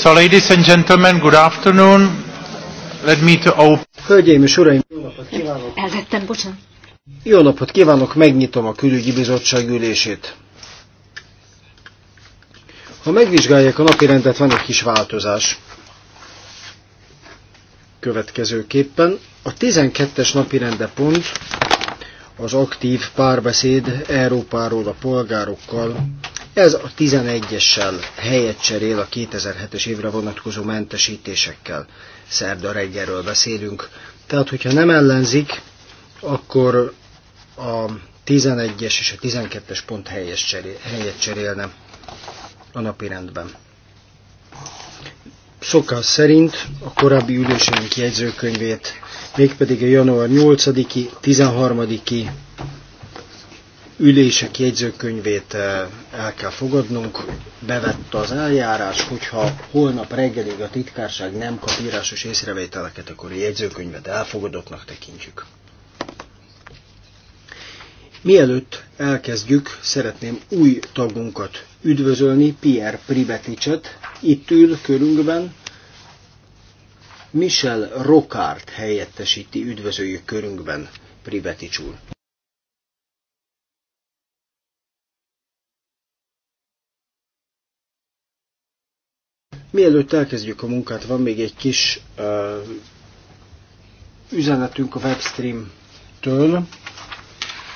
So, ladies and gentlemen, good afternoon. Let me to open. Hölgyeim és uraim, jó napot kívánok! Elvettem, bocsánat. Jó napot kívánok, megnyitom a külügyi bizottság ülését. Ha megvizsgálják a napi rendet, van egy kis változás. Következőképpen a 12-es napi rende pont az aktív párbeszéd Európáról a polgárokkal ez a 11-essel helyet cserél a 2007-es évre vonatkozó mentesítésekkel. Szerda reggelről beszélünk. Tehát, hogyha nem ellenzik, akkor a 11-es és a 12-es pont helyet, cserél, helyet cserélne a napi rendben. Szokás szerint a korábbi ülésénk jegyzőkönyvét, mégpedig a január 8-i, 13-i, ülések jegyzőkönyvét eh, el kell fogadnunk, bevette az eljárás, hogyha holnap reggelig a titkárság nem kap írásos észrevételeket, akkor a jegyzőkönyvet elfogadottnak tekintjük. Mielőtt elkezdjük, szeretném új tagunkat üdvözölni, Pierre Pribeticset, itt ül körünkben, Michel Rokárt helyettesíti, üdvözöljük körünkben, Pribetics úr. Mielőtt elkezdjük a munkát, van még egy kis uh, üzenetünk a webstream-től.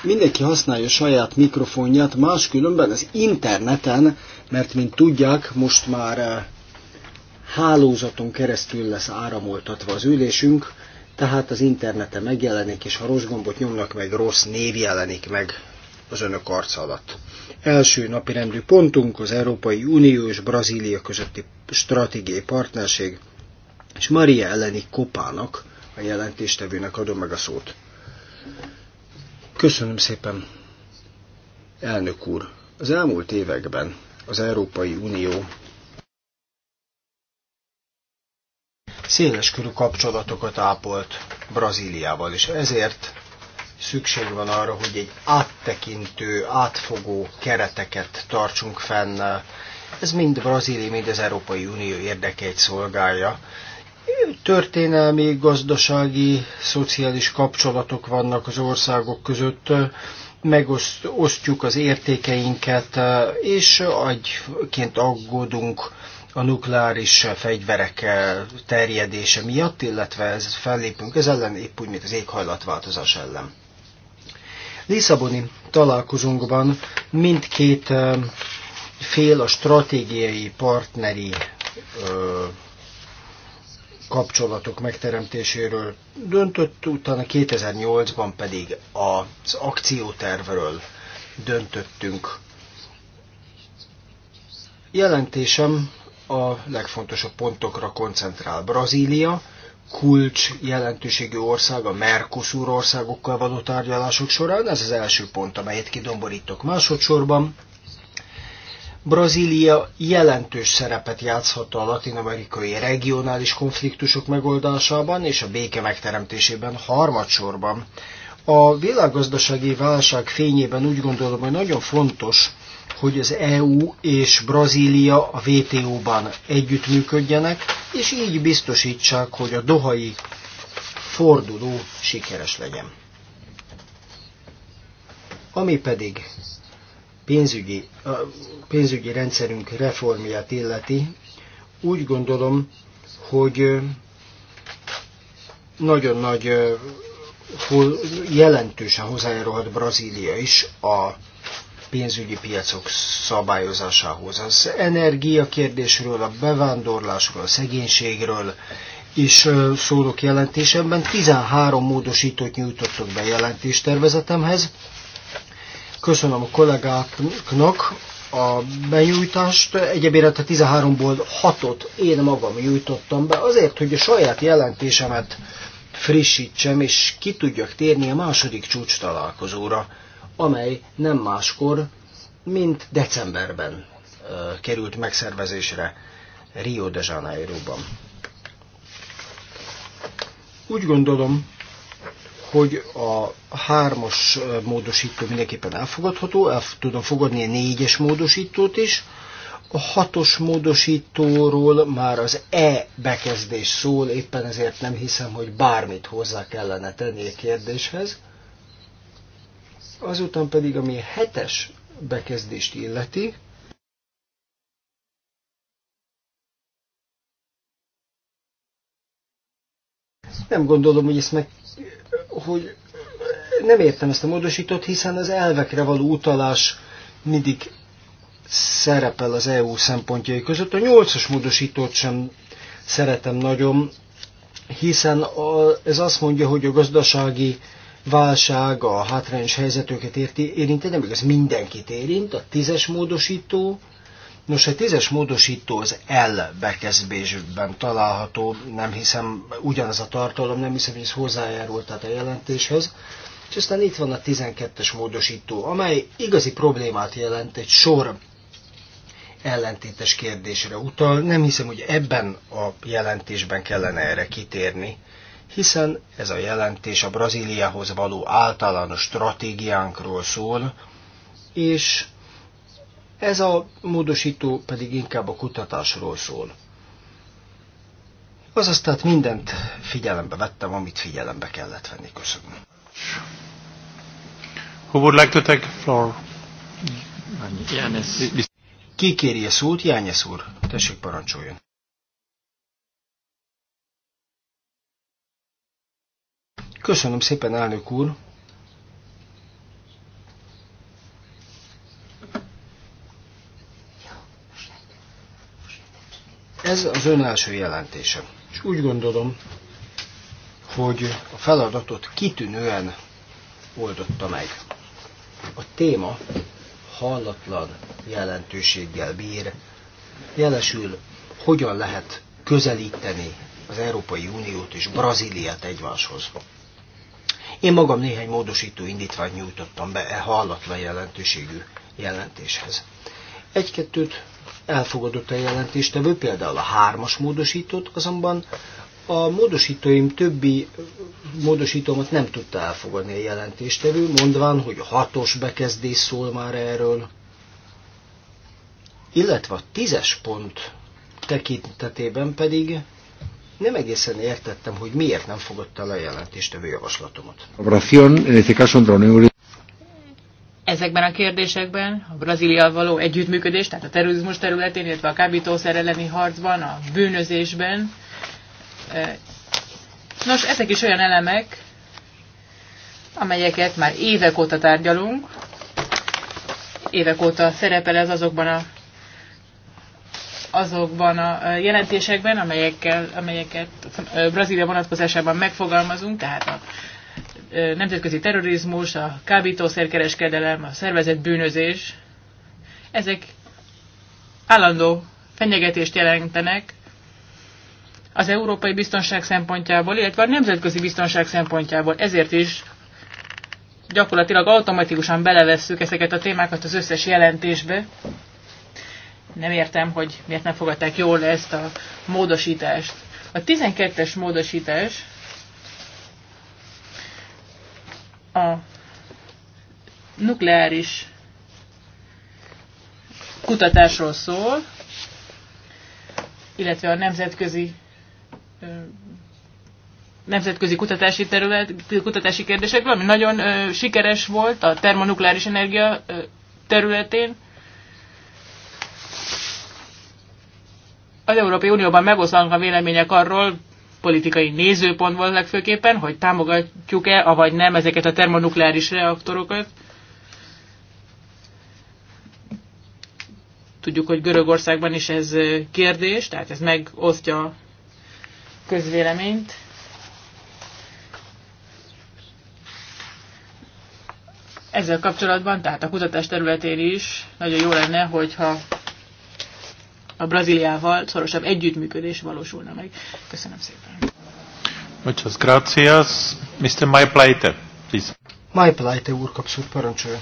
Mindenki használja saját mikrofonját, máskülönben az interneten, mert mint tudják, most már uh, hálózaton keresztül lesz áramoltatva az ülésünk, tehát az interneten megjelenik, és ha rossz gombot nyomnak meg, rossz név jelenik meg az önök arca alatt. Első napi rendű pontunk az Európai Unió és Brazília közötti stratégiai partnerség, és Maria elleni Kopának, a jelentéstevőnek adom meg a szót. Köszönöm szépen, elnök úr. Az elmúlt években az Európai Unió széleskörű kapcsolatokat ápolt Brazíliával, és ezért szükség van arra, hogy egy áttekintő, átfogó kereteket tartsunk fenn. Ez mind Brazília, mind az Európai Unió érdekeit szolgálja. Történelmi, gazdasági, szociális kapcsolatok vannak az országok között, megosztjuk az értékeinket, és agyként aggódunk a nukleáris fegyverek terjedése miatt, illetve ez fellépünk ez ellen, épp úgy, mint az éghajlatváltozás ellen. Lisszaboni találkozónkban mindkét fél a stratégiai partneri kapcsolatok megteremtéséről döntött, utána 2008-ban pedig az akciótervről döntöttünk. Jelentésem a legfontosabb pontokra koncentrál. Brazília kulcs jelentőségű ország a Mercosur országokkal való tárgyalások során. Ez az első pont, amelyet kidomborítok. Másodszorban Brazília jelentős szerepet játszhat a latin-amerikai regionális konfliktusok megoldásában és a béke megteremtésében harmadsorban. A világgazdasági válság fényében úgy gondolom, hogy nagyon fontos, hogy az EU és Brazília a WTO-ban együttműködjenek, és így biztosítsák, hogy a dohai forduló sikeres legyen. Ami pedig pénzügyi, a pénzügyi rendszerünk reformját illeti, úgy gondolom, hogy nagyon nagy jelentősen hozzájárulhat Brazília is a pénzügyi piacok szabályozásához. Az energiakérdésről, a bevándorlásról, a szegénységről is szólok jelentésemben. 13 módosítót nyújtottok be jelentéstervezetemhez. Köszönöm a kollégáknak a benyújtást. Egyébként a 13-ból 6-ot én magam nyújtottam be, azért, hogy a saját jelentésemet frissítsem, és ki tudjak térni a második csúcs találkozóra amely nem máskor, mint decemberben ö, került megszervezésre Rio de Janeiroban. Úgy gondolom, hogy a hármas módosító mindenképpen elfogadható, el tudom fogadni a négyes módosítót is, a hatos módosítóról már az E bekezdés szól, éppen ezért nem hiszem, hogy bármit hozzá kellene tenni a kérdéshez. Azután pedig, ami hetes bekezdést illeti, nem gondolom, hogy ezt meg, hogy nem értem ezt a módosítót, hiszen az elvekre való utalás mindig szerepel az EU szempontjai között. A nyolcas módosítót sem szeretem nagyon, hiszen a, ez azt mondja, hogy a gazdasági válság, a hátrányos helyzetőket érti, érinti, nem igaz, mindenkit érint, a tízes módosító, Nos, a tízes módosító az L bekezdésben található, nem hiszem, ugyanaz a tartalom, nem hiszem, hogy ez hozzájárult tehát a jelentéshez. És aztán itt van a 12-es módosító, amely igazi problémát jelent egy sor ellentétes kérdésre utal. Nem hiszem, hogy ebben a jelentésben kellene erre kitérni hiszen ez a jelentés a Brazíliához való általános stratégiánkról szól, és ez a módosító pedig inkább a kutatásról szól. Azaz tehát mindent figyelembe vettem, amit figyelembe kellett venni. Köszönöm. Who would like to take the floor? Ki kéri a szót? Jányesz úr, tessék parancsoljon. Köszönöm szépen, elnök úr! Ez az ön első jelentése. És úgy gondolom, hogy a feladatot kitűnően oldotta meg. A téma hallatlan jelentőséggel bír, jelesül, hogyan lehet közelíteni az Európai Uniót és Brazíliát egymáshoz. Én magam néhány módosító indítványt nyújtottam be e hallatlan jelentőségű jelentéshez. Egy-kettőt elfogadott a jelentéstevő, például a hármas módosítót, azonban a módosítóim többi módosítómat nem tudta elfogadni a jelentéstevő, mondván, hogy a hatos bekezdés szól már erről, illetve a tízes pont tekintetében pedig nem egészen értettem, hogy miért nem fogadta le a jelentéstevő javaslatomat. Ezekben a kérdésekben a Brazíliával való együttműködés, tehát a terrorizmus területén, illetve a kábítószer elleni harcban, a bűnözésben. E, nos, ezek is olyan elemek, amelyeket már évek óta tárgyalunk, évek óta szerepel ez azokban a azokban a jelentésekben, amelyekkel, amelyeket Brazília vonatkozásában megfogalmazunk, tehát a nemzetközi terrorizmus, a kábítószerkereskedelem, a szervezett bűnözés, ezek állandó fenyegetést jelentenek az európai biztonság szempontjából, illetve a nemzetközi biztonság szempontjából. Ezért is gyakorlatilag automatikusan belevesszük ezeket a témákat az összes jelentésbe, nem értem, hogy miért nem fogadták jól ezt a módosítást. A 12-es módosítás a nukleáris kutatásról szól, illetve a nemzetközi nemzetközi kutatási terület, kutatási kérdésekről, ami nagyon ö, sikeres volt a termonukleáris energia ö, területén. az Európai Unióban megoszlanak a vélemények arról, politikai nézőpontból legfőképpen, hogy támogatjuk-e, avagy nem ezeket a termonukleáris reaktorokat. Tudjuk, hogy Görögországban is ez kérdés, tehát ez megosztja a közvéleményt. Ezzel kapcsolatban, tehát a kutatás területén is nagyon jó lenne, hogyha a Brazíliával szorosabb együttműködés valósulna meg. Köszönöm szépen. Muchas gracias. Mr. Maiplaite, please. Maiplaite úr kapszul parancsolja.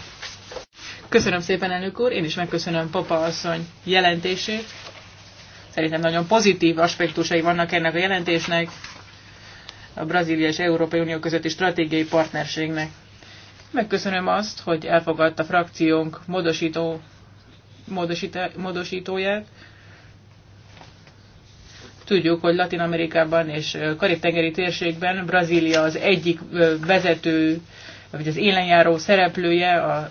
Köszönöm szépen, elnök úr. Én is megköszönöm Papa asszony jelentését. Szerintem nagyon pozitív aspektusai vannak ennek a jelentésnek, a Brazília és Európai Unió közötti stratégiai partnerségnek. Megköszönöm azt, hogy elfogadta frakciónk módosító, módosítá, módosítóját, Tudjuk, hogy Latin Amerikában és Karib-tengeri térségben Brazília az egyik vezető, vagy az élenjáró szereplője a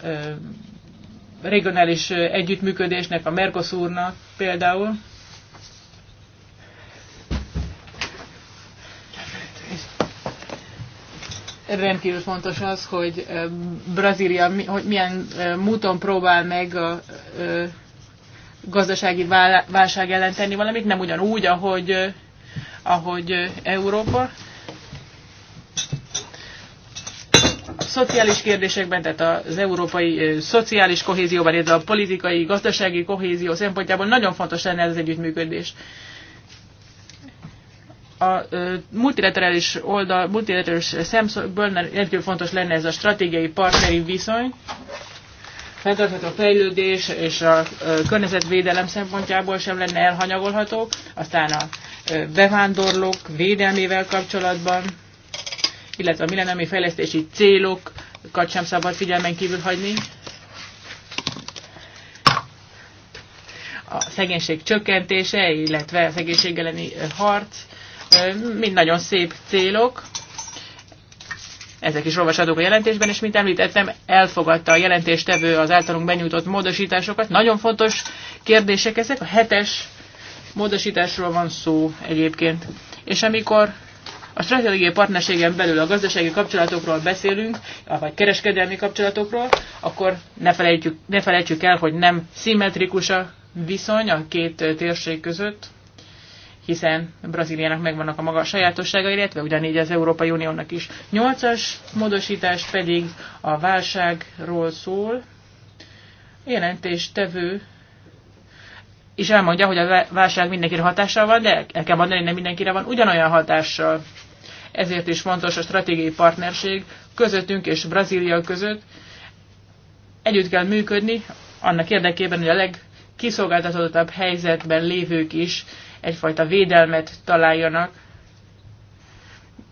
regionális együttműködésnek, a Mercosurnak például. rendkívül fontos az, hogy Brazília hogy milyen múton próbál meg a gazdasági válság ellen tenni valamit, nem ugyanúgy, ahogy, ahogy Európa. szociális kérdésekben, tehát az európai szociális kohézióban, illetve a politikai, gazdasági kohézió szempontjából nagyon fontos lenne ez az együttműködés a multilaterális oldal, multilaterális szemszögből rendkívül fontos lenne ez a stratégiai partneri viszony, fenntartható fejlődés és a környezetvédelem szempontjából sem lenne elhanyagolható, aztán a bevándorlók védelmével kapcsolatban, illetve a millenniumi fejlesztési célokat sem szabad figyelmen kívül hagyni. A szegénység csökkentése, illetve a szegénység elleni harc, mind nagyon szép célok, ezek is olvashatók a jelentésben, és mint említettem, elfogadta a jelentéstevő az általunk benyújtott módosításokat. Nagyon fontos kérdések ezek, a hetes módosításról van szó egyébként. És amikor a stratégiai partnerségen belül a gazdasági kapcsolatokról beszélünk, vagy kereskedelmi kapcsolatokról, akkor ne felejtjük, ne felejtjük el, hogy nem szimmetrikus a viszony a két térség között, hiszen Brazíliának megvannak a maga sajátossága, illetve ugyanígy az Európai Uniónak is. Nyolcas módosítás pedig a válságról szól. Jelentéstevő és elmondja, hogy a válság mindenkire hatással van, de el kell mondani, hogy nem mindenkire van ugyanolyan hatással. Ezért is fontos a stratégiai partnerség közöttünk és Brazília között. Együtt kell működni annak érdekében, hogy a legkiszolgáltatottabb helyzetben lévők is egyfajta védelmet találjanak.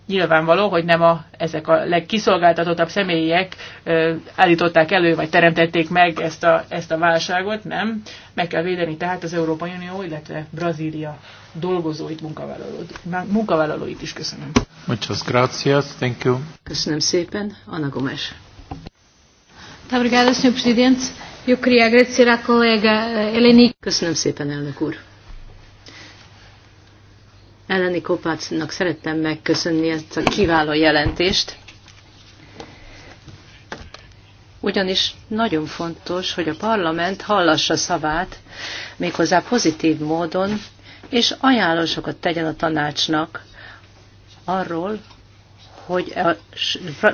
Nyilvánvaló, hogy nem a, ezek a legkiszolgáltatottabb személyek ö, állították elő, vagy teremtették meg ezt a, ezt a válságot, nem. Meg kell védeni tehát az Európai Unió, illetve Brazília dolgozóit, munkavállalóit, munkavállalóit is köszönöm. Muchas gracias, thank you. Köszönöm szépen, Ana Gomes. Obrigada, Sr. Presidente. Eu queria agradecer à colega eh, Eleni. Köszönöm szépen, elnök úr. Eleni Kopácnak szerettem megköszönni ezt a kiváló jelentést, ugyanis nagyon fontos, hogy a parlament hallassa szavát, méghozzá pozitív módon, és ajánlásokat tegyen a tanácsnak arról, hogy a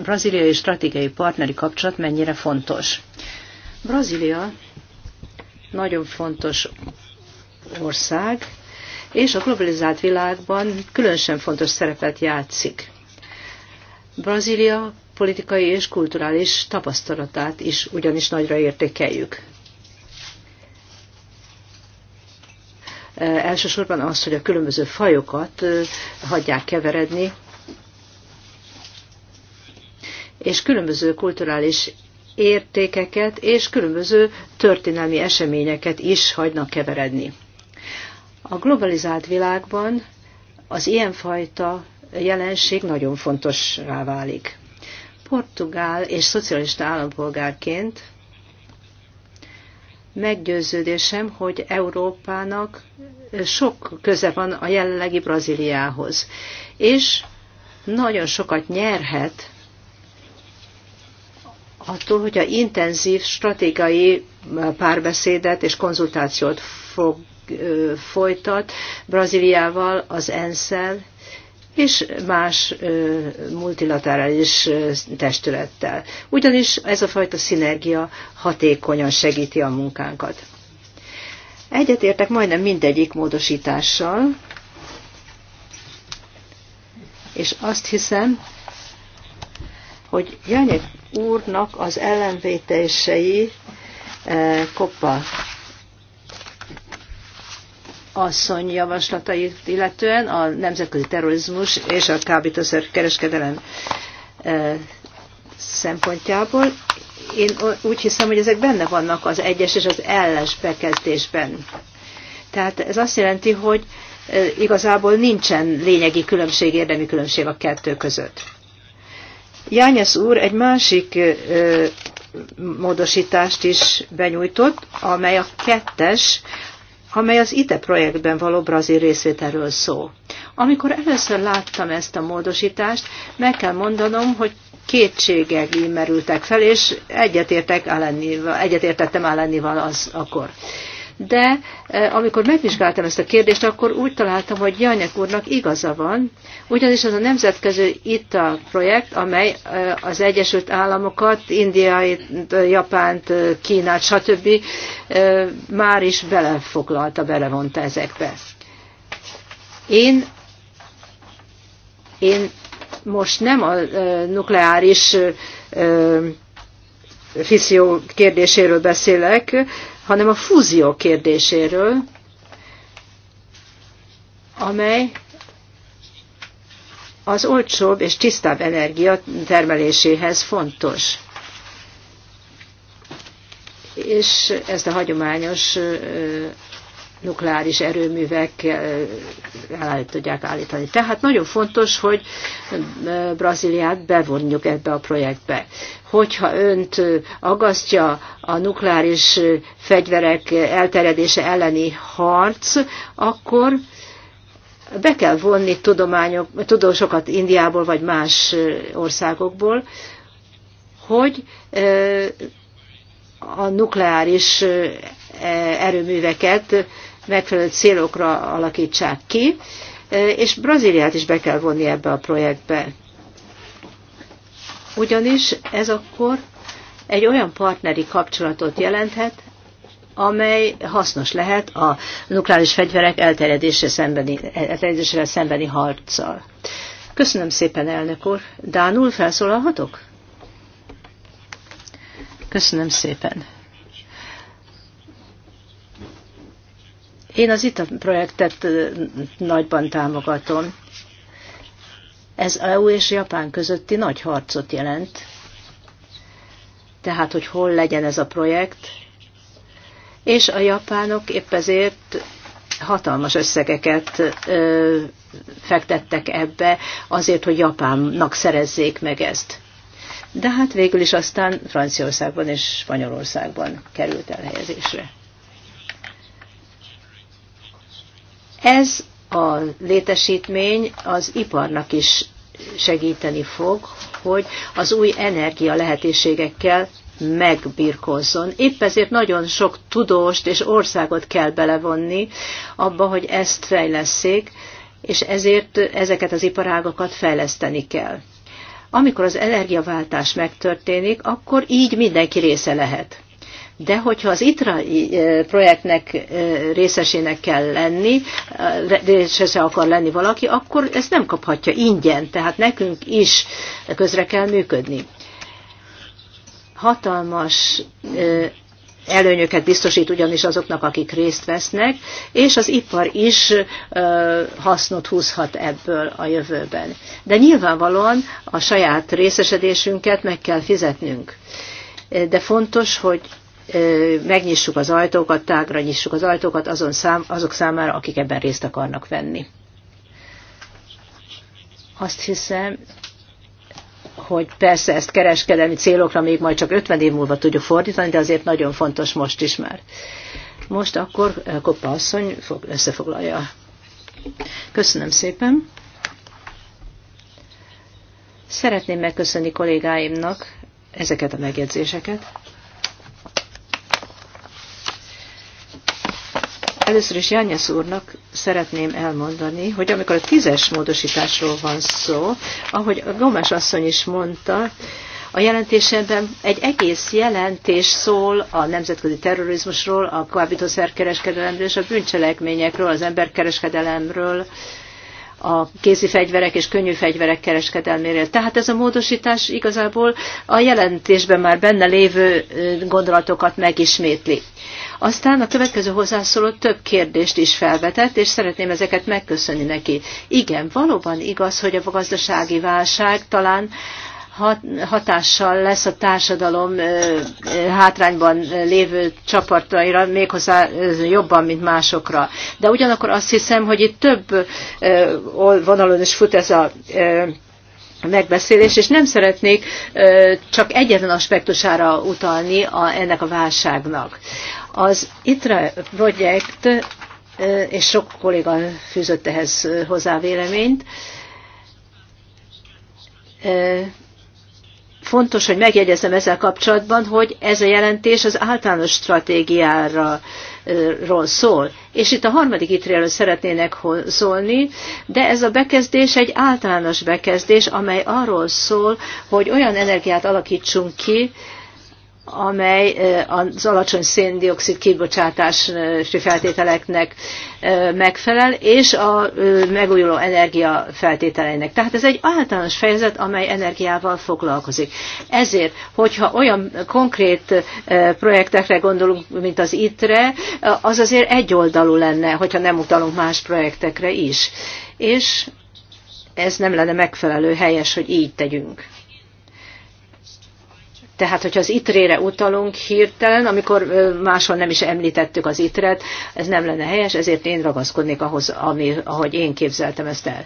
braziliai stratégiai partneri kapcsolat mennyire fontos. Brazília nagyon fontos ország, és a globalizált világban különösen fontos szerepet játszik. Brazília politikai és kulturális tapasztalatát is ugyanis nagyra értékeljük. Elsősorban az, hogy a különböző fajokat hagyják keveredni, és különböző kulturális értékeket és különböző történelmi eseményeket is hagynak keveredni. A globalizált világban az ilyenfajta jelenség nagyon fontosrá válik. Portugál és szocialista állampolgárként meggyőződésem, hogy Európának sok köze van a jelenlegi Brazíliához, és nagyon sokat nyerhet attól, a intenzív stratégiai párbeszédet és konzultációt folytat Brazíliával, az ensz és más multilaterális testülettel. Ugyanis ez a fajta szinergia hatékonyan segíti a munkánkat. Egyetértek majdnem mindegyik módosítással, és azt hiszem, hogy Janyek úrnak az ellenvétései Koppa asszony javaslatait illetően a nemzetközi terrorizmus és a kábítószer kereskedelem e, szempontjából. Én úgy hiszem, hogy ezek benne vannak az egyes és az elles bekezdésben. Tehát ez azt jelenti, hogy e, igazából nincsen lényegi különbség, érdemi különbség a kettő között. Jányesz úr egy másik e, módosítást is benyújtott, amely a kettes amely az ITE projektben való brazil részvételről szó. Amikor először láttam ezt a módosítást, meg kell mondanom, hogy kétségek merültek fel, és egyetértek Alennival, egyetértettem Alennival az akkor de eh, amikor megvizsgáltam ezt a kérdést, akkor úgy találtam, hogy Janyek úrnak igaza van, ugyanis az a nemzetközi ITA projekt, amely eh, az Egyesült Államokat, Indiait, eh, Japánt, Kínát, stb. már is belefoglalta, belevonta ezekbe. Én, én most nem a nukleáris fisszió kérdéséről beszélek, hanem a fúzió kérdéséről, amely az olcsóbb és tisztább energia termeléséhez fontos. És ezt a hagyományos nukleáris erőművek eh, el tudják állítani. Tehát nagyon fontos, hogy eh, Brazíliát bevonjuk ebbe a projektbe. Hogyha önt eh, agasztja a nukleáris fegyverek elterjedése elleni harc, akkor be kell vonni tudományok, tudósokat Indiából vagy más országokból, hogy a nukleáris erőműveket megfelelő célokra alakítsák ki, e, és Brazíliát is be kell vonni ebbe a projektbe. Ugyanis ez akkor egy olyan partneri kapcsolatot jelenthet, amely hasznos lehet a nukleáris fegyverek elterjedésre szembeni, elterjedésre szembeni harccal. Köszönöm szépen, elnök úr. Dánul felszólalhatok? Köszönöm szépen. Én az ITA projektet nagyban támogatom. Ez EU és Japán közötti nagy harcot jelent. Tehát, hogy hol legyen ez a projekt. És a japánok épp ezért hatalmas összegeket ö, fektettek ebbe, azért, hogy Japánnak szerezzék meg ezt. De hát végül is aztán Franciaországban és Spanyolországban került elhelyezésre. Ez a létesítmény az iparnak is segíteni fog, hogy az új energia lehetőségekkel megbirkózzon. Épp ezért nagyon sok tudóst és országot kell belevonni abba, hogy ezt fejleszék, és ezért ezeket az iparágokat fejleszteni kell. Amikor az energiaváltás megtörténik, akkor így mindenki része lehet. De hogyha az ITRA eh, projektnek eh, részesének kell lenni, eh, részese akar lenni valaki, akkor ezt nem kaphatja ingyen, tehát nekünk is közre kell működni. Hatalmas előnyöket biztosít ugyanis azoknak, akik részt vesznek, és az ipar is hasznot húzhat ebből a jövőben. De nyilvánvalóan a saját részesedésünket meg kell fizetnünk. De fontos, hogy megnyissuk az ajtókat, tágra nyissuk az ajtókat azon szám, azok számára, akik ebben részt akarnak venni. Azt hiszem, hogy persze ezt kereskedelmi célokra még majd csak 50 év múlva tudjuk fordítani, de azért nagyon fontos most is már. Most akkor Koppa asszony fog, összefoglalja. Köszönöm szépen. Szeretném megköszönni kollégáimnak ezeket a megjegyzéseket. Először is Jánnyesz úrnak szeretném elmondani, hogy amikor a tízes módosításról van szó, ahogy a Gomes asszony is mondta, a jelentésemben egy egész jelentés szól a nemzetközi terrorizmusról, a kábítószerkereskedelemről és a bűncselekményekről, az emberkereskedelemről, a kézi fegyverek és könnyű fegyverek kereskedelméről. Tehát ez a módosítás igazából a jelentésben már benne lévő gondolatokat megismétli. Aztán a következő hozzászóló több kérdést is felvetett, és szeretném ezeket megköszönni neki. Igen, valóban igaz, hogy a gazdasági válság talán hatással lesz a társadalom hátrányban lévő csapataira, méghozzá jobban, mint másokra. De ugyanakkor azt hiszem, hogy itt több vonalon is fut ez a megbeszélés, és nem szeretnék csak egyetlen aspektusára utalni a, ennek a válságnak. Az ITRA projekt, és sok kolléga fűzött ehhez hozzá véleményt, Fontos, hogy megjegyezem ezzel kapcsolatban, hogy ez a jelentés az általános stratégiára ról szól. És itt a harmadik ítéről szeretnének szólni, de ez a bekezdés egy általános bekezdés, amely arról szól, hogy olyan energiát alakítsunk ki, amely az alacsony széndiokszid kibocsátási feltételeknek megfelel, és a megújuló energia feltételeinek. Tehát ez egy általános fejezet, amely energiával foglalkozik. Ezért, hogyha olyan konkrét projektekre gondolunk, mint az ITRE, az azért egyoldalú lenne, hogyha nem utalunk más projektekre is. És ez nem lenne megfelelő helyes, hogy így tegyünk. Tehát, hogyha az itrére utalunk hirtelen, amikor máshol nem is említettük az itret, ez nem lenne helyes, ezért én ragaszkodnék ahhoz, ami, ahogy én képzeltem ezt el.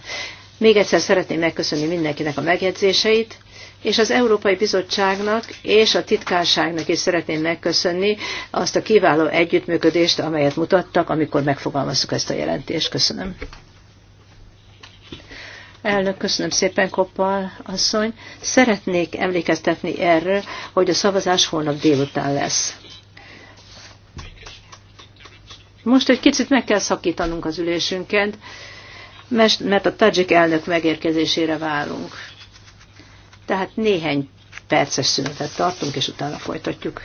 Még egyszer szeretném megköszönni mindenkinek a megjegyzéseit, és az Európai Bizottságnak és a titkárságnak is szeretném megköszönni azt a kiváló együttműködést, amelyet mutattak, amikor megfogalmaztuk ezt a jelentést. Köszönöm. Elnök, köszönöm szépen, Koppal asszony. Szeretnék emlékeztetni erről, hogy a szavazás holnap délután lesz. Most egy kicsit meg kell szakítanunk az ülésünket, mert a Tajik elnök megérkezésére válunk. Tehát néhány perces szünetet tartunk, és utána folytatjuk.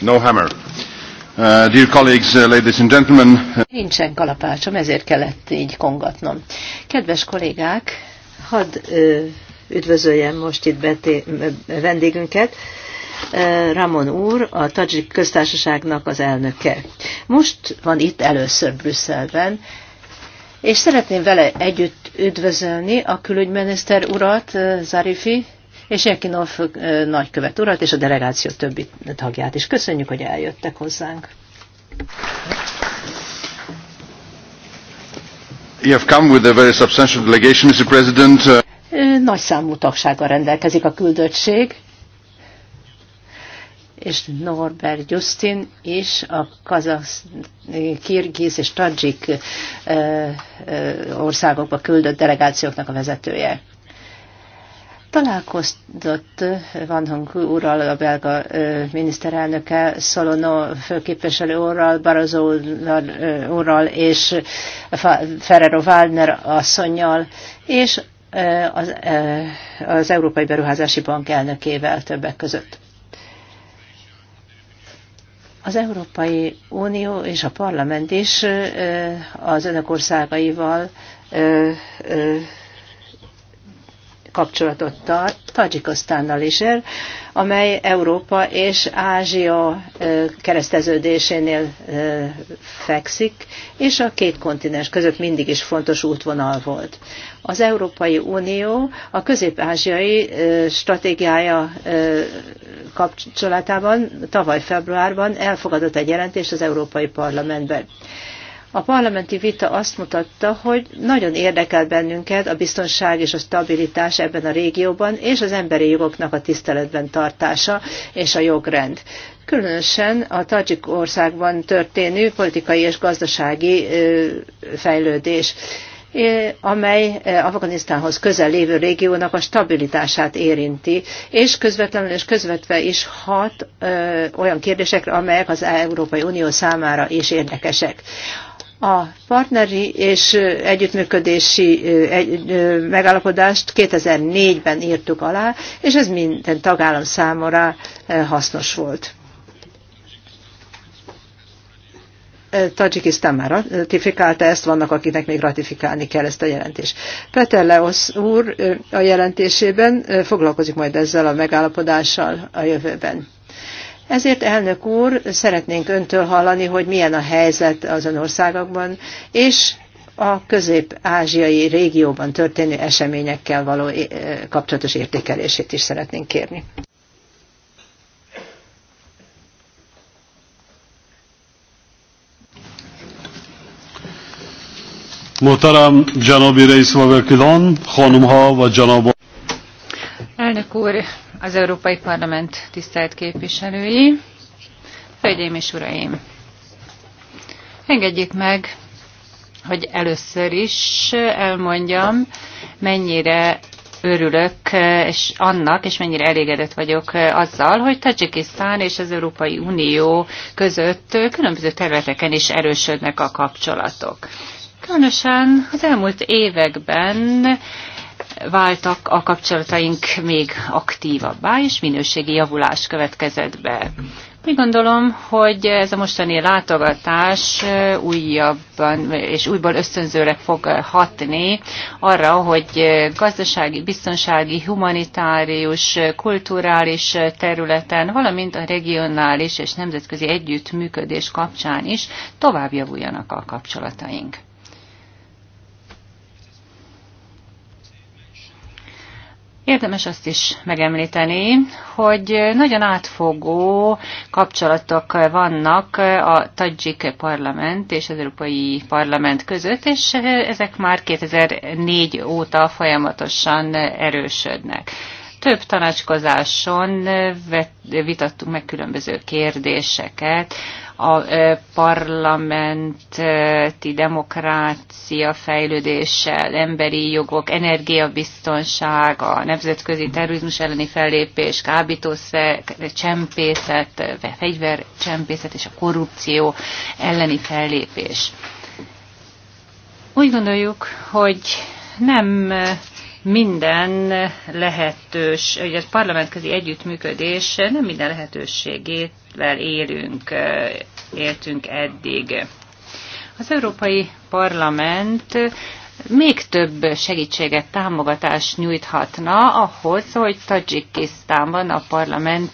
No, hammer. Uh, dear colleagues, uh, ladies and gentlemen. Uh, Nincsen kalapácsom, ezért kellett így kongatnom. Kedves kollégák, hadd üdvözöljem most itt beté, vendégünket, Ramon úr, a Tajik köztársaságnak az elnöke. Most van itt először Brüsszelben, és szeretném vele együtt üdvözölni a külügyminiszter urat, Zarifi, és Jekinov nagykövet urat, és a delegáció többi tagját is. Köszönjük, hogy eljöttek hozzánk. You have come with a very substantial delegation, Mr. President. Uh, nagy számú tagsággal rendelkezik a küldöttség, és Norbert Justin és a kazasz, kirgiz és tadzsik országokba küldött delegációknak a vezetője. Találkozott Van Honk úrral, a belga miniszterelnöke, Szolonó főképviselő úrral, Barozó úrral és Ferrero Waldner asszonynal, és az, az Európai Beruházási Bank elnökével többek között. Az Európai Unió és a parlament is az önök országaival kapcsolatot tart Tajikosztánnal is, eh, amely Európa és Ázsia eh, kereszteződésénél eh, fekszik, és a két kontinens között mindig is fontos útvonal volt. Az Európai Unió a közép-ázsiai stratégiája kapcsolatában tavaly februárban elfogadott egy jelentést az Európai Parlamentben. A parlamenti vita azt mutatta, hogy nagyon érdekel bennünket a biztonság és a stabilitás ebben a régióban, és az emberi jogoknak a tiszteletben tartása és a jogrend. Különösen a Tajik országban történő politikai és gazdasági fejlődés amely Afganisztánhoz közel lévő régiónak a stabilitását érinti, és közvetlenül és közvetve is hat ö, olyan kérdésekre, amelyek az Európai Unió számára is érdekesek. A partneri és együttműködési megállapodást 2004-ben írtuk alá, és ez minden tagállam számára hasznos volt. Tajikisztán már ratifikálta ezt, vannak akiknek még ratifikálni kell ezt a jelentést. Peter Leosz úr a jelentésében foglalkozik majd ezzel a megállapodással a jövőben. Ezért, elnök úr, szeretnénk öntől hallani, hogy milyen a helyzet azon országokban, és a közép-ázsiai régióban történő eseményekkel való eh, kapcsolatos értékelését is szeretnénk kérni. Muhtaram Janobi Reis Vavekilon, Honumha, vagy Janobo. Elnök úr, az Európai Parlament tisztelt képviselői, Hölgyeim és Uraim! Engedjék meg, hogy először is elmondjam, mennyire örülök és annak, és mennyire elégedett vagyok azzal, hogy Tajikisztán és az Európai Unió között különböző területeken is erősödnek a kapcsolatok. Különösen az elmúlt években váltak a kapcsolataink még aktívabbá, és minőségi javulás következett be. Úgy gondolom, hogy ez a mostani látogatás újabban és újból ösztönzőre fog hatni arra, hogy gazdasági, biztonsági, humanitárius, kulturális területen, valamint a regionális és nemzetközi együttműködés kapcsán is tovább javuljanak a kapcsolataink. Érdemes azt is megemlíteni, hogy nagyon átfogó kapcsolatok vannak a Tadzsik parlament és az Európai Parlament között, és ezek már 2004 óta folyamatosan erősödnek több tanácskozáson vitattuk meg különböző kérdéseket a e, parlamenti demokrácia fejlődéssel, emberi jogok, energiabiztonság, a nemzetközi terrorizmus elleni fellépés, kábítószer, csempészet, fegyvercsempészet és a korrupció elleni fellépés. Úgy gondoljuk, hogy nem minden lehetős, hogy a parlamentközi együttműködés nem minden lehetőségét amivel élünk, eh, éltünk eddig. Az Európai Parlament még több segítséget, támogatást nyújthatna ahhoz, hogy Tajikisztánban a parlament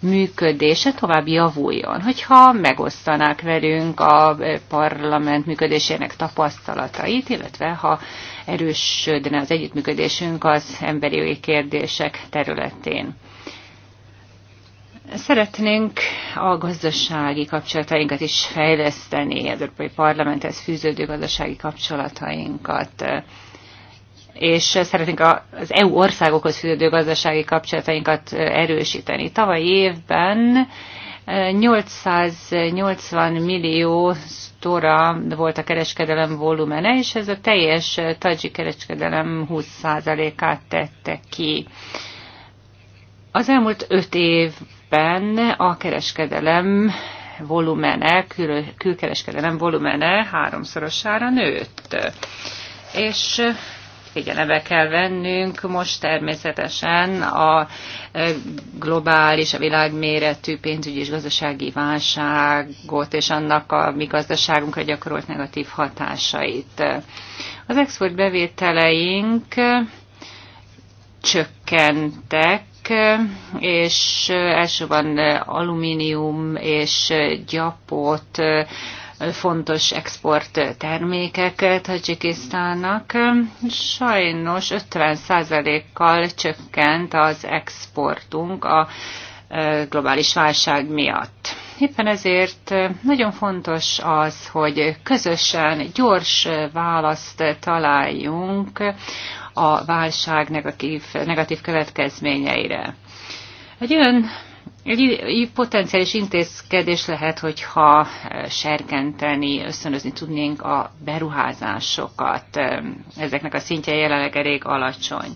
működése tovább javuljon, hogyha megosztanák velünk a parlament működésének tapasztalatait, illetve ha erősödne az együttműködésünk az emberi jogi kérdések területén. Szeretnénk a gazdasági kapcsolatainkat is fejleszteni, az Európai Parlamenthez fűződő gazdasági kapcsolatainkat és szeretnénk az EU országokhoz fűződő gazdasági kapcsolatainkat erősíteni. Tavaly évben 880 millió tora volt a kereskedelem volumene, és ez a teljes tajdzsi kereskedelem 20%-át tette ki. Az elmúlt öt év tulajdonképpen a kereskedelem volumene, kül- külkereskedelem volumene háromszorosára nőtt. És figyelembe kell vennünk most természetesen a e, globális, a világméretű pénzügyi és gazdasági válságot és annak a mi gazdaságunkra gyakorolt negatív hatásait. Az export bevételeink csökkentek és elsőban alumínium és gyapot fontos export termékek Tajikisztánnak. Sajnos 50%-kal csökkent az exportunk a e, globális válság miatt. Éppen ezért nagyon fontos az, hogy közösen gyors választ találjunk a válság negatív, negatív következményeire. Egy olyan egy potenciális intézkedés lehet, hogyha e, serkenteni, összönözni tudnénk a beruházásokat. E, ezeknek a szintje jelenleg elég alacsony.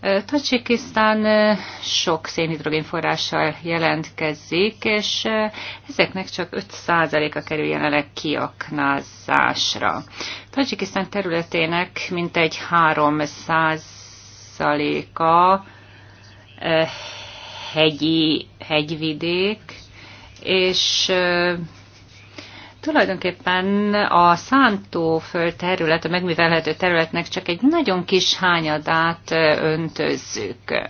E, Tacsikisztán sok szénhidrogénforrással jelentkezik, és ezeknek csak 5%-a kerül jelenleg kiaknázásra. Tajikisztán területének mintegy 300 százaléka eh, hegyi, hegyvidék, és eh, tulajdonképpen a szántóföld terület, a megművelhető területnek csak egy nagyon kis hányadát eh, öntözzük.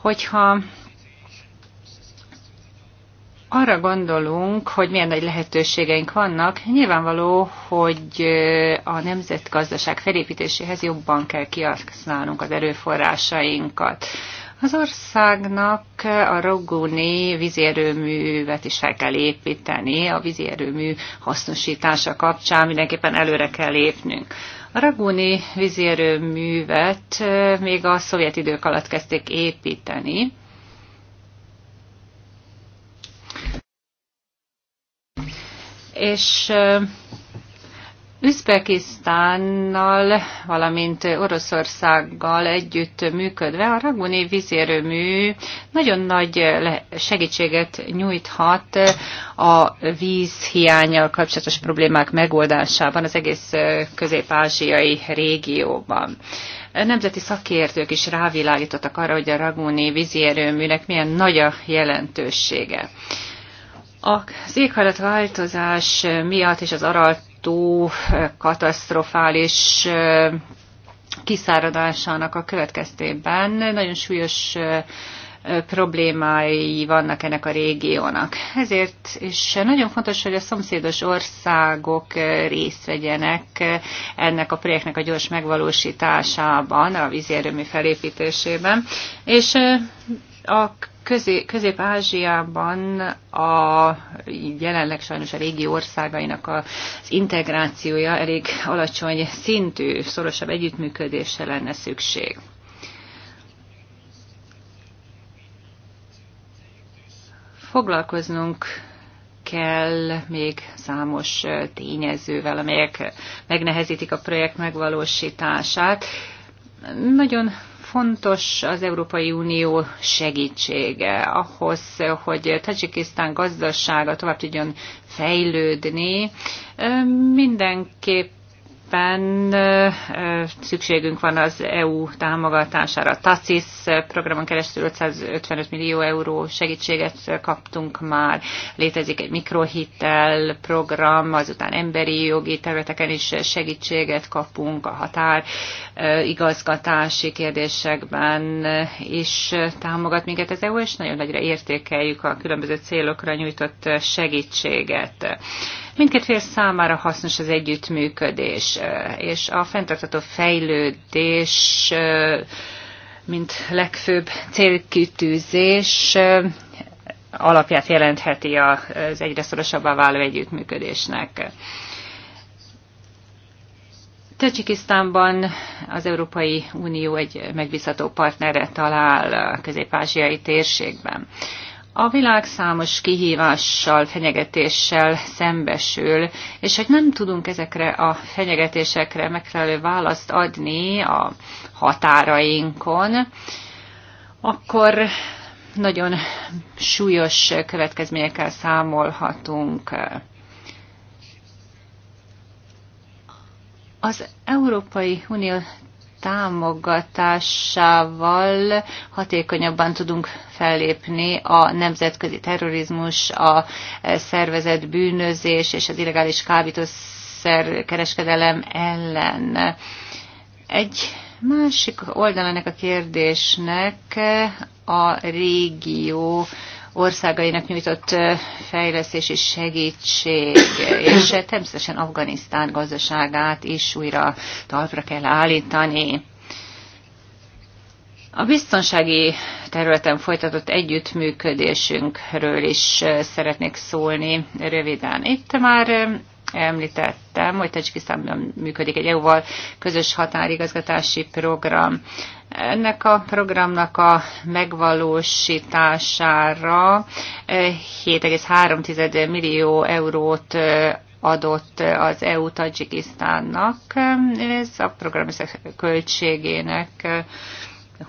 Hogyha arra gondolunk, hogy milyen nagy lehetőségeink vannak, nyilvánvaló, hogy a nemzetgazdaság felépítéséhez jobban kell kihasználnunk az erőforrásainkat. Az országnak a Rogóni vízérőművet is fel kell építeni, a vízérőmű hasznosítása kapcsán mindenképpen előre kell lépnünk. A Raguni vízérőművet még a szovjet idők alatt kezdték építeni, És Üzbekisztánnal, valamint Oroszországgal együtt működve a Raguni vízérőmű nagyon nagy segítséget nyújthat a vízhiányjal kapcsolatos problémák megoldásában az egész közép-ázsiai régióban. Nemzeti szakértők is rávilágítottak arra, hogy a Raguni vízérőműnek milyen nagy a jelentősége. Az éghajlatváltozás miatt és az araltó katasztrofális kiszáradásának a következtében nagyon súlyos problémái vannak ennek a régiónak. Ezért és nagyon fontos, hogy a szomszédos országok részt vegyenek ennek a projektnek a gyors megvalósításában, a vízierőmű felépítésében, és a közé, Közép-Ázsiában a jelenleg sajnos a régi országainak az integrációja elég alacsony szintű, szorosabb együttműködésre lenne szükség. Foglalkoznunk kell még számos tényezővel, amelyek megnehezítik a projekt megvalósítását. Nagyon Fontos az Európai Unió segítsége ahhoz, hogy Tajikisztán gazdasága tovább tudjon fejlődni. Mindenképp szükségünk van az EU támogatására. A TACIS programon keresztül 555 millió euró segítséget kaptunk már. Létezik egy mikrohitel program, azután emberi jogi területeken is segítséget kapunk, a határ igazgatási kérdésekben is támogat minket az EU, és nagyon nagyra értékeljük a különböző célokra nyújtott segítséget. Mindkét fél számára hasznos az együttműködés, és a fenntartható fejlődés mint legfőbb célkütűzés alapját jelentheti az egyre szorosabbá váló együttműködésnek. Tajikisztánban az Európai Unió egy megbízható partnere talál a közép-ázsiai térségben. A világ számos kihívással, fenyegetéssel szembesül, és hogy nem tudunk ezekre a fenyegetésekre megfelelő választ adni a határainkon, akkor nagyon súlyos következményekkel számolhatunk. Az Európai Unió támogatásával hatékonyabban tudunk fellépni a nemzetközi terrorizmus, a szervezett bűnözés és az illegális kábítószer kereskedelem ellen. Egy másik oldal ennek a kérdésnek a régió országainak nyújtott fejlesztési segítség, és természetesen Afganisztán gazdaságát is újra talpra kell állítani. A biztonsági területen folytatott együttműködésünkről is szeretnék szólni röviden. Itt már említettem, hogy Tajikisztánban működik egy EU-val közös határigazgatási program. Ennek a programnak a megvalósítására 7,3 eh, millió eurót eh, adott eh, az EU Tajikisztánnak. Ez a program költségének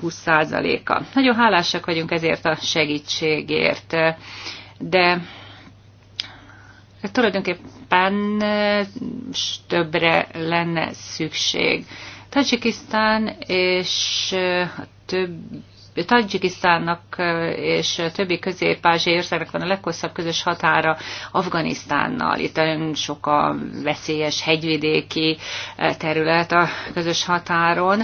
20%-a. Nagyon hálásak vagyunk ezért a segítségért, de tulajdonképpen többre lenne szükség. Tajikisztán és több Tajikisztánnak és többi közép-ázsiai országnak van a leghosszabb közös határa Afganisztánnal. Itt nagyon sok a veszélyes hegyvidéki terület a közös határon.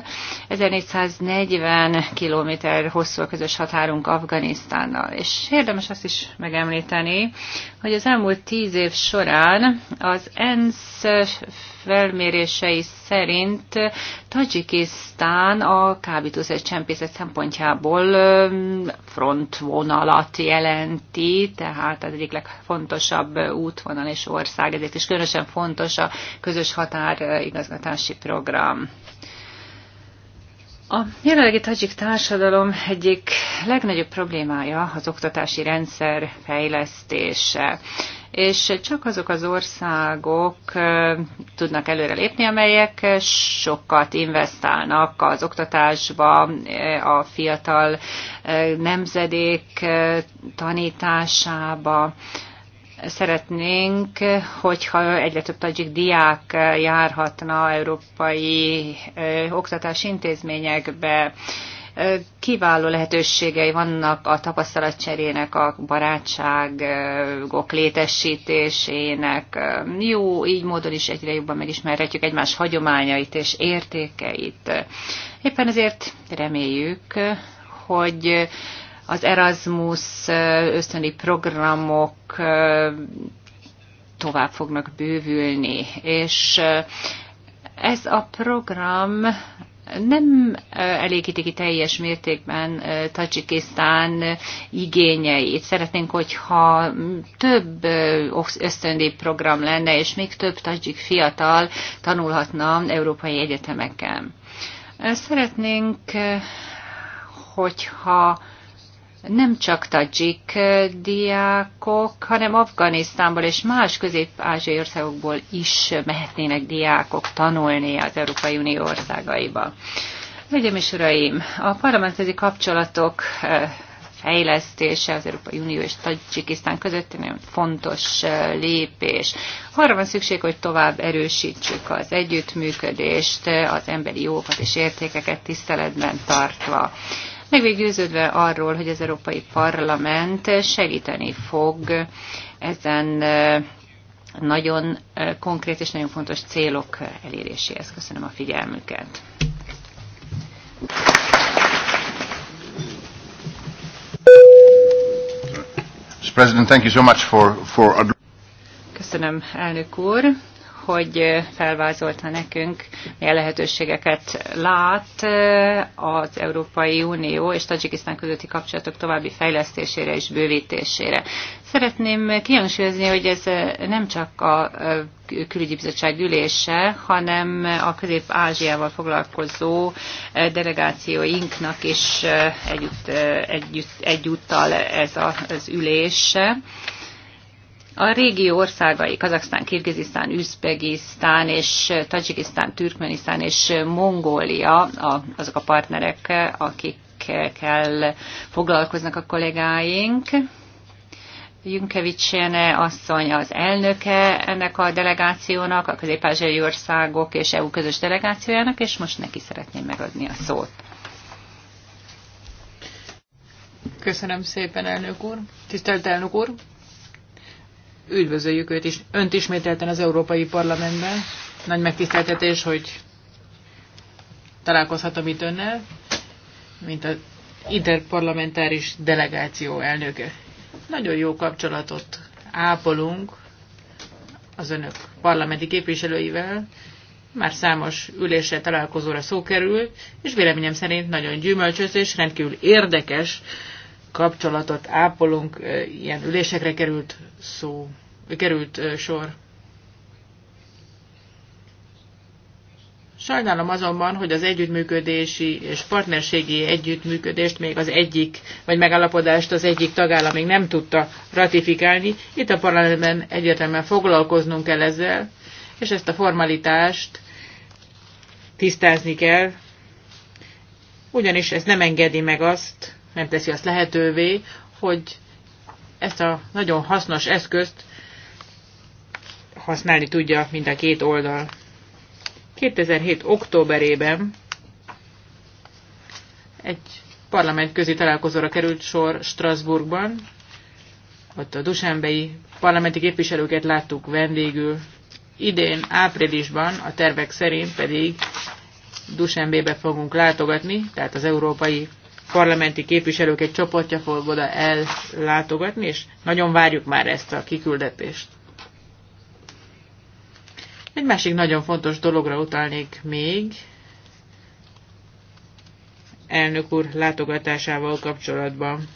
1440 kilométer hosszú a közös határunk Afganisztánnal. És érdemes azt is megemlíteni, hogy az elmúlt tíz év során az ENSZ felmérései szerint Tajikisztán a kábítószer csempészet szempontjából frontvonalat jelenti, tehát az egyik legfontosabb útvonal és ország, ezért is különösen fontos a közös határ igazgatási program. A jelenlegi tajik társadalom egyik legnagyobb problémája az oktatási rendszer fejlesztése és csak azok az országok tudnak előrelépni, amelyek sokat investálnak az oktatásba, a fiatal nemzedék tanításába szeretnénk, hogyha egyre több tajik diák járhatna európai oktatási intézményekbe, Kiváló lehetőségei vannak a tapasztalatcserének, a barátságok létesítésének. Jó, így módon is egyre jobban megismerhetjük egymás hagyományait és értékeit. Éppen ezért reméljük, hogy az Erasmus ösztöni programok tovább fognak bővülni, és ez a program nem elégíti ki teljes mértékben Tajikisztán igényeit. Szeretnénk, hogyha több ösztöndi program lenne, és még több tajik fiatal tanulhatna európai egyetemeken. Szeretnénk, hogyha nem csak Tajik eh, diákok, hanem Afganisztánból és más közép-ázsiai országokból is mehetnének diákok tanulni az Európai Unió országaiba. Hölgyeim és Uraim, a parlamentközi kapcsolatok eh, fejlesztése az Európai Unió és Tajikisztán között egy nagyon fontos eh, lépés. Arra van szükség, hogy tovább erősítsük az együttműködést, az emberi jogokat és értékeket tiszteletben tartva meg még győződve arról, hogy az Európai Parlament segíteni fog ezen nagyon konkrét és nagyon fontos célok eléréséhez. Köszönöm a figyelmüket. President, thank you so much for, for... Köszönöm, elnök úr hogy felvázolta nekünk, milyen lehetőségeket lát eh, az Európai Unió és Tadzsikisztán közötti kapcsolatok további fejlesztésére és bővítésére. Szeretném kihangsúlyozni, hogy ez eh, nem csak a eh, külügyi bizottság ülése, hanem a Közép-Ázsiával foglalkozó delegációinknak is együtt, együtt, egyúttal ez az ülése. A régi országai, Kazaksztán, Kirgizisztán, Üzbegisztán és Tajikisztán, Türkmenisztán és Mongólia a, azok a partnerek, akikkel foglalkoznak a kollégáink. Junkevicsene asszony az elnöke ennek a delegációnak, a közép országok és EU közös delegációjának, és most neki szeretném megadni a szót. Köszönöm szépen, elnök úr. Tisztelt elnök úr, Üdvözöljük őt is, önt ismételten az Európai Parlamentben. Nagy megtiszteltetés, hogy találkozhatom itt önnel, mint az interparlamentáris delegáció elnöke. Nagyon jó kapcsolatot ápolunk az önök parlamenti képviselőivel, már számos ülésre találkozóra szó kerül, és véleményem szerint nagyon gyümölcsös, és rendkívül érdekes kapcsolatot ápolunk, ilyen ülésekre került szó, került sor. Sajnálom azonban, hogy az együttműködési és partnerségi együttműködést még az egyik, vagy megállapodást az egyik tagállam még nem tudta ratifikálni. Itt a parlamentben egyértelműen foglalkoznunk kell ezzel, és ezt a formalitást tisztázni kell, ugyanis ez nem engedi meg azt, nem teszi azt lehetővé, hogy ezt a nagyon hasznos eszközt használni tudja mind a két oldal. 2007. októberében egy parlamentközi találkozóra került sor Strasbourgban. Ott a Dusanbei parlamenti képviselőket láttuk vendégül. Idén, áprilisban a tervek szerint pedig Dusanbébe fogunk látogatni, tehát az Európai parlamenti képviselők egy csoportja fog oda ellátogatni, és nagyon várjuk már ezt a kiküldetést. Egy másik nagyon fontos dologra utalnék még, elnök úr látogatásával kapcsolatban.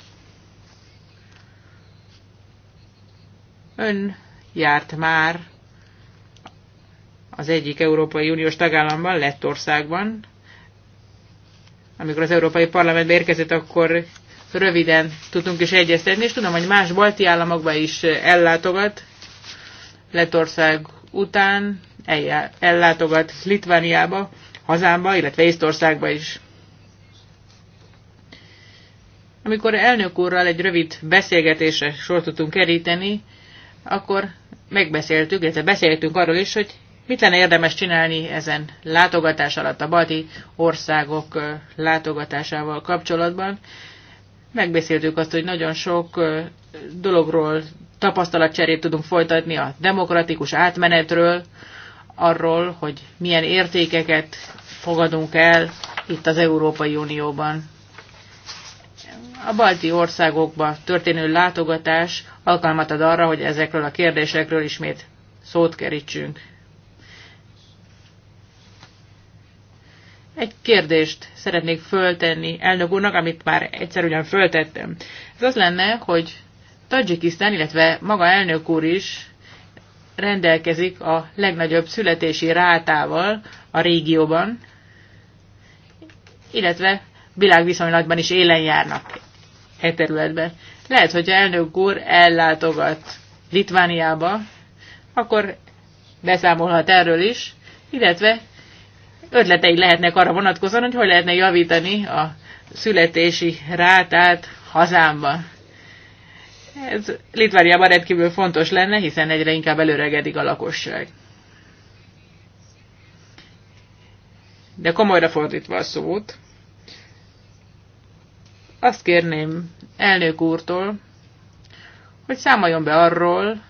Ön járt már az egyik Európai Uniós tagállamban, Lettországban, amikor az Európai Parlamentbe érkezett, akkor röviden tudtunk is egyeztetni, és tudom, hogy más balti államokba is ellátogat, Letország után ellátogat Litvániába, hazámba, illetve Észtországba is. Amikor elnök úrral egy rövid beszélgetésre sor tudtunk keríteni, akkor megbeszéltük, illetve beszéltünk arról is, hogy Mit lenne érdemes csinálni ezen látogatás alatt a balti országok látogatásával kapcsolatban? Megbeszéltük azt, hogy nagyon sok dologról tapasztalatcserét tudunk folytatni a demokratikus átmenetről, arról, hogy milyen értékeket fogadunk el itt az Európai Unióban. A balti országokba történő látogatás alkalmat ad arra, hogy ezekről a kérdésekről ismét szót kerítsünk. Egy kérdést szeretnék föltenni elnök úrnak, amit már egyszer ugyan föltettem. Ez az lenne, hogy Tajikisztán, illetve maga elnök úr is rendelkezik a legnagyobb születési rátával a régióban, illetve világviszonylatban is élen járnak e területben. Lehet, hogy elnök úr ellátogat Litvániába, akkor beszámolhat erről is, illetve ötletei lehetnek arra vonatkozóan, hogy hogy lehetne javítani a születési rátát hazámban. Ez Litváriában rendkívül fontos lenne, hiszen egyre inkább előregedik a lakosság. De komolyra fordítva a szót, azt kérném elnök úrtól, hogy számoljon be arról,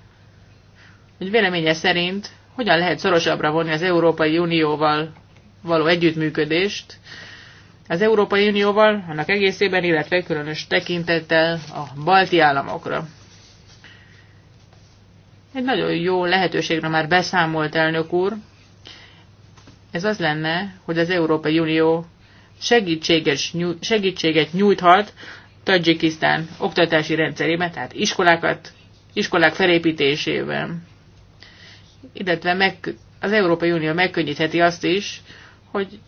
hogy véleménye szerint hogyan lehet szorosabbra vonni az Európai Unióval való együttműködést az Európai Unióval, annak egészében, illetve különös tekintettel a balti államokra. Egy nagyon jó lehetőségre már beszámolt elnök úr. Ez az lenne, hogy az Európai Unió segítséges, segítséget nyújthat Tajikisztán oktatási rendszerében, tehát iskolákat, iskolák felépítésében. Illetve meg, az Európai Unió megkönnyítheti azt is, hogy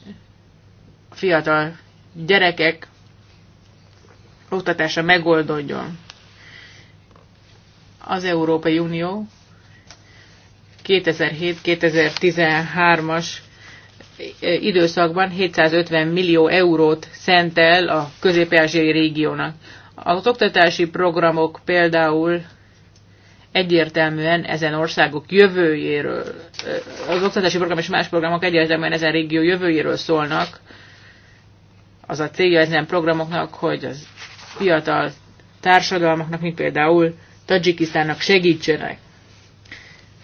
fiatal gyerekek oktatása megoldódjon. Az Európai Unió 2007-2013-as időszakban 750 millió eurót szentel a közép régiónak. Az oktatási programok például egyértelműen ezen országok jövőjéről, az oktatási program és más programok egyértelműen ezen régió jövőjéről szólnak. Az a célja ezen programoknak, hogy az fiatal társadalmaknak, mint például Tajikisztánnak segítsenek.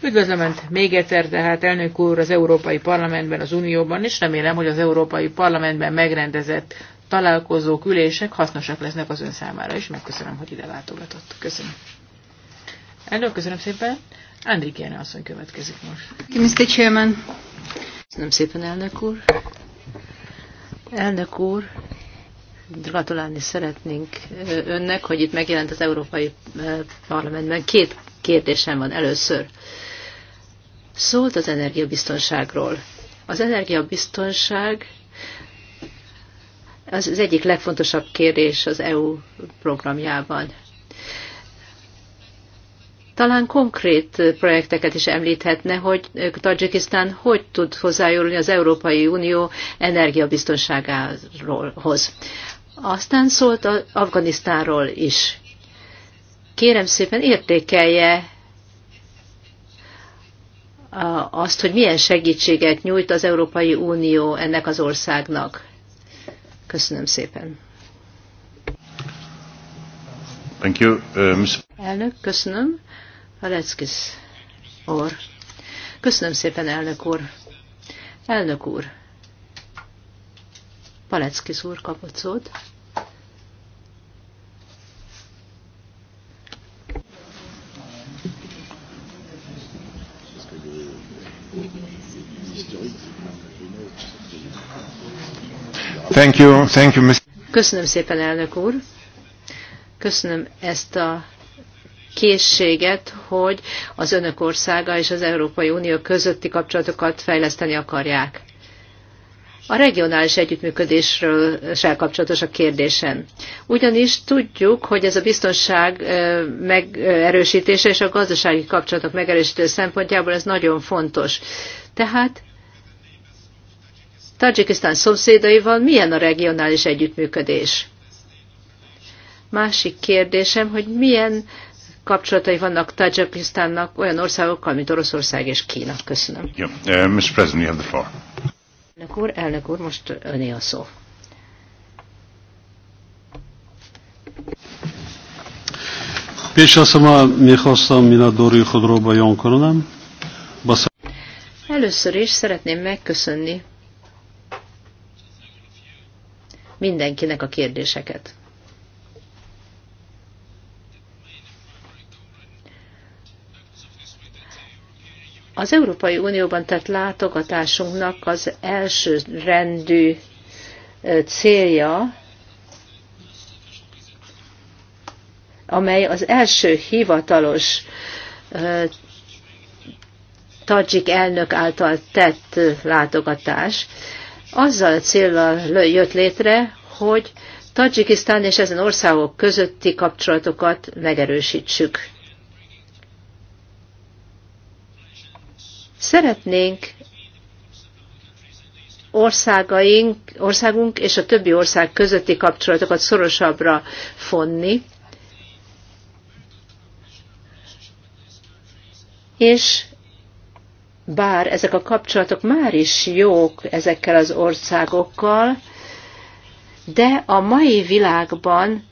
Üdvözlöm Önt még egyszer, tehát elnök úr az Európai Parlamentben, az Unióban, és remélem, hogy az Európai Parlamentben megrendezett találkozók, ülések hasznosak lesznek az Ön számára, és megköszönöm, hogy ide látogatott. Köszönöm. Elnök, köszönöm szépen. Andrik Jene asszony következik most. Mr. Chairman. Köszönöm szépen, elnök úr. Elnök úr, gratulálni szeretnénk önnek, hogy itt megjelent az Európai Parlamentben. Két kérdésem van először. Szólt az energiabiztonságról. Az energiabiztonság az, az egyik legfontosabb kérdés az EU programjában. Talán konkrét projekteket is említhetne, hogy Tajikisztán hogy tud hozzájárulni az Európai Unió energiabiztonságához. Aztán szólt Afganisztánról is. Kérem szépen értékelje azt, hogy milyen segítséget nyújt az Európai Unió ennek az országnak. Köszönöm szépen. Thank you, uh, Elnök, köszönöm. Haleckis or. Köszönöm szépen, elnök úr. Elnök úr. Paleckis úr kapott szót. Thank you, thank you, Mr. Köszönöm szépen, elnök úr. Köszönöm ezt a készséget, hogy az önök országa és az Európai Unió közötti kapcsolatokat fejleszteni akarják. A regionális együttműködésről kapcsolatos a kérdésen. Ugyanis tudjuk, hogy ez a biztonság megerősítése és a gazdasági kapcsolatok megerősítése szempontjából ez nagyon fontos. Tehát Tajikisztán szomszédaival milyen a regionális együttműködés? Másik kérdésem, hogy milyen kapcsolatai vannak Tajikisztánnak olyan országokkal, mint Oroszország és Kína. Köszönöm. Yeah. Uh, Mr. President, you have the floor. Elnök úr, elnök úr, most öné a szó. Először is szeretném megköszönni mindenkinek a kérdéseket. Az Európai Unióban tett látogatásunknak az első rendű célja, amely az első hivatalos Tadzsik elnök által tett látogatás, azzal a célral jött létre, hogy Tadzsikisztán és ezen országok közötti kapcsolatokat megerősítsük. Szeretnénk országaink, országunk és a többi ország közötti kapcsolatokat szorosabbra fonni, és bár ezek a kapcsolatok már is jók ezekkel az országokkal, de a mai világban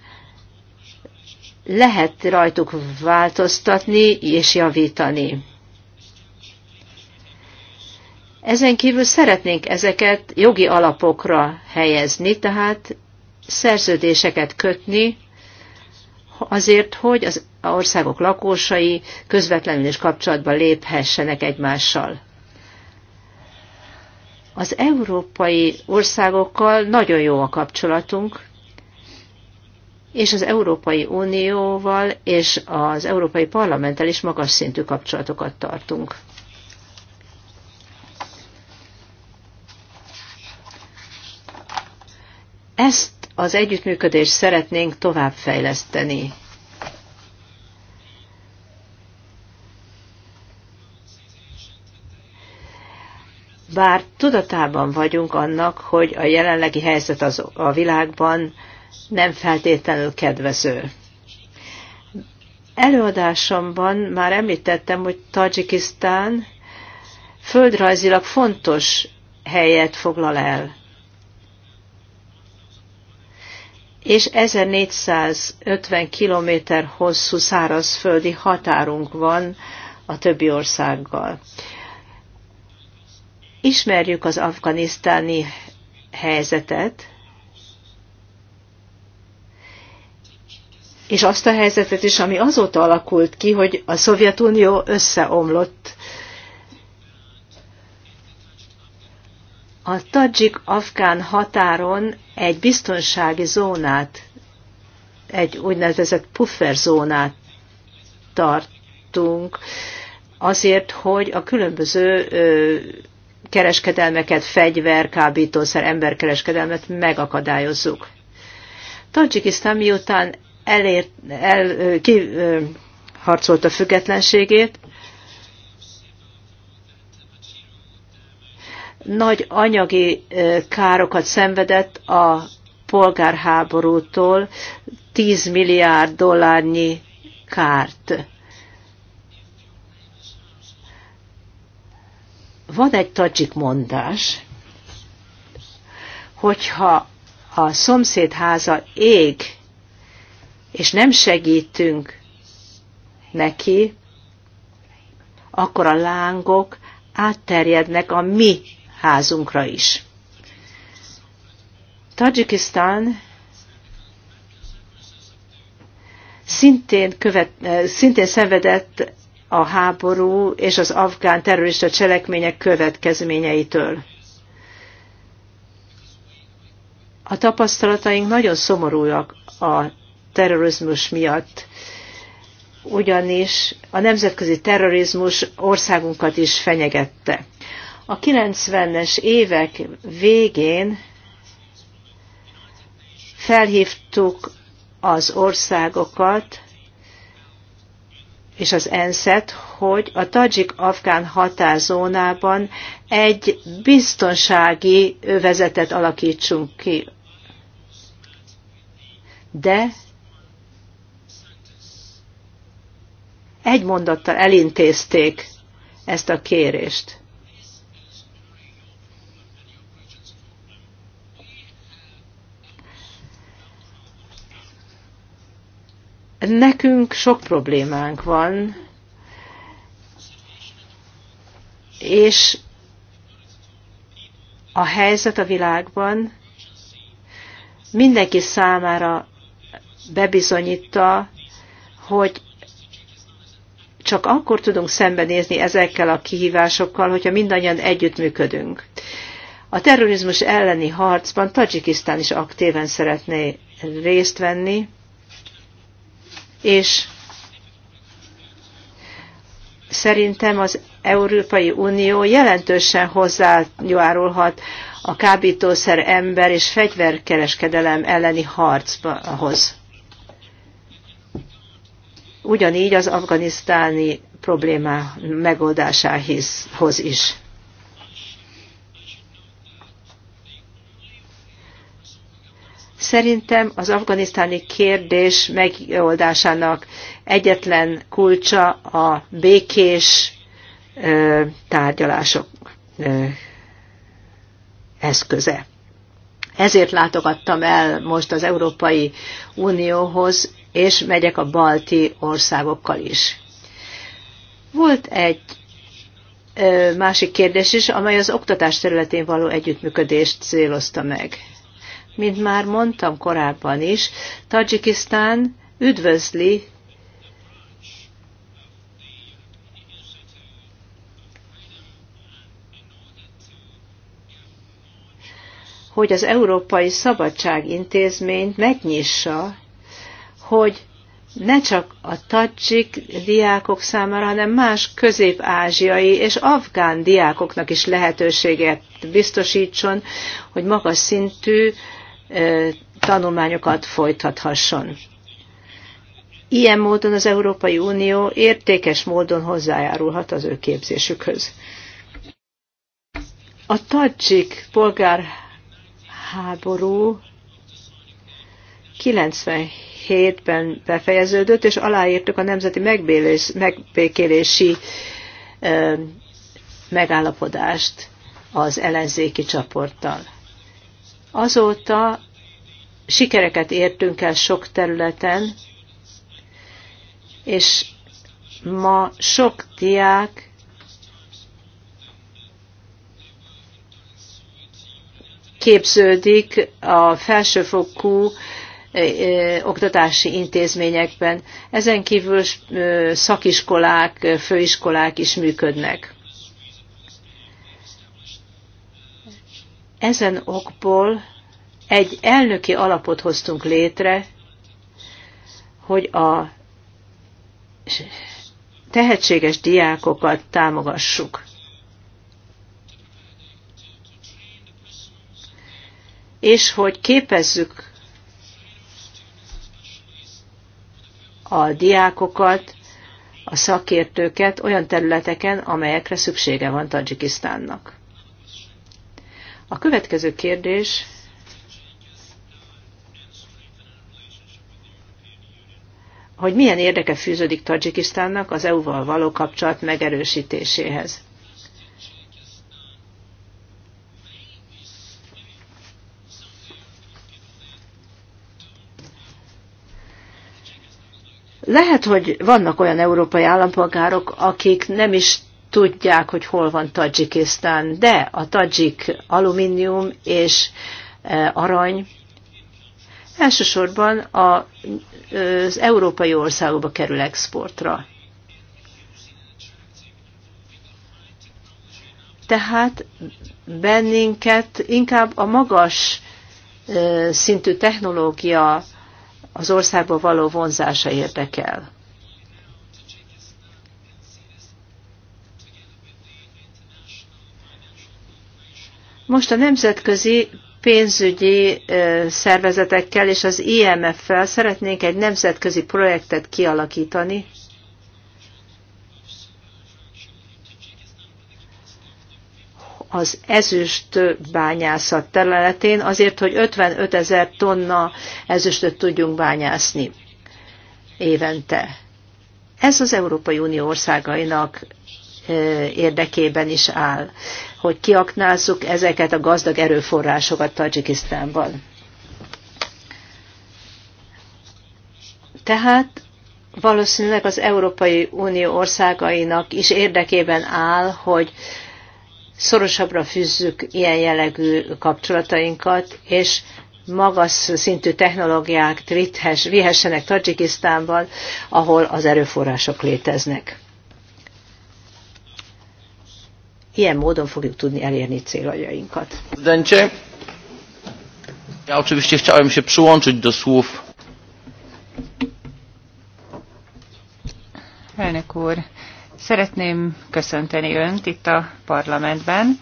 lehet rajtuk változtatni és javítani. Ezen kívül szeretnénk ezeket jogi alapokra helyezni, tehát szerződéseket kötni azért, hogy az országok lakósai közvetlenül és kapcsolatban léphessenek egymással. Az európai országokkal nagyon jó a kapcsolatunk, és az Európai Unióval és az Európai Parlamenttel is magas szintű kapcsolatokat tartunk. Ezt az együttműködést szeretnénk továbbfejleszteni. Bár tudatában vagyunk annak, hogy a jelenlegi helyzet az a világban nem feltétlenül kedvező. Előadásomban már említettem, hogy Tajikisztán földrajzilag fontos helyet foglal el és 1450 kilométer hosszú szárazföldi határunk van a többi országgal. Ismerjük az afganisztáni helyzetet, és azt a helyzetet is, ami azóta alakult ki, hogy a Szovjetunió összeomlott a tadzsik-afgán határon egy biztonsági zónát, egy úgynevezett puffer zónát tartunk, azért, hogy a különböző kereskedelmeket, fegyver, kábítószer, emberkereskedelmet megakadályozzuk. Tadzsikisztán miután elért, el, ki, harcolt a függetlenségét, nagy anyagi károkat szenvedett a polgárháborútól, 10 milliárd dollárnyi kárt. Van egy tajik mondás, hogyha a szomszéd háza ég, és nem segítünk neki, akkor a lángok átterjednek a mi házunkra is. Tajikisztán szintén, követ, eh, szintén szenvedett a háború és az afgán terrorista cselekmények következményeitől. A tapasztalataink nagyon szomorúak a terrorizmus miatt, ugyanis a nemzetközi terrorizmus országunkat is fenyegette. A 90-es évek végén felhívtuk az országokat és az ensz hogy a tajik-afgán határzónában egy biztonsági övezetet alakítsunk ki. De egy mondattal elintézték ezt a kérést. Nekünk sok problémánk van, és a helyzet a világban mindenki számára bebizonyítta, hogy csak akkor tudunk szembenézni ezekkel a kihívásokkal, hogyha mindannyian együttműködünk. A terrorizmus elleni harcban Tajikisztán is aktíven szeretné részt venni, és szerintem az Európai Unió jelentősen hozzájárulhat a kábítószer ember és fegyverkereskedelem elleni harchoz. Ugyanígy az afganisztáni problémá megoldásához is. Szerintem az afganisztáni kérdés megoldásának egyetlen kulcsa a békés tárgyalások eszköze. Ezért látogattam el most az Európai Unióhoz, és megyek a balti országokkal is. Volt egy másik kérdés is, amely az oktatás területén való együttműködést célozta meg. Mint már mondtam korábban is, Tajikisztán üdvözli hogy az Európai Szabadság Intézményt megnyissa, hogy ne csak a tadzsik diákok számára, hanem más közép-ázsiai és afgán diákoknak is lehetőséget biztosítson, hogy magas szintű tanulmányokat folytathasson. Ilyen módon az Európai Unió értékes módon hozzájárulhat az ő képzésükhöz. A tadzsik polgárháború 97-ben befejeződött, és aláírtuk a Nemzeti Megbélés, Megbékélési ö, megállapodást az ellenzéki csaporttal. Azóta sikereket értünk el sok területen, és ma sok diák képződik a felsőfokú e, e, oktatási intézményekben. Ezen kívül szakiskolák, főiskolák is működnek. Ezen okból egy elnöki alapot hoztunk létre, hogy a tehetséges diákokat támogassuk. És hogy képezzük a diákokat, a szakértőket olyan területeken, amelyekre szüksége van Tajikisztánnak. A következő kérdés hogy milyen érdeke fűződik Tajikisztánnak az EU-val való kapcsolat megerősítéséhez. Lehet, hogy vannak olyan európai állampolgárok, akik nem is tudják, hogy hol van Tadzsikisztán, de a tadzsik alumínium és e, arany elsősorban e, az európai országokba kerül exportra. Tehát bennünket inkább a magas e, szintű technológia az országba való vonzása érdekel. Most a nemzetközi pénzügyi szervezetekkel és az IMF-fel szeretnénk egy nemzetközi projektet kialakítani, az ezüst bányászat területén, azért, hogy 55 ezer tonna ezüstöt tudjunk bányászni évente. Ez az Európai Unió országainak érdekében is áll hogy kiaknázzuk ezeket a gazdag erőforrásokat Tajikisztánban. Tehát valószínűleg az Európai Unió országainak is érdekében áll, hogy szorosabbra fűzzük ilyen jellegű kapcsolatainkat, és magas szintű technológiák vihessenek Tajikisztánban, ahol az erőforrások léteznek. Ilyen módon fogjuk tudni elérni céljainkat. Dence, ja oczywiście chciałem się przyłączyć do słów. Elnök úr, szeretném köszönteni Önt itt a parlamentben.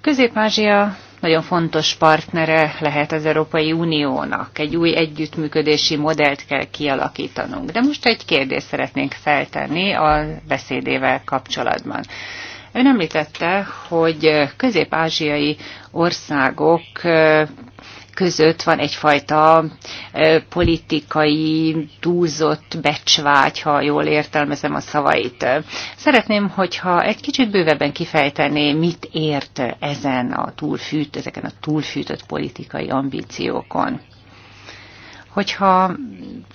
Közép-Ázsia nagyon fontos partnere lehet az Európai Uniónak. Egy új együttműködési modellt kell kialakítanunk. De most egy kérdést szeretnénk feltenni a beszédével kapcsolatban. Ön említette, hogy közép-ázsiai országok között van egyfajta politikai túlzott becsvágy, ha jól értelmezem a szavait. Szeretném, hogyha egy kicsit bővebben kifejtené, mit ért ezen a túlfűt, ezeken a túlfűtött politikai ambíciókon. Hogyha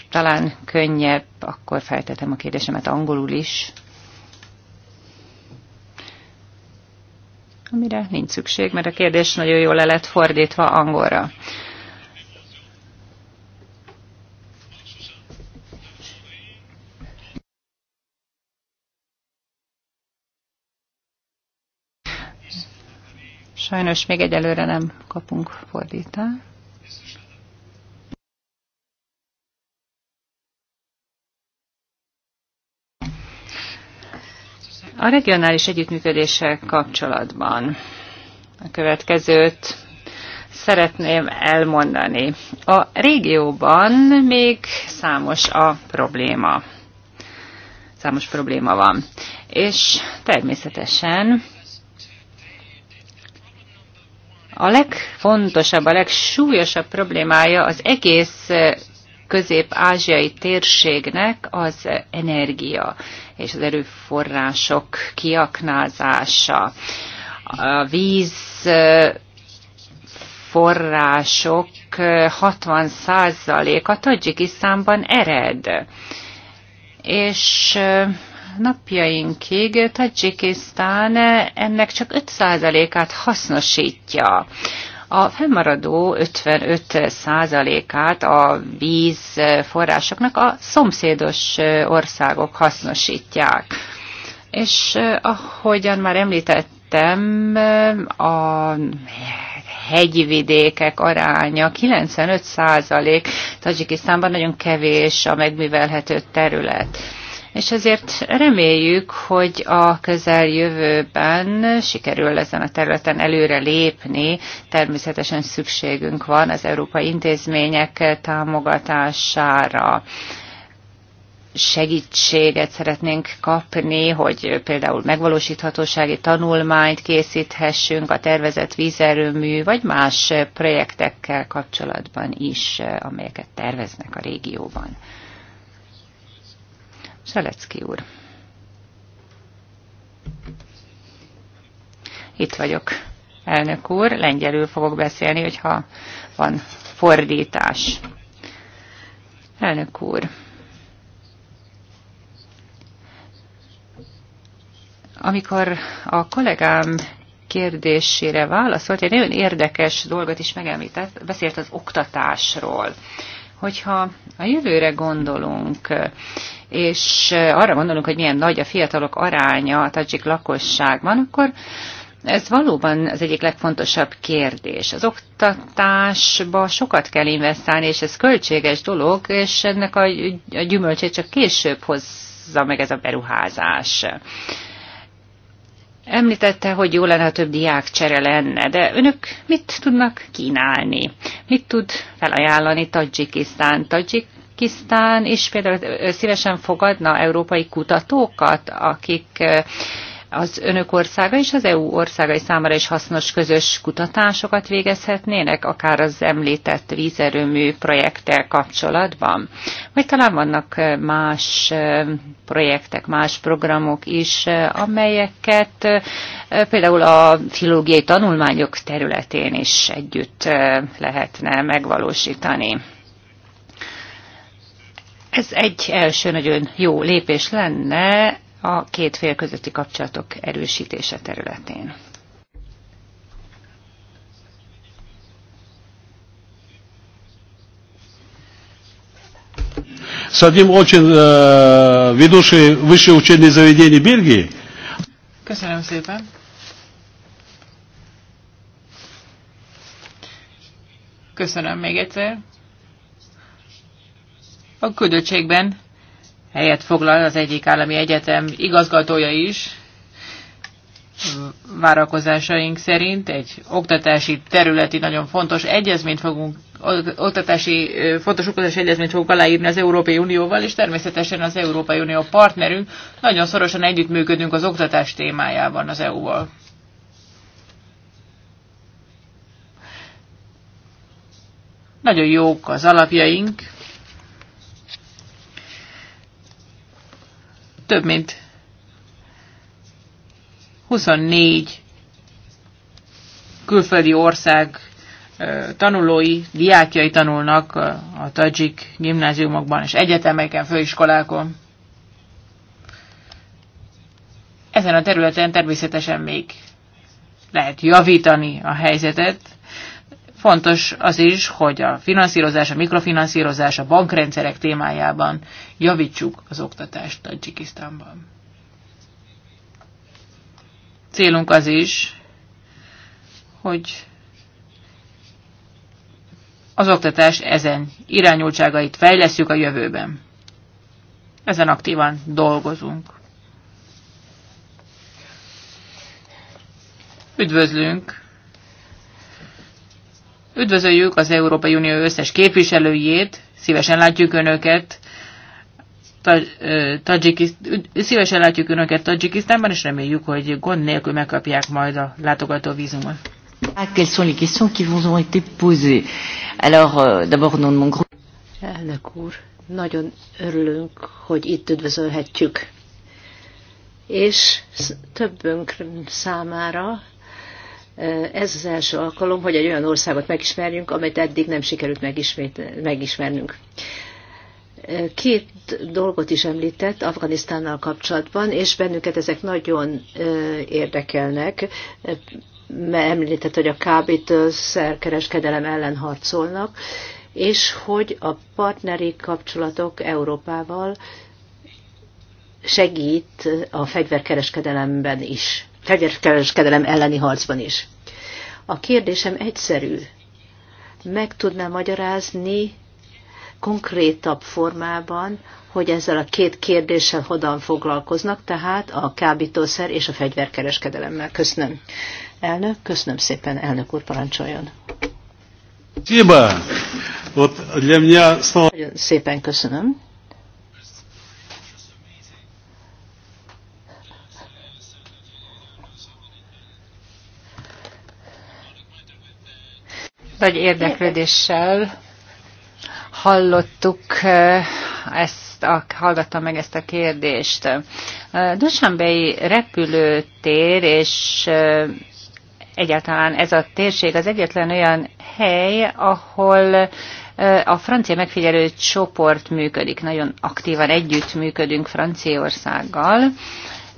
talán könnyebb, akkor feltetem a kérdésemet angolul is. amire nincs szükség, mert a kérdés nagyon jól le lett fordítva angolra. Sajnos még egyelőre nem kapunk fordítást. A regionális együttműködéssel kapcsolatban a következőt szeretném elmondani. A régióban még számos a probléma. Számos probléma van. És természetesen a legfontosabb, a legsúlyosabb problémája az egész közép-ázsiai térségnek az energia és az erőforrások kiaknázása. A víz források 60%-a Tajikisztánban ered. És napjainkig Tajikisztán ennek csak 5%-át hasznosítja. A fennmaradó 55 százalékát a vízforrásoknak a szomszédos országok hasznosítják. És ahogyan már említettem, a hegyi vidékek aránya 95 százalék. Tajikisztánban nagyon kevés a megművelhető terület és ezért reméljük, hogy a közeljövőben sikerül ezen a területen előre lépni. Természetesen szükségünk van az európai intézmények támogatására segítséget szeretnénk kapni, hogy például megvalósíthatósági tanulmányt készíthessünk a tervezett vízerőmű, vagy más projektekkel kapcsolatban is, amelyeket terveznek a régióban. Selecki úr. Itt vagyok, elnök úr. Lengyelül fogok beszélni, hogyha van fordítás. Elnök úr. Amikor a kollégám kérdésére válaszolt, egy nagyon érdekes dolgot is megemlített, beszélt az oktatásról. Hogyha a jövőre gondolunk, és arra gondolunk, hogy milyen nagy a fiatalok aránya a tajik lakosságban, akkor ez valóban az egyik legfontosabb kérdés. Az oktatásba sokat kell investálni, és ez költséges dolog, és ennek a gyümölcsét csak később hozza meg ez a beruházás. Említette, hogy jó lenne, ha több csere lenne, de önök mit tudnak kínálni? Mit tud felajánlani Tadzsikisztán? Tadzsik és is például szívesen fogadna európai kutatókat, akik az önök országa és az EU országai számára is hasznos közös kutatásokat végezhetnének, akár az említett vízerőmű projekttel kapcsolatban? Vagy talán vannak más projektek, más programok is, amelyeket például a filológiai tanulmányok területén is együtt lehetne megvalósítani. Ez egy első nagyon jó lépés lenne a két fél közötti kapcsolatok erősítése területén. с одним очень э, ведущий высшее учебное заведение Бельгии. Köszönöm szépen. Köszönöm még egyszer. A küldöttségben helyet foglal az egyik állami egyetem igazgatója is, várakozásaink szerint egy oktatási területi nagyon fontos egyezményt fogunk oktatási, fontos oktatási egyezményt fogunk aláírni az Európai Unióval, és természetesen az Európai Unió partnerünk. Nagyon szorosan együttműködünk az oktatás témájában az EU-val. Nagyon jók az alapjaink, több mint 24 külföldi ország tanulói, diákjai tanulnak a tajik gimnáziumokban és egyetemeken, főiskolákon. Ezen a területen természetesen még lehet javítani a helyzetet, Fontos az is, hogy a finanszírozás, a mikrofinanszírozás, a bankrendszerek témájában javítsuk az oktatást Tajikisztánban. Célunk az is, hogy az oktatás ezen irányultságait fejlesztjük a jövőben. Ezen aktívan dolgozunk. Üdvözlünk Üdvözöljük az Európai Unió összes képviselőjét, szívesen látjuk önöket, Tajikiszt, szívesen látjuk önöket Tajikisztánban, és reméljük, hogy gond nélkül megkapják majd a látogató vízumot. Ah, quelles sont les questions qui vous ont été posées Alors, euh, d'abord, non mon groupe. Elnök úr, nagyon örülünk, hogy itt üdvözölhetjük. És többünk számára ez az első alkalom, hogy egy olyan országot megismerjünk, amit eddig nem sikerült megismernünk. Két dolgot is említett Afganisztánnal kapcsolatban, és bennünket ezek nagyon érdekelnek. Említett, hogy a kábítószerkereskedelem ellen harcolnak, és hogy a partneri kapcsolatok Európával segít a fegyverkereskedelemben is fegyverkereskedelem elleni harcban is. A kérdésem egyszerű. Meg tudná magyarázni konkrétabb formában, hogy ezzel a két kérdéssel hogyan foglalkoznak, tehát a kábítószer és a fegyverkereskedelemmel. Köszönöm. Elnök, köszönöm szépen, elnök úr, parancsoljon. Спасибо. Вот Szépen köszönöm. Nagy érdeklődéssel hallottuk eh, ezt a, hallgattam meg ezt a kérdést. Eh, Dusanbei repülőtér és eh, egyáltalán ez a térség az egyetlen olyan hely, ahol a francia megfigyelő csoport működik, nagyon aktívan együtt működünk Franciaországgal,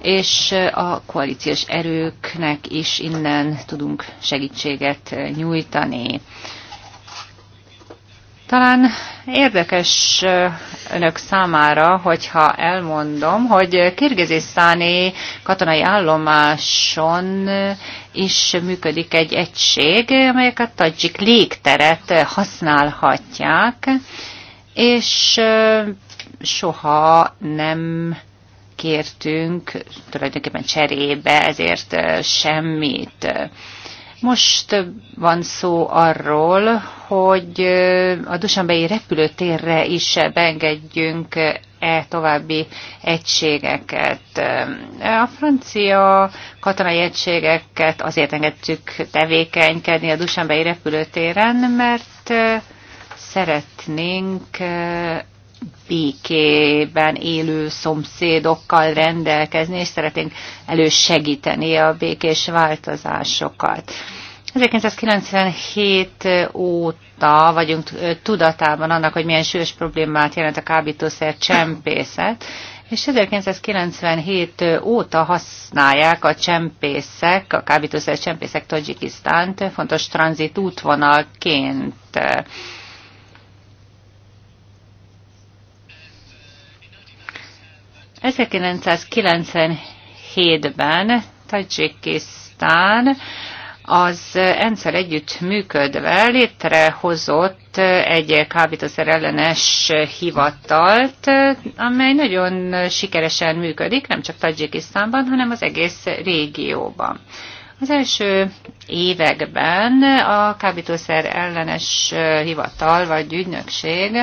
és a koalíciós erőknek is innen tudunk segítséget nyújtani. Talán érdekes önök számára, hogyha elmondom, hogy kirgizisztáni katonai állomáson is működik egy egység, amelyek a tadzsik légteret használhatják, és soha nem kértünk tulajdonképpen cserébe, ezért semmit. Most van szó arról, hogy a Dusanbei repülőtérre is beengedjünk e további egységeket. A francia katonai egységeket azért engedtük tevékenykedni a Dusanbei repülőtéren, mert szeretnénk békében élő szomszédokkal rendelkezni, és szeretnénk elősegíteni a békés változásokat. 1997 óta vagyunk tudatában annak, hogy milyen sűrűs problémát jelent a kábítószer csempészet, és 1997 óta használják a csempészek, a kábítószer csempészek Tajikisztánt fontos tranzit útvonalként 1997-ben Tajikisztán az ensz együtt működve létrehozott egy kábítószer ellenes hivatalt, amely nagyon sikeresen működik, nem csak Tajikisztánban, hanem az egész régióban. Az első években a kábítószer ellenes hivatal vagy ügynökség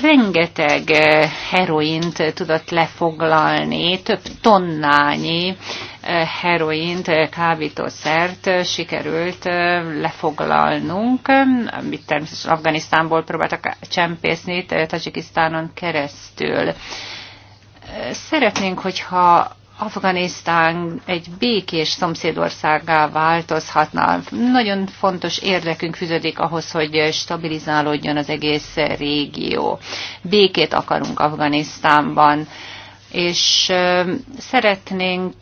rengeteg eh, heroint tudott lefoglalni, több tonnányi eh, heroint, eh, kábítószert sikerült lefoglalnunk, amit természetesen Afganisztánból próbáltak csempészni, Tajikisztánon keresztül. Szeretnénk, hogyha Afganisztán egy békés szomszédországá változhatna. Nagyon fontos érdekünk fűződik ahhoz, hogy stabilizálódjon az egész régió. Békét akarunk Afganisztánban és szeretnénk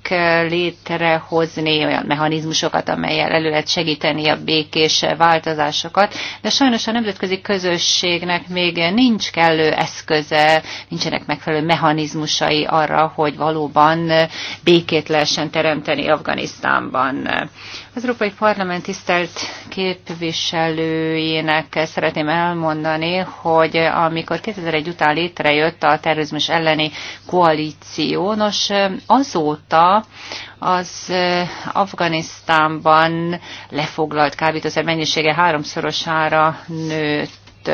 létrehozni olyan mechanizmusokat, amelyel elő lehet segíteni a békés változásokat, de sajnos a nemzetközi közösségnek még nincs kellő eszköze, nincsenek megfelelő mechanizmusai arra, hogy valóban békét lehessen teremteni Afganisztánban. Az Európai Parlament tisztelt képviselőjének szeretném elmondani, hogy amikor 2001 után létrejött a terrorizmus elleni koalíció, koalíció. Nos, azóta az Afganisztánban lefoglalt kábítószer mennyisége háromszorosára nőtt.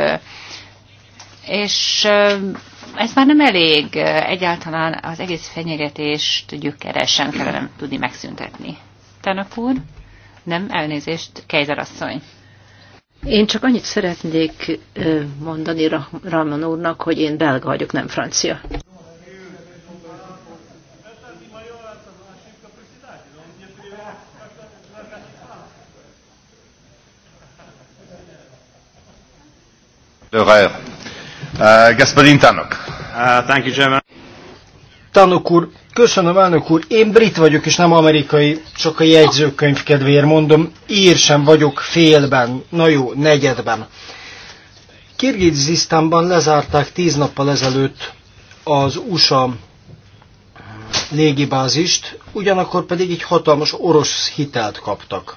És ez már nem elég, egyáltalán az egész fenyegetést gyökeresen kellene tudni megszüntetni. Tanok úr, nem elnézést, Kejzer asszony. Én csak annyit szeretnék mondani Ramon úrnak, hogy én belga vagyok, nem francia. Örer. Uh, Gasparin Tanok. Uh, thank you, Chairman. Tanok úr, köszönöm, elnök úr. Én brit vagyok, és nem amerikai, csak a jegyzőkönyv kedvéért mondom. Ír sem vagyok félben, na jó, negyedben. Kirgizisztánban lezárták tíz nappal ezelőtt az USA légibázist, ugyanakkor pedig egy hatalmas orosz hitelt kaptak.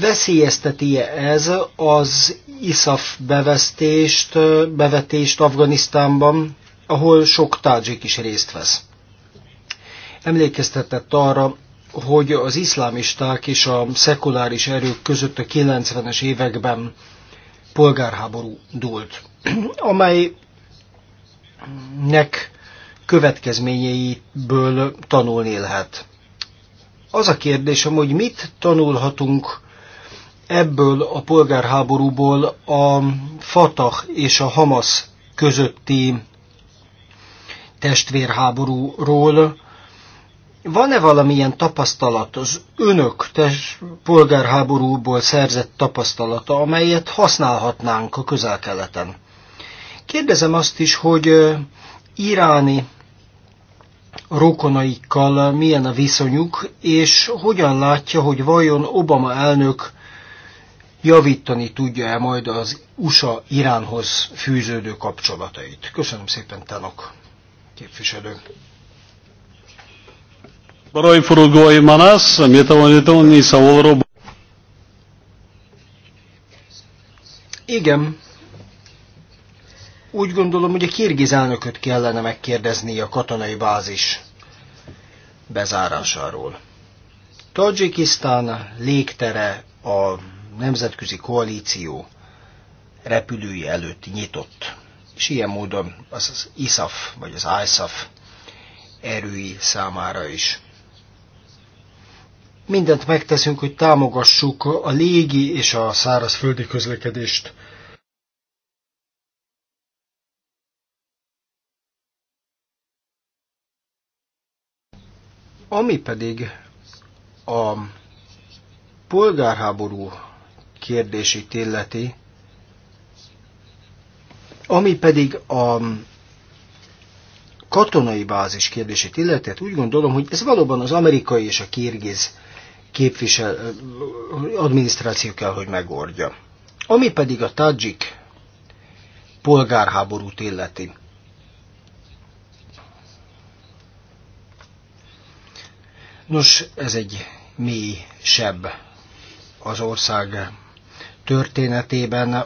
Veszélyezteti-e ez az ISAF bevesztést, bevetést Afganisztánban, ahol sok tádzsik is részt vesz? Emlékeztetett arra, hogy az iszlámisták és a szekuláris erők között a 90-es években polgárháború dúlt, amelynek következményeiből tanulni lehet. Az a kérdésem, hogy mit tanulhatunk ebből a polgárháborúból a Fatah és a Hamas közötti testvérháborúról. Van-e valamilyen tapasztalat az önök tes, polgárháborúból szerzett tapasztalata, amelyet használhatnánk a közel-keleten? Kérdezem azt is, hogy iráni rokonaikkal milyen a viszonyuk, és hogyan látja, hogy vajon Obama elnök javítani tudja-e majd az USA Iránhoz fűződő kapcsolatait. Köszönöm szépen, Tanok képviselő. Manasz, Igen, úgy gondolom, hogy a kirgiz elnököt kellene megkérdezni a katonai bázis bezárásáról. Tajikisztán légtere a nemzetközi koalíció repülői előtt nyitott, és ilyen módon az, az ISAF vagy az ISAF erői számára is. Mindent megteszünk, hogy támogassuk a légi és a szárazföldi közlekedést Ami pedig a polgárháború kérdését illeti, ami pedig a katonai bázis kérdését illeti, hát úgy gondolom, hogy ez valóban az amerikai és a kirgiz képvisel, adminisztráció kell, hogy megoldja. Ami pedig a tajik polgárháborút illeti. Nos, ez egy mély sebb az ország történetében.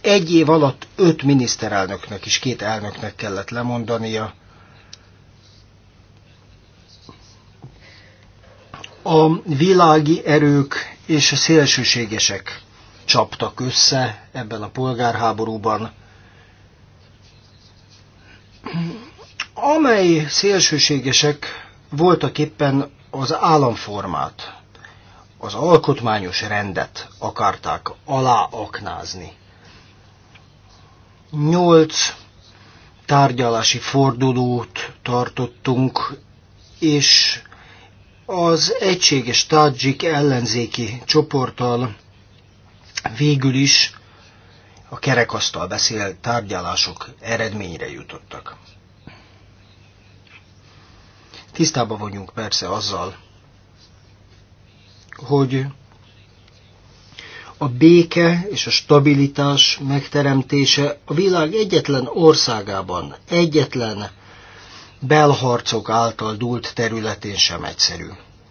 Egy év alatt öt miniszterelnöknek és két elnöknek kellett lemondania. A világi erők és a szélsőségesek csaptak össze ebben a polgárháborúban, amely szélsőségesek voltak éppen az államformát, az alkotmányos rendet akarták aláaknázni. Nyolc tárgyalási fordulót tartottunk, és az egységes tadzsik ellenzéki csoporttal végül is a kerekasztal beszél tárgyalások eredményre jutottak. Tisztában vagyunk persze azzal, hogy a béke és a stabilitás megteremtése a világ egyetlen országában, egyetlen belharcok által dúlt területén sem egyszerű.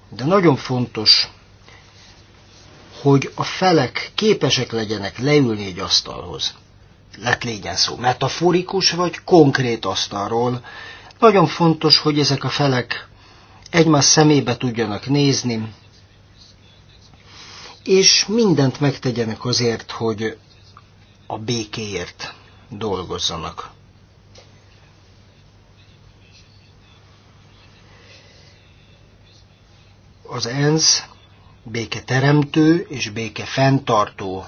De nagyon fontos, hogy a felek képesek legyenek leülni egy asztalhoz. Lett légyen szó metaforikus vagy konkrét asztalról, nagyon fontos, hogy ezek a felek egymás szemébe tudjanak nézni, és mindent megtegyenek azért, hogy a békéért dolgozzanak. Az ENSZ béke teremtő és béke fenntartó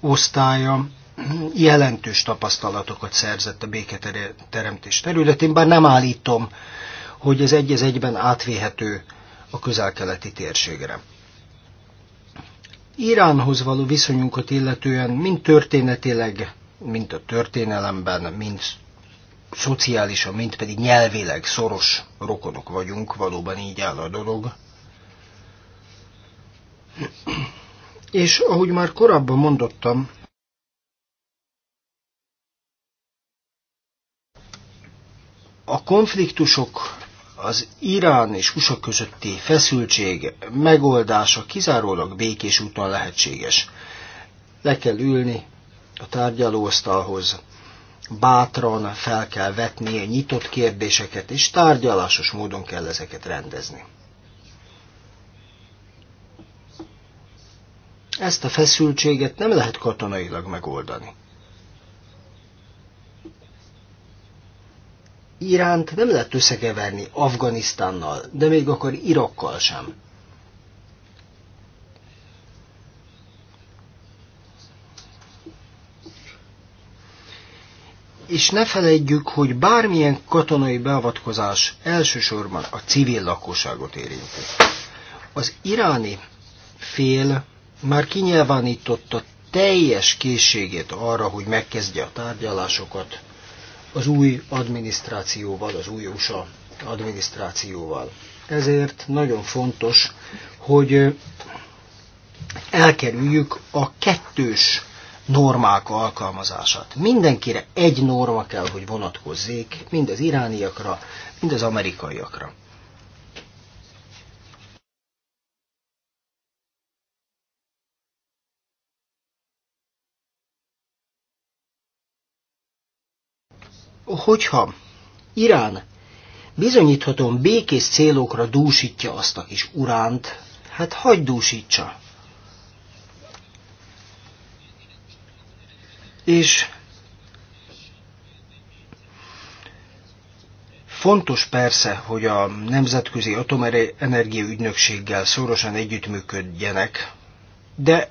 osztálya jelentős tapasztalatokat szerzett a béketeremtés területén, bár nem állítom, hogy ez egy az egyben átvéhető a közel-keleti térségre. Iránhoz való viszonyunkat illetően mind történetileg, mind a történelemben, mind szociálisan, mind pedig nyelvileg szoros rokonok vagyunk, valóban így áll a dolog. És ahogy már korábban mondottam, A konfliktusok az Irán és USA közötti feszültség megoldása kizárólag békés úton lehetséges. Le kell ülni a tárgyalóasztalhoz, bátran fel kell vetni a nyitott kérdéseket, és tárgyalásos módon kell ezeket rendezni. Ezt a feszültséget nem lehet katonailag megoldani. Iránt nem lehet összekeverni Afganisztánnal, de még akar Irakkal sem. És ne felejtjük, hogy bármilyen katonai beavatkozás elsősorban a civil lakosságot érinti. Az iráni fél már kinyilvánította teljes készségét arra, hogy megkezdje a tárgyalásokat az új adminisztrációval, az új USA adminisztrációval. Ezért nagyon fontos, hogy elkerüljük a kettős normák alkalmazását. Mindenkire egy norma kell, hogy vonatkozzék, mind az irániakra, mind az amerikaiakra. hogyha Irán bizonyíthatóan békés célokra dúsítja azt a kis uránt, hát hagyd dúsítsa. És Fontos persze, hogy a Nemzetközi Atomenergia Ügynökséggel szorosan együttműködjenek, de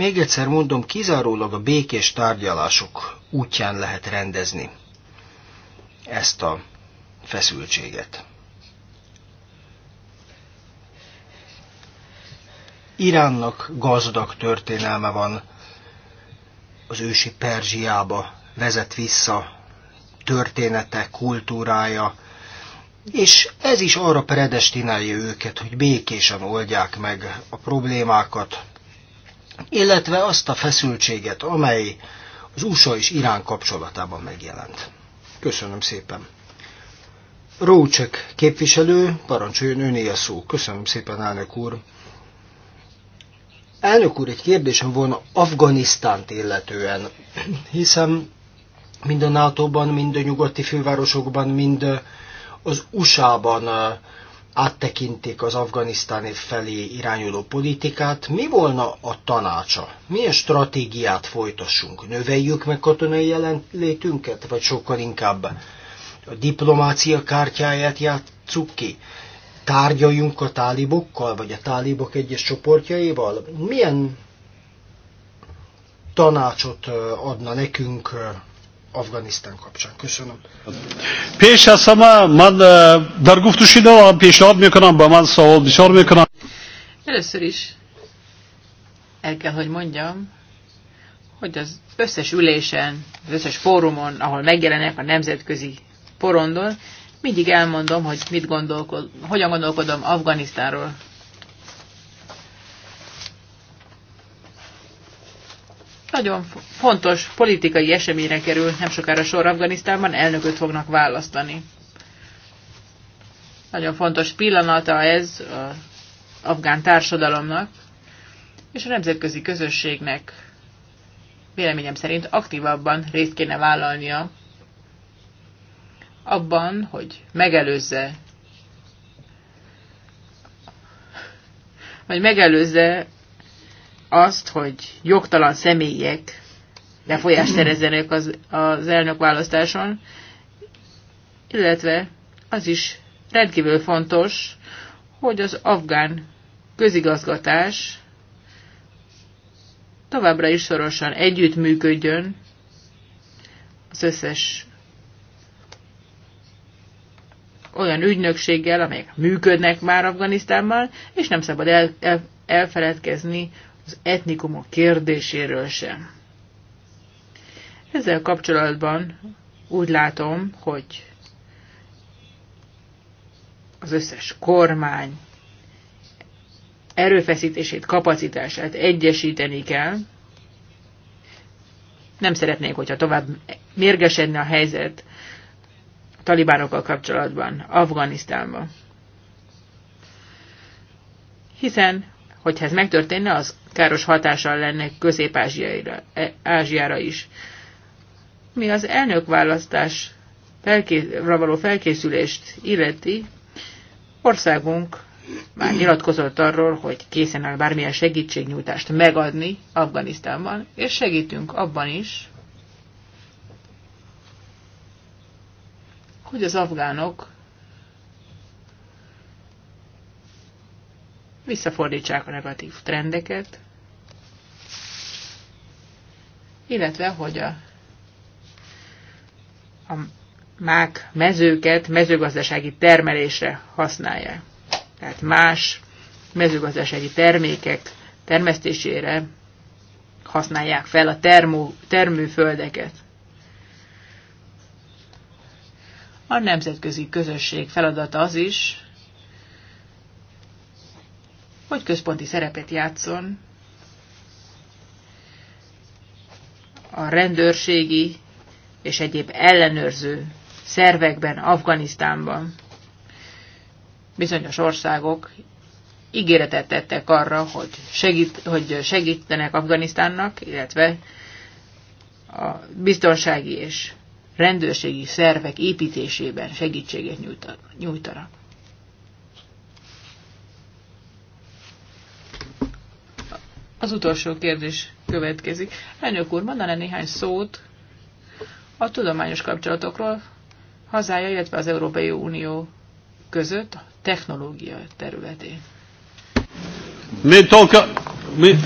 még egyszer mondom, kizárólag a békés tárgyalások útján lehet rendezni ezt a feszültséget. Iránnak gazdag történelme van, az ősi Perzsiába vezet vissza története, kultúrája, és ez is arra predestinálja őket, hogy békésen oldják meg a problémákat, illetve azt a feszültséget, amely az USA és Irán kapcsolatában megjelent. Köszönöm szépen. Rócsek képviselő, parancsoljon öné a szó. Köszönöm szépen, elnök úr. Elnök úr, egy kérdésem volna Afganisztánt illetően, hiszen mind a NATO-ban, mind a nyugati fővárosokban, mind az USA-ban áttekintik az Afganisztán felé irányuló politikát, mi volna a tanácsa? Milyen stratégiát folytassunk? Növeljük meg katonai jelenlétünket, vagy sokkal inkább a diplomácia kártyáját játsszuk ki? Tárgyaljunk a tálibokkal, vagy a tálibok egyes csoportjaival? Milyen tanácsot adna nekünk Afganisztán kapcsán. Köszönöm. Pésa sama, man eh, darguf düşünüyorum, pésa admıyorkanam, man sağ ol, bir sormuyorkanam. Először is el kell, hogy mondjam, hogy az összes ülésen, az összes fórumon, ahol megjelenek a nemzetközi porondon, mindig elmondom, hogy mit gondolkod, hogyan gondolkodom Afganisztánról. Nagyon fontos politikai eseményre kerül nem sokára sor Afganisztánban, elnököt fognak választani. Nagyon fontos pillanata ez az afgán társadalomnak és a nemzetközi közösségnek véleményem szerint aktívabban részt kéne vállalnia abban, hogy megelőzze, hogy megelőzze azt, hogy jogtalan személyek befolyást szerezzenek az, az választáson, illetve az is rendkívül fontos, hogy az afgán közigazgatás továbbra is szorosan együttműködjön az összes olyan ügynökséggel, amelyek működnek már Afganisztánban, és nem szabad el, el, elfeledkezni az etnikumok kérdéséről sem. Ezzel kapcsolatban úgy látom, hogy az összes kormány erőfeszítését, kapacitását egyesíteni kell. Nem szeretnék, hogyha tovább mérgesedne a helyzet a talibánokkal kapcsolatban, Afganisztánban. Hiszen Hogyha ez megtörténne, az káros hatással lenne Közép-Ázsiára e, is. Mi az választás felké való felkészülést illeti, országunk már nyilatkozott arról, hogy készen áll bármilyen segítségnyújtást megadni Afganisztánban, és segítünk abban is, hogy az afgánok visszafordítsák a negatív trendeket, illetve hogy a, a mák mezőket mezőgazdasági termelésre használják. Tehát más mezőgazdasági termékek termesztésére használják fel a termó, termőföldeket. A nemzetközi közösség feladata az is, hogy központi szerepet játszon a rendőrségi és egyéb ellenőrző szervekben, Afganisztánban. Bizonyos országok ígéretet tettek arra, hogy, segít, hogy segítenek Afganisztánnak, illetve a biztonsági és rendőrségi szervek építésében segítséget nyújtanak. Az utolsó kérdés következik. Elnök úr, mondaná néhány szót a tudományos kapcsolatokról hazája, illetve az Európai Unió között a technológia területén. Mi tóka? mi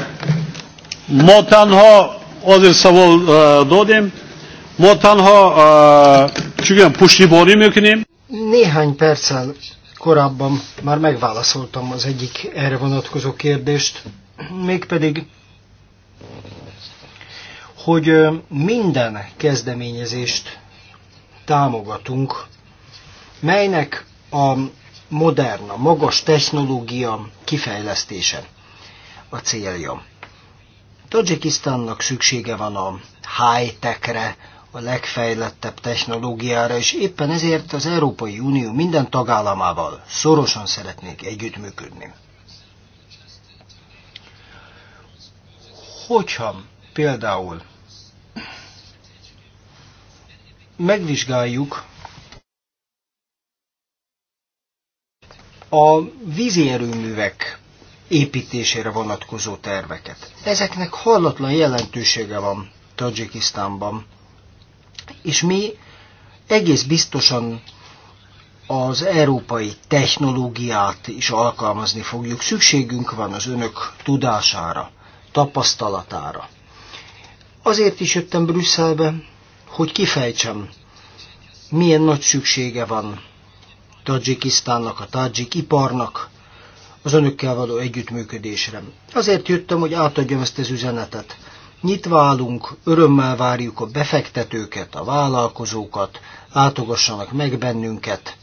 motanha azért szavol uh, e, dodim, motanha csügen pusni borim működni. Néhány perccel korábban már megválaszoltam az egyik erre vonatkozó kérdést mégpedig hogy minden kezdeményezést támogatunk, melynek a modern, a magas technológia kifejlesztése a célja. Tajikisztánnak szüksége van a high-techre, a legfejlettebb technológiára, és éppen ezért az Európai Unió minden tagállamával szorosan szeretnék együttműködni. Hogyha például megvizsgáljuk a vízierőművek építésére vonatkozó terveket. Ezeknek hallatlan jelentősége van Tajikisztánban, és mi egész biztosan az európai technológiát is alkalmazni fogjuk. Szükségünk van az önök tudására tapasztalatára. Azért is jöttem Brüsszelbe, hogy kifejtsem, milyen nagy szüksége van Tadzsikisztánnak, a tajik iparnak, az önökkel való együttműködésre. Azért jöttem, hogy átadjam ezt az üzenetet. Nyitva állunk, örömmel várjuk a befektetőket, a vállalkozókat, látogassanak meg bennünket,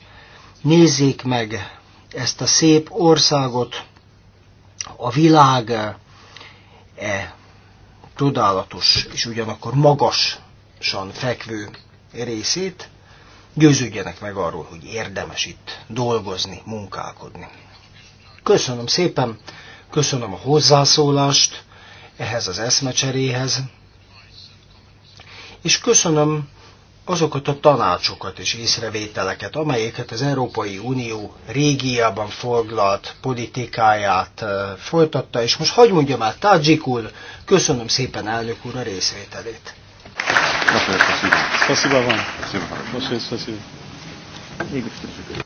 nézzék meg ezt a szép országot, a világ e tudálatos és ugyanakkor magasan fekvő részét, győződjenek meg arról, hogy érdemes itt dolgozni, munkálkodni. Köszönöm szépen, köszönöm a hozzászólást ehhez az eszmecseréhez, és köszönöm azokat a tanácsokat és észrevételeket, amelyeket az Európai Unió régiában foglalt politikáját folytatta, és most hagyd mondjam már Tajikul, köszönöm szépen elnök úr a részvételét. Köszönöm. Köszönöm. Köszönöm. Köszönöm. Köszönöm.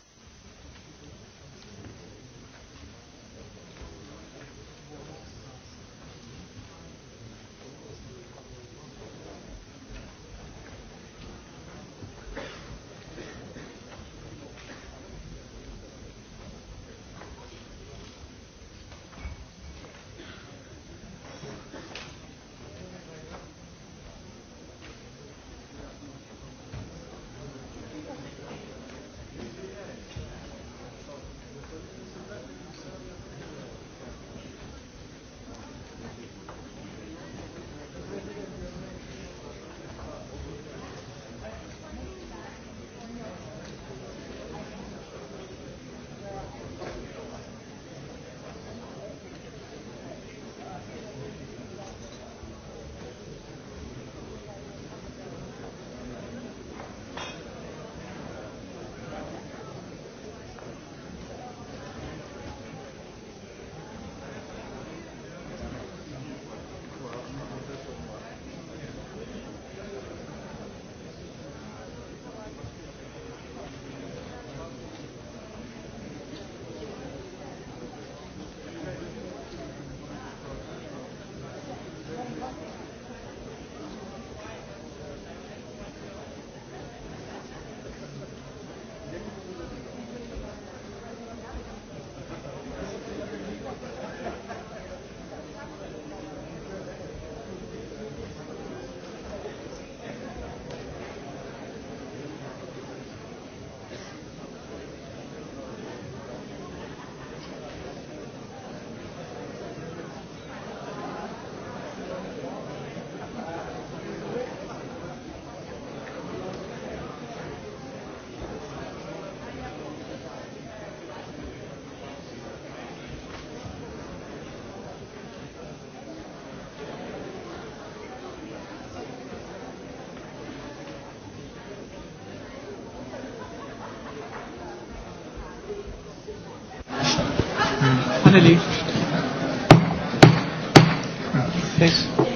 Kennedy.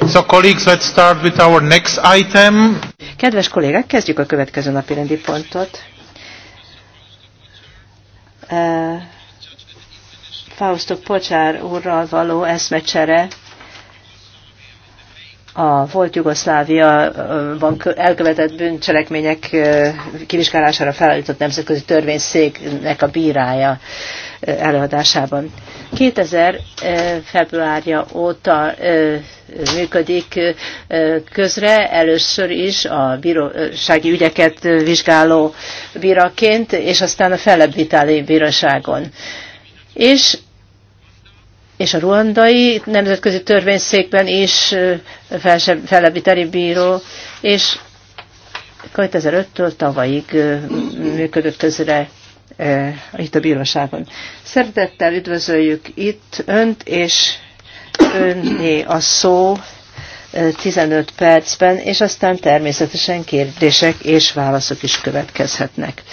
So colleagues, let's start with our next item. Kedves kollégák, kezdjük a következő napi rendi pontot. Uh, Fausto Pocsár úrral való eszmecsere a volt Jugoszlávia elkövetett bűncselekmények kivizsgálására felállított nemzetközi törvényszéknek a bírája előadásában. 2000 februárja óta működik közre, először is a bírósági ügyeket vizsgáló bíraként, és aztán a fellebbviteli bíróságon. És és a ruandai nemzetközi törvényszékben is felebbiteli bíró, és 2005-től tavalyig működött közre itt a bíróságon. Szeretettel üdvözöljük itt önt, és önné a szó 15 percben, és aztán természetesen kérdések és válaszok is következhetnek.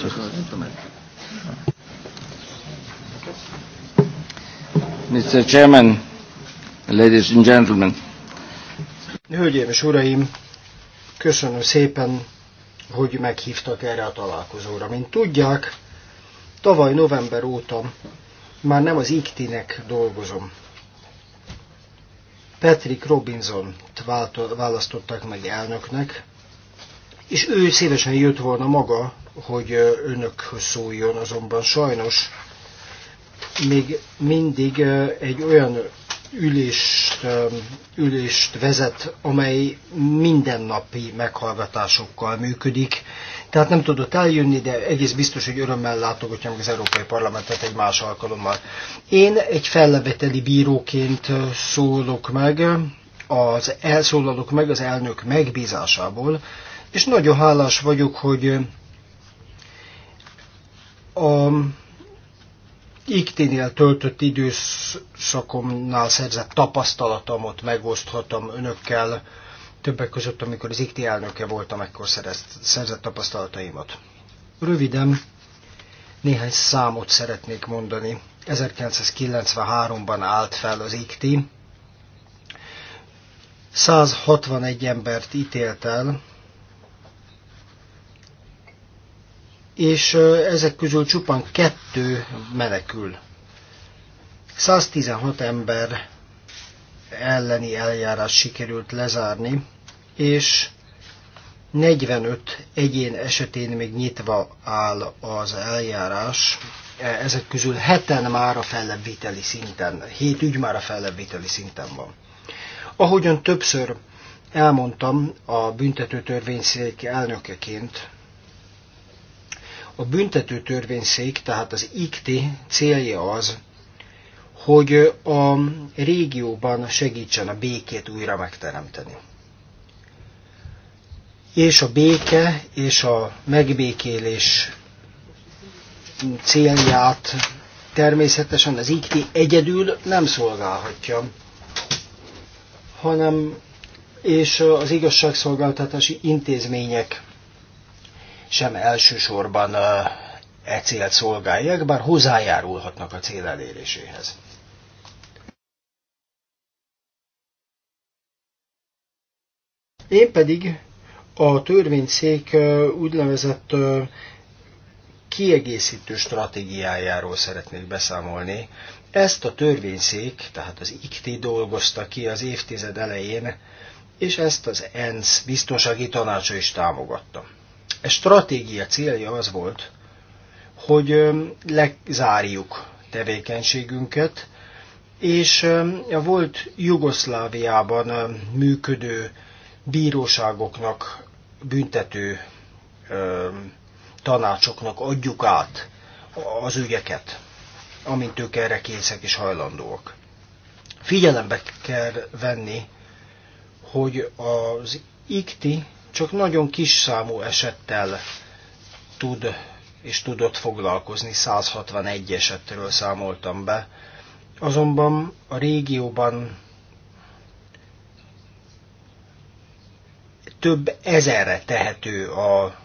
csak... Mr. Chairman, ladies and gentlemen. Hölgyeim és uraim, köszönöm szépen, hogy meghívtak erre a találkozóra. Mint tudják, tavaly november óta már nem az IKT-nek dolgozom. Patrick Robinson választották meg elnöknek, és ő szívesen jött volna maga, hogy önökhöz szóljon, azonban sajnos még mindig egy olyan ülést, ülést vezet, amely mindennapi meghallgatásokkal működik. Tehát nem tudott eljönni, de egész biztos, hogy örömmel látogatja meg az Európai Parlamentet egy más alkalommal. Én egy felleveteli bíróként szólok meg, az elszólalok meg az elnök megbízásából, és nagyon hálás vagyok, hogy a Ikténél töltött időszakomnál szerzett tapasztalatomat megoszthatom önökkel, többek között, amikor az IKT elnöke voltam, ekkor szerzett, szerzett tapasztalataimat. Röviden néhány számot szeretnék mondani. 1993-ban állt fel az IKT, 161 embert ítélt el, és ezek közül csupán kettő menekül. 116 ember elleni eljárás sikerült lezárni, és 45 egyén esetén még nyitva áll az eljárás, e, ezek közül heten már a fellebbviteli szinten, hét ügy már a fellebbviteli szinten van. Ahogyan többször elmondtam a büntető törvényszék elnökeként, a büntető törvényszék, tehát az IKT célja az, hogy a régióban segítsen a békét újra megteremteni. És a béke és a megbékélés célját természetesen az IKT egyedül nem szolgálhatja, hanem és az igazságszolgáltatási intézmények sem elsősorban e célt szolgálják, bár hozzájárulhatnak a cél eléréséhez. Én pedig a törvényszék úgynevezett kiegészítő stratégiájáról szeretnék beszámolni. Ezt a törvényszék, tehát az IKT dolgozta ki az évtized elején, és ezt az ENSZ biztonsági tanácsa is támogatta. E stratégia célja az volt, hogy lezárjuk tevékenységünket, és a volt Jugoszláviában működő bíróságoknak, büntető tanácsoknak adjuk át az ügyeket, amint ők erre készek és hajlandóak. Figyelembe kell venni, hogy az ICTI csak nagyon kis számú esettel tud és tudott foglalkozni, 161 esetről számoltam be. Azonban a régióban több ezerre tehető a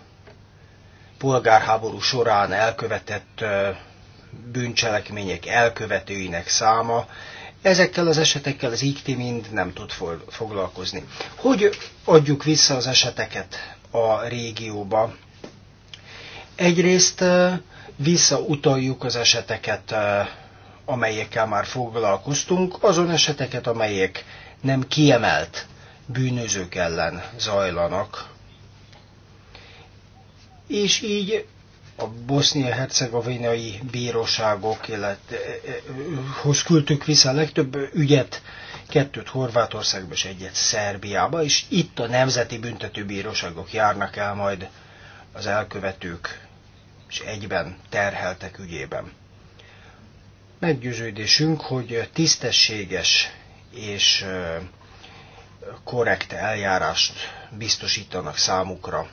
polgárháború során elkövetett bűncselekmények elkövetőinek száma, Ezekkel az esetekkel az IKT mind nem tud foglalkozni. Hogy adjuk vissza az eseteket a régióba? Egyrészt visszautaljuk az eseteket, amelyekkel már foglalkoztunk, azon eseteket, amelyek nem kiemelt bűnözők ellen zajlanak. És így a bosznia-hercegovinai bíróságok, e, e, hoz küldtük vissza a legtöbb ügyet, kettőt Horvátországba és egyet Szerbiába, és itt a nemzeti büntetőbíróságok járnak el majd az elkövetők és egyben terheltek ügyében. Meggyőződésünk, hogy tisztességes és e, korrekt eljárást biztosítanak számukra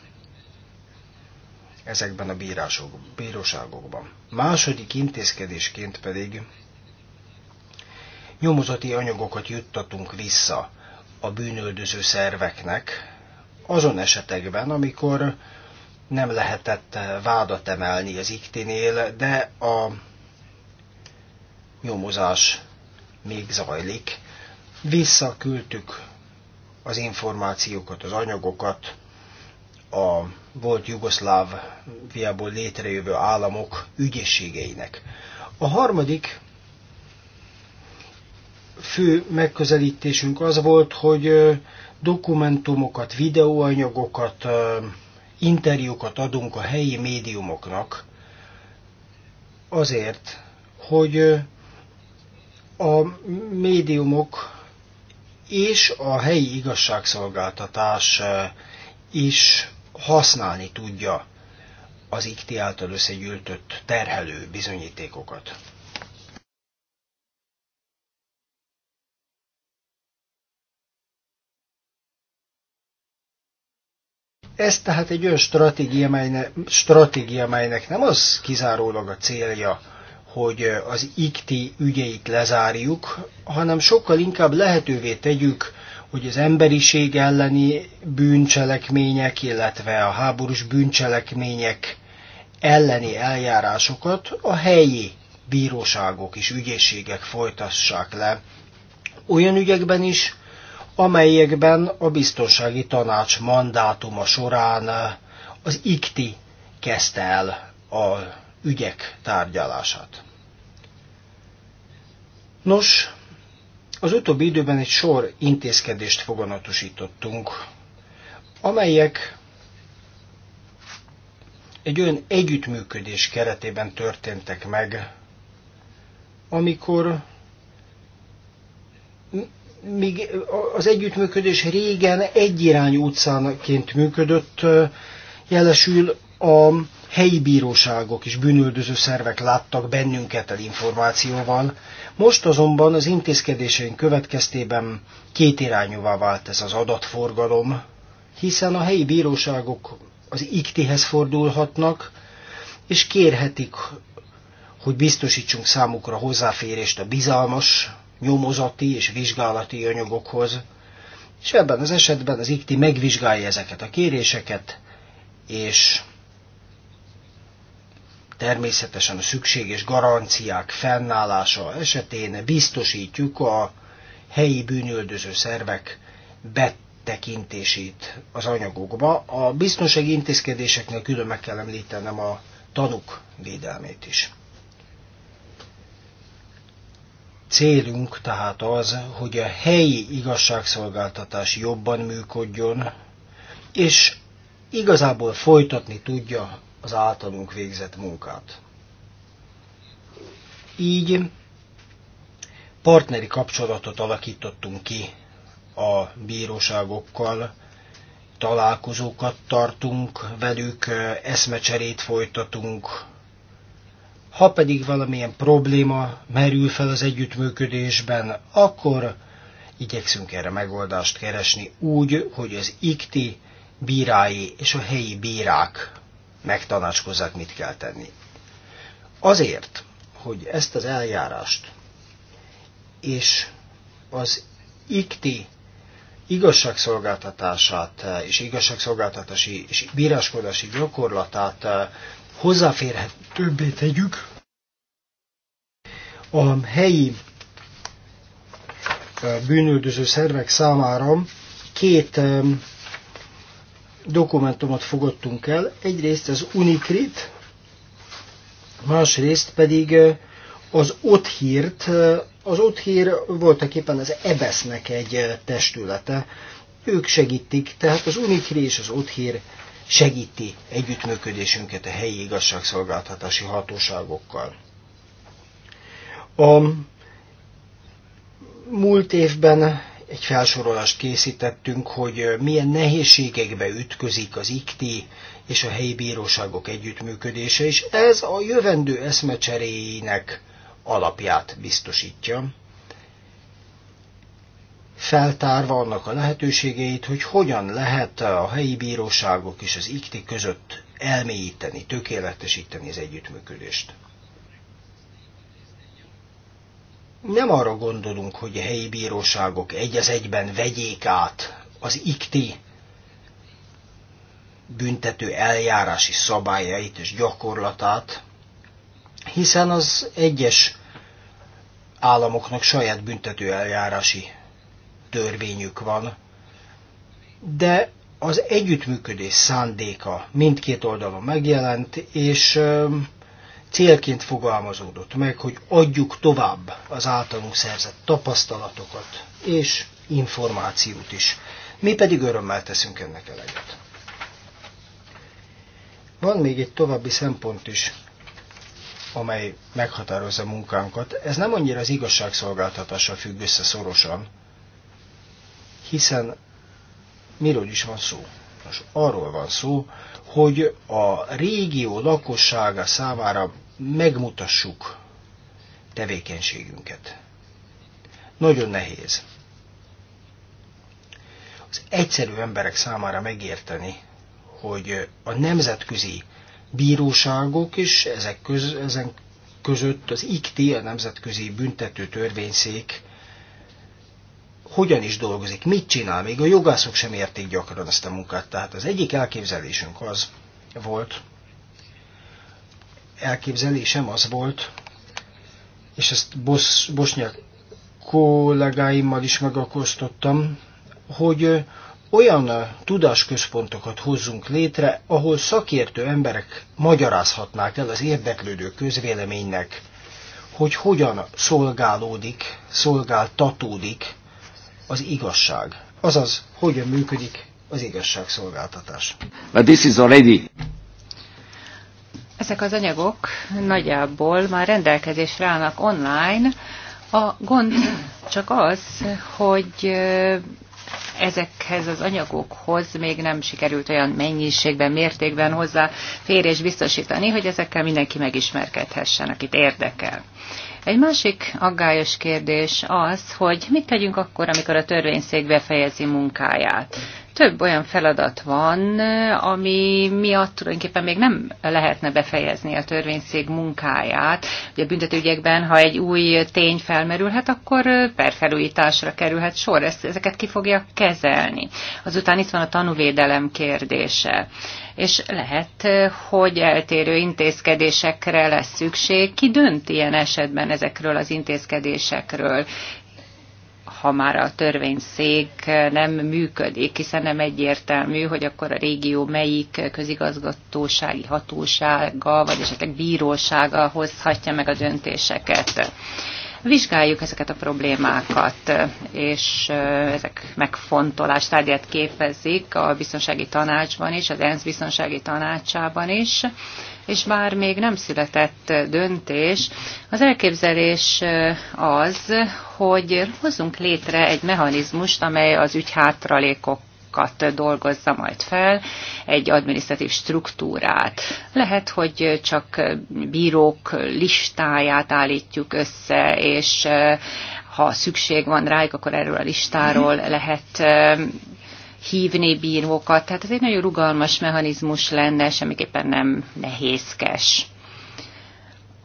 ezekben a bírások, bíróságokban. Második intézkedésként pedig nyomozati anyagokat juttatunk vissza a bűnöldöző szerveknek, azon esetekben, amikor nem lehetett vádat emelni az iktinél, de a nyomozás még zajlik. Visszaküldtük az információkat, az anyagokat a volt viából létrejövő államok ügyességeinek. A harmadik fő megközelítésünk az volt, hogy dokumentumokat, videóanyagokat, interjúkat adunk a helyi médiumoknak, azért, hogy a médiumok és a helyi igazságszolgáltatás is használni tudja az IKTI által összegyűltött terhelő bizonyítékokat. Ez tehát egy olyan stratégia, melyne, stratégia, melynek nem az kizárólag a célja, hogy az IKTI ügyeit lezárjuk, hanem sokkal inkább lehetővé tegyük hogy az emberiség elleni bűncselekmények, illetve a háborús bűncselekmények elleni eljárásokat a helyi bíróságok és ügyészségek folytassák le, olyan ügyekben is, amelyekben a biztonsági tanács mandátuma során eh, az IKTI kezdte el a ügyek tárgyalását. Nos, az utóbbi időben egy sor intézkedést foganatosítottunk, amelyek egy olyan együttműködés keretében történtek meg, amikor még az együttműködés régen egyirányú utcánként működött, jelesül a helyi bíróságok és bűnüldöző szervek láttak bennünket el információval, most azonban az intézkedéseink következtében kétirányúvá vált ez az adatforgalom, hiszen a helyi bíróságok az iktihez fordulhatnak, és kérhetik, hogy biztosítsunk számukra hozzáférést a bizalmas, nyomozati és vizsgálati anyagokhoz, és ebben az esetben az IKTI megvizsgálja ezeket a kéréseket, és természetesen a szükséges garanciák fennállása esetén biztosítjuk a helyi bűnöldöző szervek betekintését az anyagokba. A biztonsági intézkedéseknél külön meg kell említenem a tanuk védelmét is. Célunk tehát az, hogy a helyi igazságszolgáltatás jobban működjön, és igazából folytatni tudja az általunk végzett munkát. Így partneri kapcsolatot alakítottunk ki a bíróságokkal, találkozókat tartunk velük, eszmecserét folytatunk. Ha pedig valamilyen probléma merül fel az együttműködésben, akkor igyekszünk erre megoldást keresni úgy, hogy az ikti bírái és a helyi bírák megtanácskozzák, mit kell tenni. Azért, hogy ezt az eljárást és az ikti igazságszolgáltatását és igazságszolgáltatási és bíráskodási gyakorlatát eh, hozzáférhetőbbé tegyük a helyi eh, bűnöldöző szervek számára két eh, dokumentumot fogadtunk el. Egyrészt az Unicrit, másrészt pedig az Othírt, az Othír voltak éppen az Ebesznek egy testülete. Ők segítik, tehát az Unicri és az Othír segíti együttműködésünket a helyi igazságszolgáltatási hatóságokkal. A múlt évben egy felsorolást készítettünk, hogy milyen nehézségekbe ütközik az IKTI és a helyi bíróságok együttműködése, és ez a jövendő eszmecseréjének alapját biztosítja, feltárva annak a lehetőségeit, hogy hogyan lehet a helyi bíróságok és az IKTI között elmélyíteni, tökéletesíteni az együttműködést. nem arra gondolunk, hogy a helyi bíróságok egy az egyben vegyék át az ikti büntető eljárási szabályait és gyakorlatát, hiszen az egyes államoknak saját büntető eljárási törvényük van, de az együttműködés szándéka mindkét oldalon megjelent, és célként fogalmazódott meg, hogy adjuk tovább az általunk szerzett tapasztalatokat és információt is. Mi pedig örömmel teszünk ennek eleget. Van még egy további szempont is, amely meghatározza munkánkat. Ez nem annyira az igazságszolgáltatása függ össze szorosan, hiszen miről is van szó? Most arról van szó, hogy a régió lakossága számára megmutassuk tevékenységünket. Nagyon nehéz. Az egyszerű emberek számára megérteni, hogy a nemzetközi bíróságok és ezek köz, ezen között az IKT, a Nemzetközi Büntető Törvényszék hogyan is dolgozik, mit csinál, még a jogászok sem értik gyakran ezt a munkát. Tehát az egyik elképzelésünk az volt, elképzelésem az volt, és ezt bosz, bosnyák kollégáimmal is megakosztottam, hogy olyan tudásközpontokat hozzunk létre, ahol szakértő emberek magyarázhatnák el az érdeklődő közvéleménynek, hogy hogyan szolgálódik, szolgáltatódik az igazság. Azaz, hogyan működik az igazságszolgáltatás. But this is already ezek az anyagok nagyjából már rendelkezésre állnak online. A gond csak az, hogy ezekhez az anyagokhoz még nem sikerült olyan mennyiségben, mértékben hozzá férés biztosítani, hogy ezekkel mindenki megismerkedhessen, akit érdekel. Egy másik aggályos kérdés az, hogy mit tegyünk akkor, amikor a törvényszék befejezi munkáját. Több olyan feladat van, ami miatt tulajdonképpen még nem lehetne befejezni a törvényszék munkáját. Ugye a büntetőügyekben, ha egy új tény felmerülhet, akkor perfelújításra kerülhet sor. Ezt, ezeket ki fogja kezelni. Azután itt van a tanúvédelem kérdése és lehet, eh, hogy eltérő intézkedésekre lesz szükség. Ki dönt ilyen esetben ezekről az intézkedésekről? ha már a törvényszék nem működik, hiszen nem egyértelmű, hogy akkor a régió melyik közigazgatósági hatósága, vagy esetleg bírósága hozhatja meg a döntéseket. Vizsgáljuk ezeket a problémákat, és ezek megfontolás tárgyát képezik a biztonsági tanácsban is, az ENSZ biztonsági tanácsában is, és bár még nem született döntés, az elképzelés az, hogy hozzunk létre egy mechanizmust, amely az ügy hátralékok adatokat dolgozza majd fel, egy adminisztratív struktúrát. Lehet, hogy csak bírók listáját állítjuk össze, és eh, ha szükség van rájuk, akkor erről a listáról mhm. lehet eh, hívni bírókat. Tehát ez egy nagyon rugalmas mechanizmus lenne, semmiképpen nem nehézkes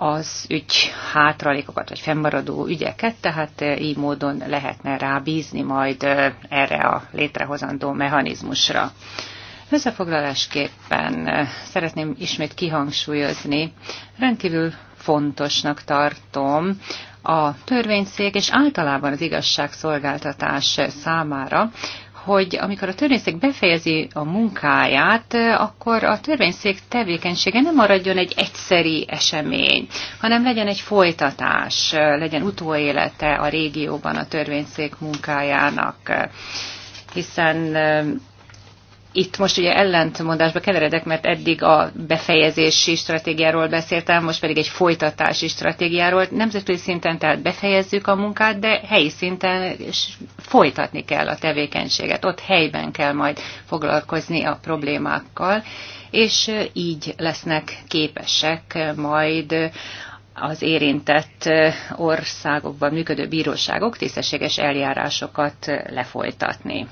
az ügy hátralékokat, vagy fennmaradó ügyeket, tehát eh, így módon lehetne rábízni majd eh, erre a létrehozandó mechanizmusra. Összefoglalásképpen eh, szeretném ismét kihangsúlyozni, rendkívül fontosnak tartom a törvényszék és általában az igazságszolgáltatás számára, hogy amikor a törvényszék befejezi a munkáját, akkor a törvényszék tevékenysége nem maradjon egy egyszeri esemény, hanem legyen egy folytatás, legyen utóélete a régióban a törvényszék munkájának hiszen itt most ugye ellentmondásba keveredek, mert eddig a befejezési stratégiáról beszéltem, most pedig egy folytatási stratégiáról. Nemzetközi szinten tehát befejezzük a munkát, de helyi szinten folytatni kell a tevékenységet. Ott helyben kell majd foglalkozni a problémákkal, és így lesznek képesek majd az érintett országokban működő bíróságok tisztességes eljárásokat lefolytatni.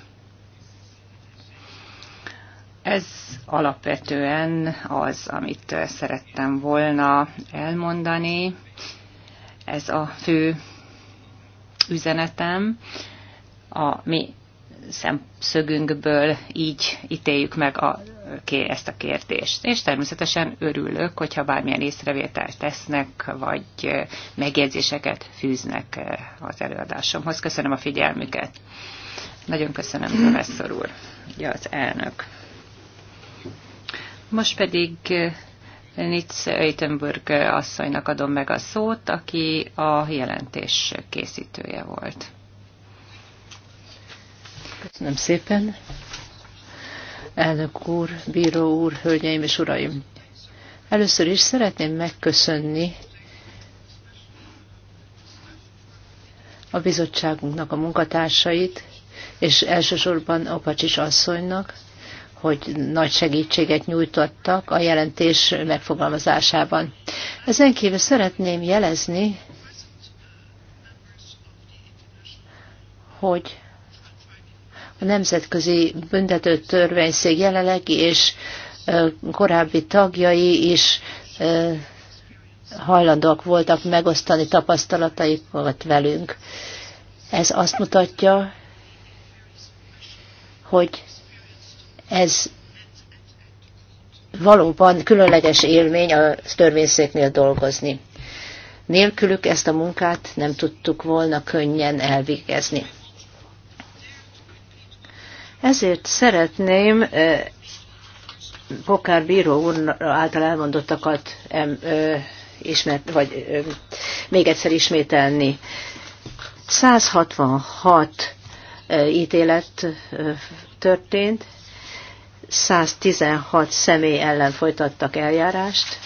Ez alapvetően az, amit szerettem volna elmondani. Ez a fő üzenetem. A mi szemszögünkből így ítéljük meg a, ezt a kérdést. És természetesen örülök, hogyha bármilyen észrevételt tesznek, vagy megjegyzéseket fűznek az előadásomhoz. Köszönöm a figyelmüket. Nagyon köszönöm, professzor úr, ja, az elnök. Most pedig eh, Nitz Öjtenburg eh, asszonynak adom meg a szót, aki a jelentés készítője volt. Köszönöm szépen. Elnök úr, bíró úr, hölgyeim és uraim! Először is szeretném megköszönni a bizottságunknak a munkatársait, és elsősorban Apacsis asszonynak, hogy nagy segítséget nyújtottak a jelentés megfogalmazásában. Ezen kívül szeretném jelezni, hogy a Nemzetközi Büntető Törvényszék jelenlegi és korábbi tagjai is hajlandóak voltak megosztani tapasztalataikat velünk. Ez azt mutatja, hogy ez valóban különleges élmény a törvényszéknél dolgozni. Nélkülük ezt a munkát nem tudtuk volna könnyen elvégezni. Ezért szeretném Bokár bíró úr által elmondottakat em, ö, ismert, vagy ö, még egyszer ismételni. 166 ö, ítélet ö, történt, 116 személy ellen folytattak eljárást,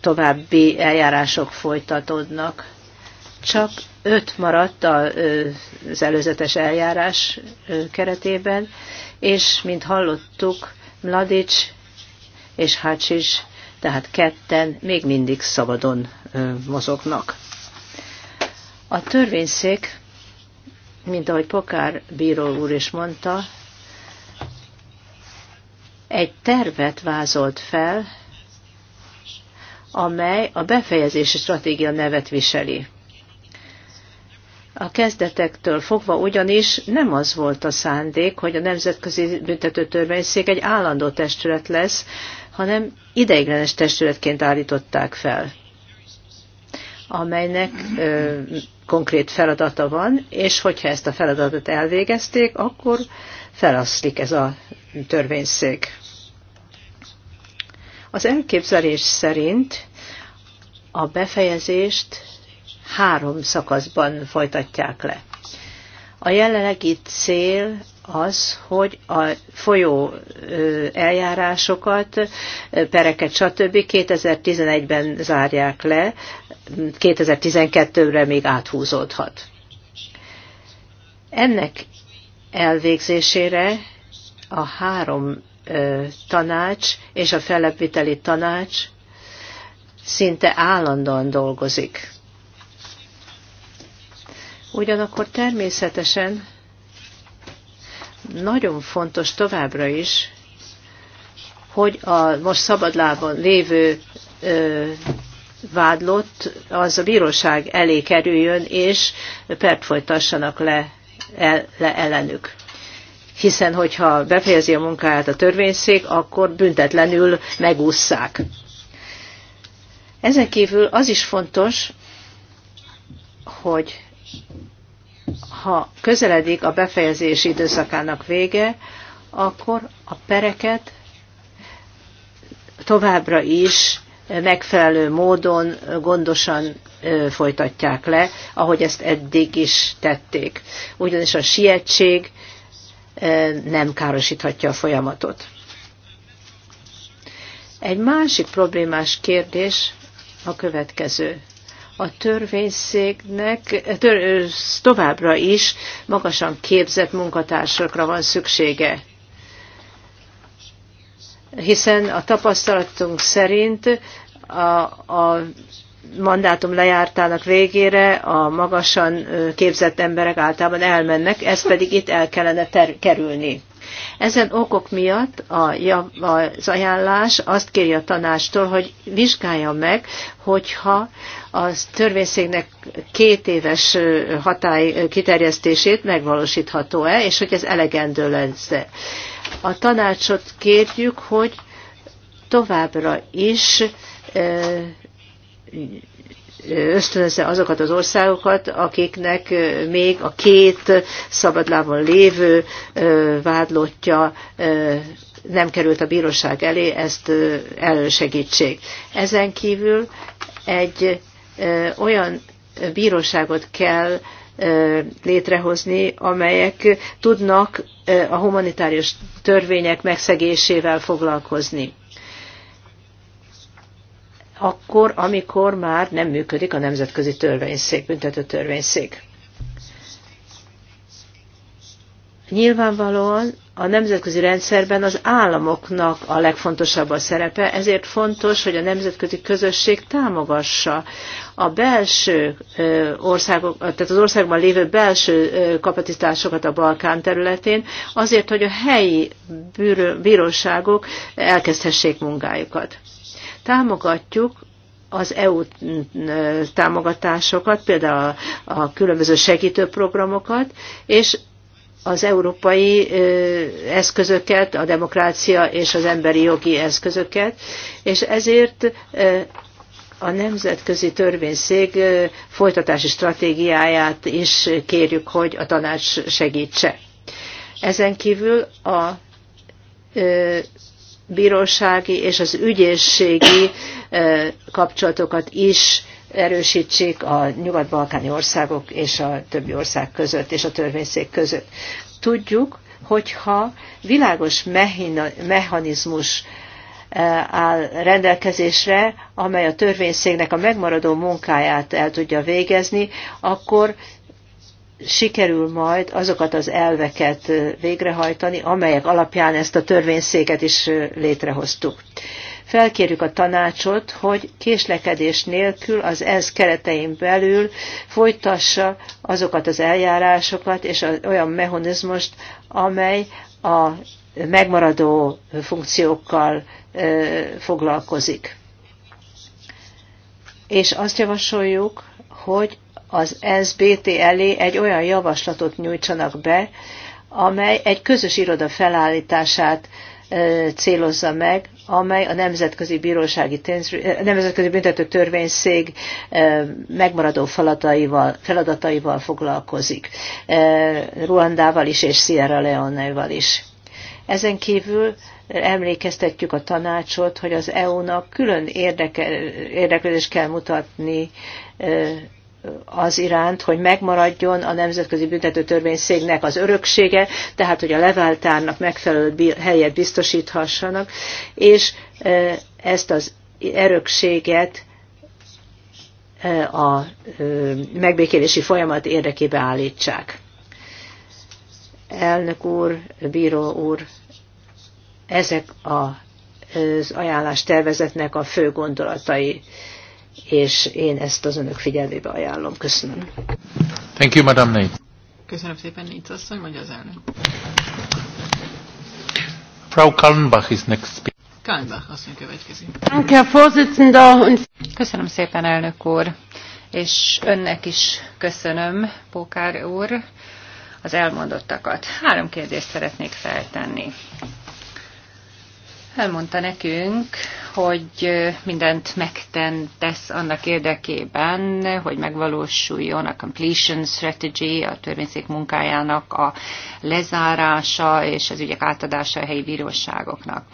további eljárások folytatódnak. Csak öt maradt az előzetes eljárás keretében, és mint hallottuk, Mladics és Hacsis, tehát ketten még mindig szabadon mozognak. A törvényszék mint ahogy Pokár bíró úr is mondta, egy tervet vázolt fel, amely a befejezési stratégia nevet viseli. A kezdetektől fogva ugyanis nem az volt a szándék, hogy a Nemzetközi Büntetőtörvényszék egy állandó testület lesz, hanem ideiglenes testületként állították fel, amelynek ö, konkrét feladata van, és hogyha ezt a feladatot elvégezték, akkor felaszlik ez a törvényszék. Az elképzelés szerint a befejezést három szakaszban folytatják le. A jelenlegi cél az, hogy a folyó eljárásokat, pereket, stb. 2011-ben zárják le, 2012-re még áthúzódhat. Ennek elvégzésére a három tanács és a felepíteli tanács szinte állandóan dolgozik. Ugyanakkor természetesen nagyon fontos továbbra is, hogy a most szabadlában lévő ö, vádlott az a bíróság elé kerüljön, és pert folytassanak le, el, le ellenük. Hiszen, hogyha befejezi a munkáját a törvényszék, akkor büntetlenül megússzák. Ezen kívül az is fontos, hogy ha közeledik a befejezés időszakának vége, akkor a pereket továbbra is megfelelő módon gondosan folytatják le, ahogy ezt eddig is tették. Ugyanis a sietség nem károsíthatja a folyamatot. Egy másik problémás kérdés a következő. A törvényszéknek tör, továbbra is magasan képzett munkatársakra van szüksége hiszen a tapasztalatunk szerint a, a mandátum lejártának végére a magasan képzett emberek általában elmennek, ezt pedig itt el kellene kerülni. Ezen okok miatt a, az ajánlás azt kéri a tanástól, hogy vizsgálja meg, hogyha a törvényszéknek két éves hatály kiterjesztését megvalósítható-e, és hogy ez elegendő lesz. A tanácsot kérjük, hogy továbbra is ösztönözze azokat az országokat, akiknek még a két szabadlábon lévő vádlottja nem került a bíróság elé, ezt elősegítsék. Ezen kívül egy olyan bíróságot kell létrehozni, amelyek tudnak a humanitárius törvények megszegésével foglalkozni. Akkor, amikor már nem működik a nemzetközi törvényszék, büntető törvényszék. Nyilvánvalóan a nemzetközi rendszerben az államoknak a legfontosabb a szerepe, ezért fontos, hogy a nemzetközi közösség támogassa a belső országok, tehát az országban lévő belső kapacitásokat a Balkán területén, azért, hogy a helyi bíróságok elkezdhessék munkájukat. Támogatjuk az EU támogatásokat, például a, a különböző segítőprogramokat, és az európai eszközöket, a demokrácia és az emberi jogi eszközöket, és ezért a Nemzetközi Törvényszék folytatási stratégiáját is kérjük, hogy a tanács segítse. Ezen kívül a bírósági és az ügyészségi kapcsolatokat is erősítsék a nyugat-balkáni országok és a többi ország között, és a törvényszék között. Tudjuk, hogyha világos mechanizmus eh, áll rendelkezésre, amely a törvényszéknek a megmaradó munkáját el tudja végezni, akkor sikerül majd azokat az elveket eh, végrehajtani, amelyek alapján ezt a törvényszéket is eh, létrehoztuk. Felkérjük a tanácsot, hogy késlekedés nélkül az ENSZ keretein belül folytassa azokat az eljárásokat és olyan mechanizmust, amely a megmaradó funkciókkal foglalkozik. És azt javasoljuk, hogy az SBT elé egy olyan javaslatot nyújtsanak be, amely egy közös iroda felállítását célozza meg amely a Nemzetközi, Bírósági eh, Nemzetközi Büntető Törvényszég eh, megmaradó feladataival, feladataival foglalkozik, eh, Ruandával is és Sierra Leone-val is. Ezen kívül emlékeztetjük a tanácsot, hogy az EU-nak külön érdeklődést kell mutatni az iránt, hogy megmaradjon a Nemzetközi Büntető Törvényszégnek az öröksége, tehát hogy a leváltárnak megfelelő helyet biztosíthassanak, és e, ezt az örökséget e, a e, megbékélési folyamat érdekébe állítsák. Elnök úr, bíró úr, ezek az ajánlástervezetnek a fő gondolatai és én ezt az önök figyelmébe ajánlom. Köszönöm. Thank you, Madam Nate. Köszönöm szépen, Nate asszony, mondja az elnök. Frau Kallenbach is next speaker. Kallenbach asszony következik. Köszönöm szépen, elnök úr, és önnek is köszönöm, Pókár úr, az elmondottakat. Három kérdést szeretnék feltenni elmondta nekünk, hogy mindent megtesz annak érdekében, hogy megvalósuljon a completion strategy, a törvényszék munkájának a lezárása és az ügyek átadása a helyi bíróságoknak.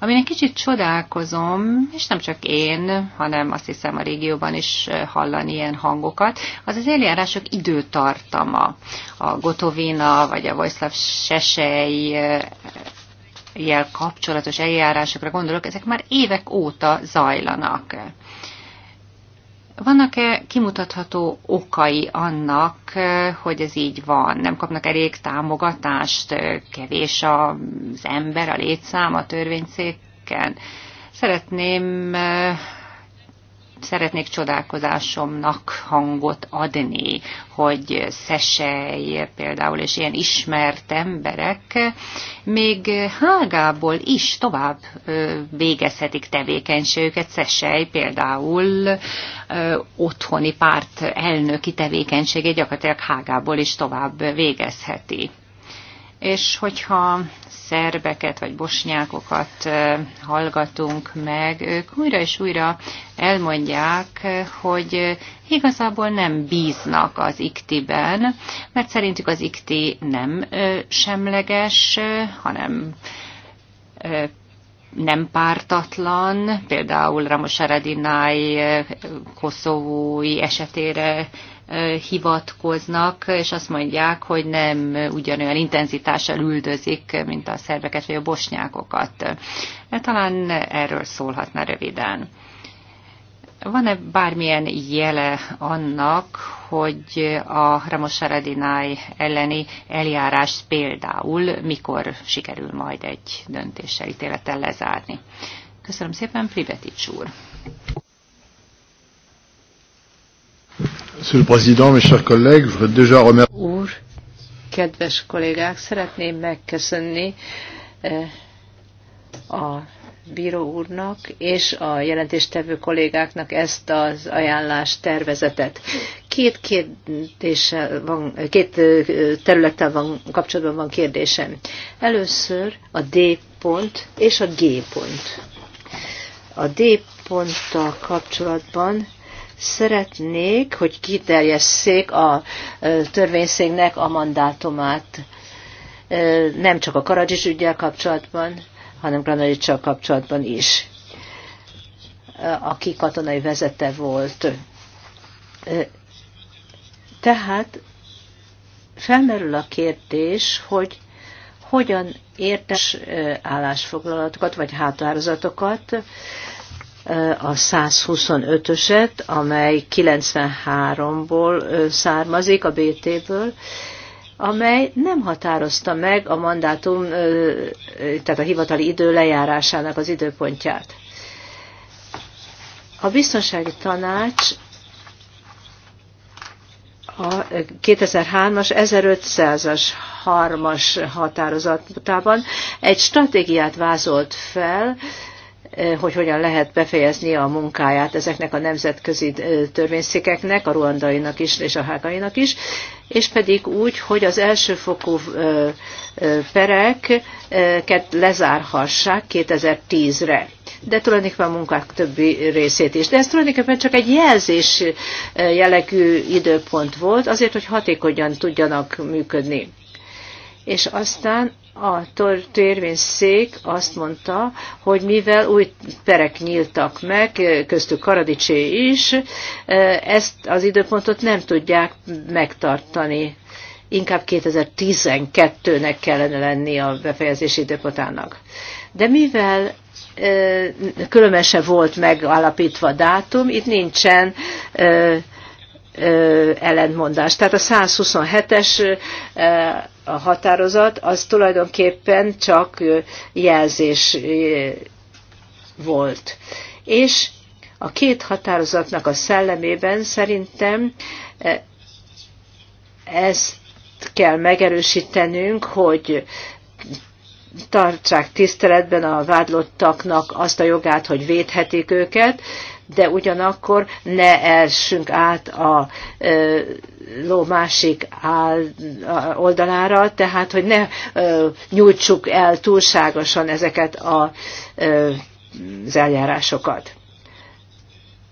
Amin egy kicsit csodálkozom, és nem csak én, hanem azt hiszem a régióban is hallani ilyen hangokat, az az eljárások időtartama. A Gotovina vagy a Vojslav Sesei jel kapcsolatos eljárásokra gondolok, ezek már évek óta zajlanak. Vannak-e kimutatható okai annak, hogy ez így van? Nem kapnak elég támogatást, kevés az ember, a létszám a törvényszéken? Szeretném szeretnék csodálkozásomnak hangot adni, hogy Szesej például, és ilyen ismert emberek még Hágából is tovább végezhetik tevékenységüket. Szesej például otthoni párt elnöki tevékenységét gyakorlatilag Hágából is tovább végezheti és hogyha szerbeket vagy bosnyákokat hallgatunk meg, ők újra és újra elmondják, hogy igazából nem bíznak az iktiben, mert szerintük az ikti nem semleges, hanem nem pártatlan, például Ramos Aradinai koszovói esetére hivatkoznak, és azt mondják, hogy nem ugyanolyan intenzitással üldözik, mint a szerveket vagy a bosnyákokat. E, talán erről szólhatna röviden. Van-e bármilyen jele annak, hogy a Ramos Saradináj elleni eljárás például mikor sikerül majd egy döntéssel, ítélettel lezárni? Köszönöm szépen, Privetics úr! Monsieur le Président, mes chers collègues, je voudrais déjà remercier. Úr, kedves kollégák, szeretném megköszönni eh, a bíró úrnak és a jelentéstevő kollégáknak ezt az ajánlást tervezetet. Két van, két eh, területtel van, kapcsolatban van kérdésem. Először a D pont és a G pont. A D ponttal kapcsolatban szeretnék, hogy kiterjesszék a törvényszéknek a mandátumát, nem csak a Karadzsics ügyel kapcsolatban, hanem Granadicsal kapcsolatban is, aki katonai vezete volt. Tehát felmerül a kérdés, hogy hogyan értes állásfoglalatokat vagy hátározatokat a 125-öset, amely 93-ból származik, a BT-ből, amely nem határozta meg a mandátum, tehát a hivatali idő lejárásának az időpontját. A biztonsági tanács a 2003-as 1500-as harmas határozatában egy stratégiát vázolt fel, Eh, hogy hogyan lehet befejezni a munkáját ezeknek a nemzetközi eh, törvényszékeknek, a ruandainak is és a hágainak is, és pedig úgy, hogy az elsőfokú eh, pereket lezárhassák 2010-re de tulajdonképpen a munkák többi részét is. De ez tulajdonképpen csak egy jelzés jellegű időpont volt, azért, hogy hatékonyan tudjanak működni. És aztán a törvényszék azt mondta, hogy mivel új perek nyíltak meg, köztük Karadicsé is, e, ezt az időpontot nem tudják megtartani. Inkább 2012-nek kellene lenni a befejezési időpontának. De mivel e, különben sem volt megalapítva dátum, itt nincsen e, ellentmondás. Tehát a 127-es határozat az tulajdonképpen csak jelzés volt. És a két határozatnak a szellemében szerintem ezt kell megerősítenünk, hogy tartsák tiszteletben a vádlottaknak azt a jogát, hogy védhetik őket, de ugyanakkor ne elsünk át a ló másik oldalára, tehát hogy ne nyújtsuk el túlságosan ezeket a, az eljárásokat.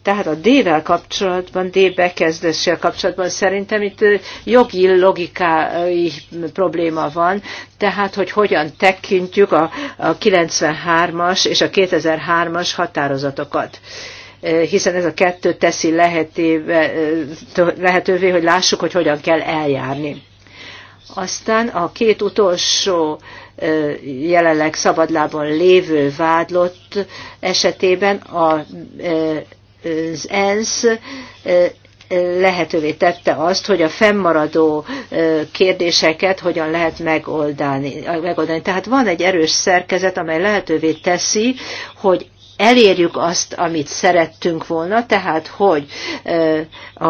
Tehát a D-vel kapcsolatban, D bekezdéssel kapcsolatban szerintem itt jogi logikai probléma van, tehát hogy hogyan tekintjük a, a 93-as és a 2003-as határozatokat hiszen ez a kettő teszi lehetővé, hogy lássuk, hogy hogyan kell eljárni. Aztán a két utolsó jelenleg szabadlábon lévő vádlott esetében az ENSZ lehetővé tette azt, hogy a fennmaradó kérdéseket hogyan lehet megoldani. megoldani. Tehát van egy erős szerkezet, amely lehetővé teszi, hogy elérjük azt, amit szerettünk volna, tehát hogy a,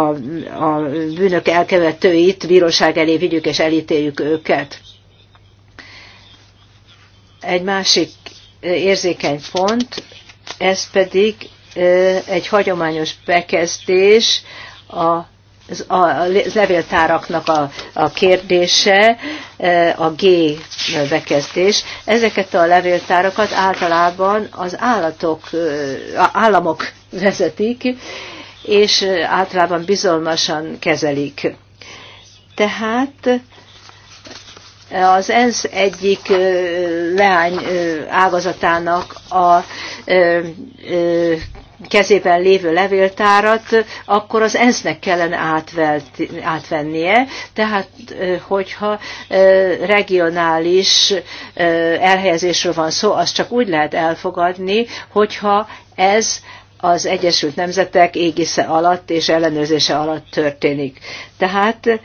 a bűnök elkövetőit bíróság elé vigyük és elítéljük őket. Egy másik érzékeny pont, ez pedig egy hagyományos bekezdés a a levéltáraknak a, a kérdése, e, a G bekezdés. Ezeket a levéltárakat általában az állatok, e, államok vezetik, és általában bizalmasan kezelik. Tehát az ENSZ egyik e, leány ágazatának a kezében lévő levéltárat, akkor az ENSZ-nek kellene átvennie, tehát hogyha regionális elhelyezésről van szó, az csak úgy lehet elfogadni, hogyha ez az Egyesült Nemzetek égisze alatt és ellenőrzése alatt történik. Tehát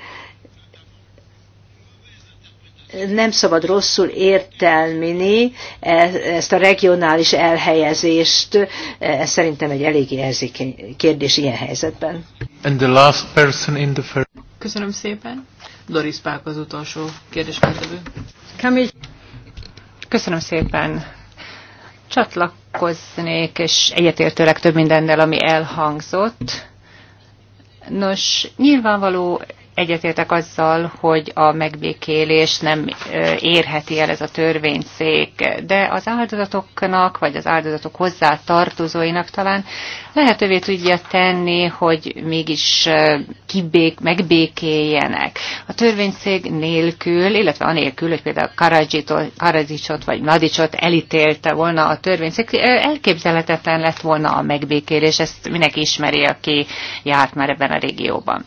nem szabad rosszul értelmini e, ezt a regionális elhelyezést. E, ez szerintem egy elég érzékeny kérdés ilyen helyzetben. And the last person in the first... Köszönöm szépen. Doris Pák az utolsó kérdésfeltevő. Köszönöm szépen. Csatlakoznék, és egyetértőleg több mindennel, ami elhangzott. Nos, nyilvánvaló egyetértek azzal, hogy a megbékélés nem érheti el ez a törvényszék, de az áldozatoknak, vagy az áldozatok hozzá tartozóinak talán lehetővé tudja tenni, hogy mégis kibék, megbékéljenek. A törvényszék nélkül, illetve anélkül, hogy például Karadzsicsot vagy Mladicsot elítélte volna a törvényszék, elképzelhetetlen lett volna a megbékélés, ezt mindenki ismeri, aki járt már ebben a régióban.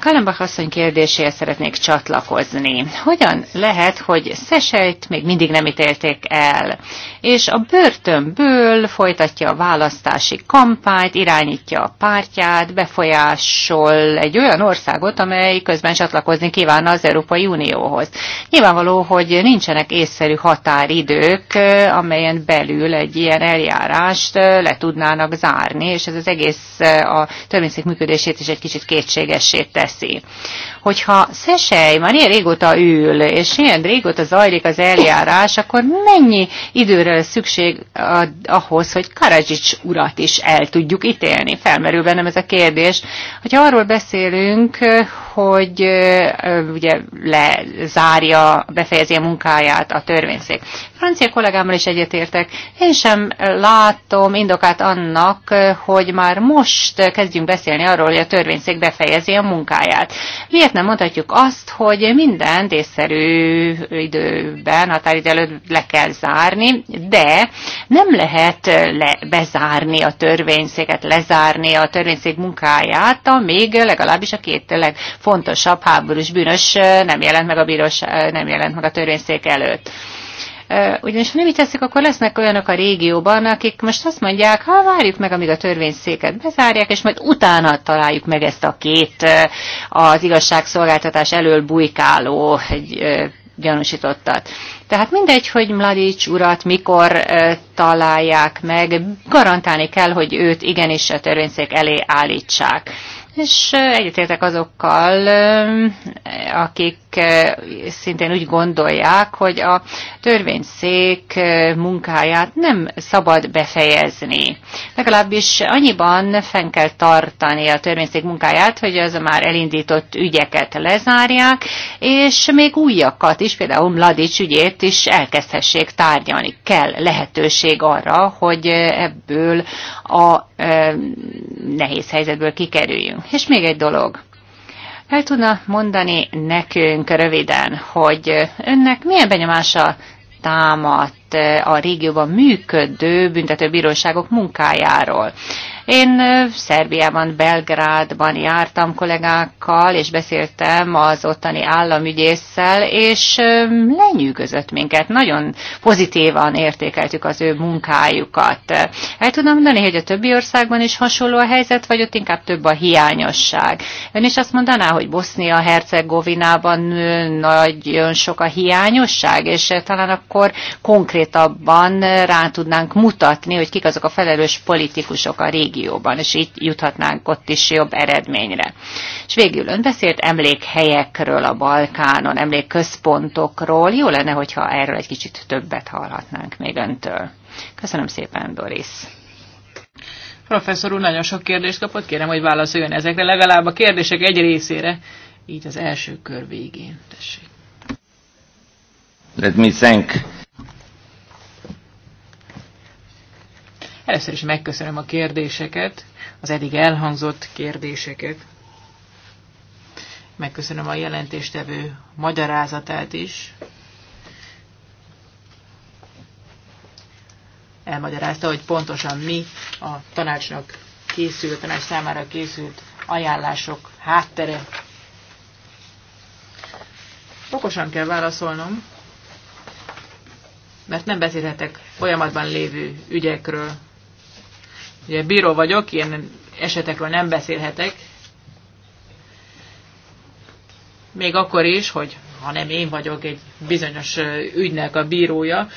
Kalambach asszony kérdéséhez szeretnék csatlakozni. Hogyan lehet, hogy Szesejt még mindig nem ítélték el, és a börtönből folytatja a választási kampányt, irányítja a pártját, befolyásol egy olyan országot, amely közben csatlakozni kívánna az Európai Unióhoz. Nyilvánvaló, hogy nincsenek észszerű határidők, amelyen belül egy ilyen eljárást le tudnának zárni, és ez az egész a törvényszék működését is egy kicsit kétségesé teszi. Hogyha Szesely már ilyen régóta ül, és ilyen régóta zajlik az eljárás, akkor mennyi időre lesz szükség ahhoz, hogy Karadzsics urat is el tudjuk ítélni? Felmerül bennem ez a kérdés. Hogyha arról beszélünk, hogy ugye lezárja, befejezi a munkáját a törvényszék francia kollégámmal is egyetértek. Én sem látom indokát annak, hogy már most kezdjünk beszélni arról, hogy a törvényszék befejezi a munkáját. Miért nem mondhatjuk azt, hogy minden észszerű időben, határidő előtt le kell zárni, de nem lehet le, bezárni a törvényszéket, lezárni a törvényszék munkáját, amíg legalábbis a két legfontosabb háborús bűnös nem jelent meg a bíróság, nem jelent meg a törvényszék előtt. Ugyanis ha nem így teszik, akkor lesznek olyanok a régióban, akik most azt mondják, ha várjuk meg, amíg a törvényszéket bezárják, és majd utána találjuk meg ezt a két az igazságszolgáltatás elől bujkáló egy gyanúsítottat. Tehát mindegy, hogy Mladics urat mikor e, találják meg, garantálni kell, hogy őt igenis a törvényszék elé állítsák. És e, egyetértek azokkal, e, akik Eh, szintén úgy gondolják, hogy a törvényszék eh, munkáját nem szabad befejezni. Legalábbis annyiban fenn kell tartani a törvényszék munkáját, hogy az a már elindított ügyeket lezárják, és még újakat is, például Mladics ügyét is elkezdhessék tárgyalni. Kell lehetőség arra, hogy eh, ebből a nehéz helyzetből kikerüljünk. És még egy dolog. El tudna mondani nekünk röviden, hogy önnek milyen benyomása támadt a régióban működő büntetőbíróságok munkájáról. Én Szerbiában, Belgrádban jártam kollégákkal, és beszéltem az ottani államügyésszel, és lenyűgözött minket. Nagyon pozitívan értékeltük az ő munkájukat. El tudom mondani, hogy a többi országban is hasonló a helyzet, vagy ott inkább több a hiányosság. Ön is azt mondaná, hogy Bosznia-Hercegovinában nagyon sok a hiányosság, és talán akkor konkrétabban rá tudnánk mutatni, hogy kik azok a felelős politikusok a régió régióban, és így juthatnánk ott is jobb eredményre. És végül ön beszélt emlékhelyekről a Balkánon, emlékközpontokról. Jó lenne, hogyha erről egy kicsit többet hallhatnánk még öntől. Köszönöm szépen, Doris. Professzor úr nagyon sok kérdést kapott, kérem, hogy válaszoljon ezekre, legalább a kérdések egy részére, így az első kör végén. Tessék. Let me thank Először is megköszönöm a kérdéseket, az eddig elhangzott kérdéseket. Megköszönöm a jelentéstevő magyarázatát is. Elmagyarázta, hogy pontosan mi a tanácsnak készült, a tanács számára készült ajánlások háttere. Okosan kell válaszolnom, mert nem beszélhetek folyamatban lévő ügyekről. Ugye bíró vagyok, ilyen esetekről nem beszélhetek. Még akkor is, hogy ha nem én vagyok egy bizonyos ügynek a bírója,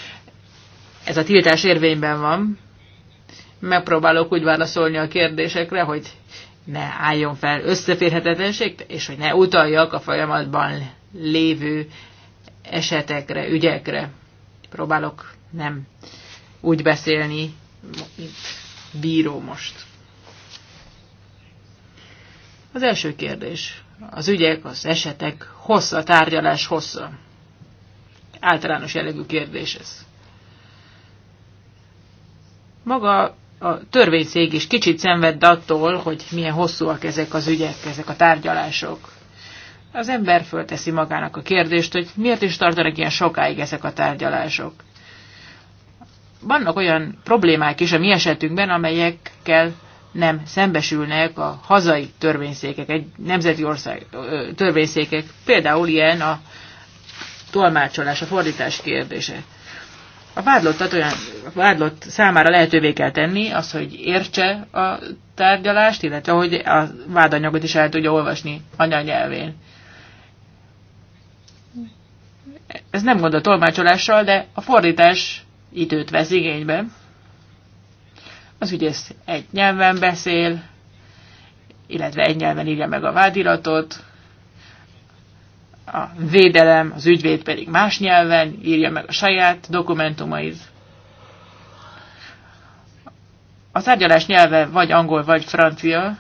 ez a tiltás érvényben van. Megpróbálok úgy válaszolni a kérdésekre, hogy ne álljon fel összeférhetetlenség, és hogy ne utaljak a folyamatban lévő esetekre, ügyekre. Próbálok nem úgy beszélni, mint bíró most. Az első kérdés. Az ügyek, az esetek hossza, tárgyalás hossza. Általános jellegű kérdés ez. Maga a törvényszék is kicsit szenved attól, hogy milyen hosszúak ezek az ügyek, ezek a tárgyalások. Az ember fölteszi magának a kérdést, hogy miért is tartanak ilyen sokáig ezek a tárgyalások vannak olyan problémák is a mi esetünkben, amelyekkel nem szembesülnek a hazai törvényszékek, egy nemzeti ország törvényszékek. Például ilyen a tolmácsolás, a fordítás kérdése. A vádlottat olyan a vádlott számára lehetővé kell tenni az, hogy értse a tárgyalást, illetve hogy a vádanyagot is el tudja olvasni anyanyelvén. Ez nem gond a tolmácsolással, de a fordítás időt vesz igénybe. Az ügyész egy nyelven beszél, illetve egy nyelven írja meg a vádiratot, a védelem, az ügyvéd pedig más nyelven írja meg a saját dokumentumait. A tárgyalás nyelve vagy angol, vagy francia,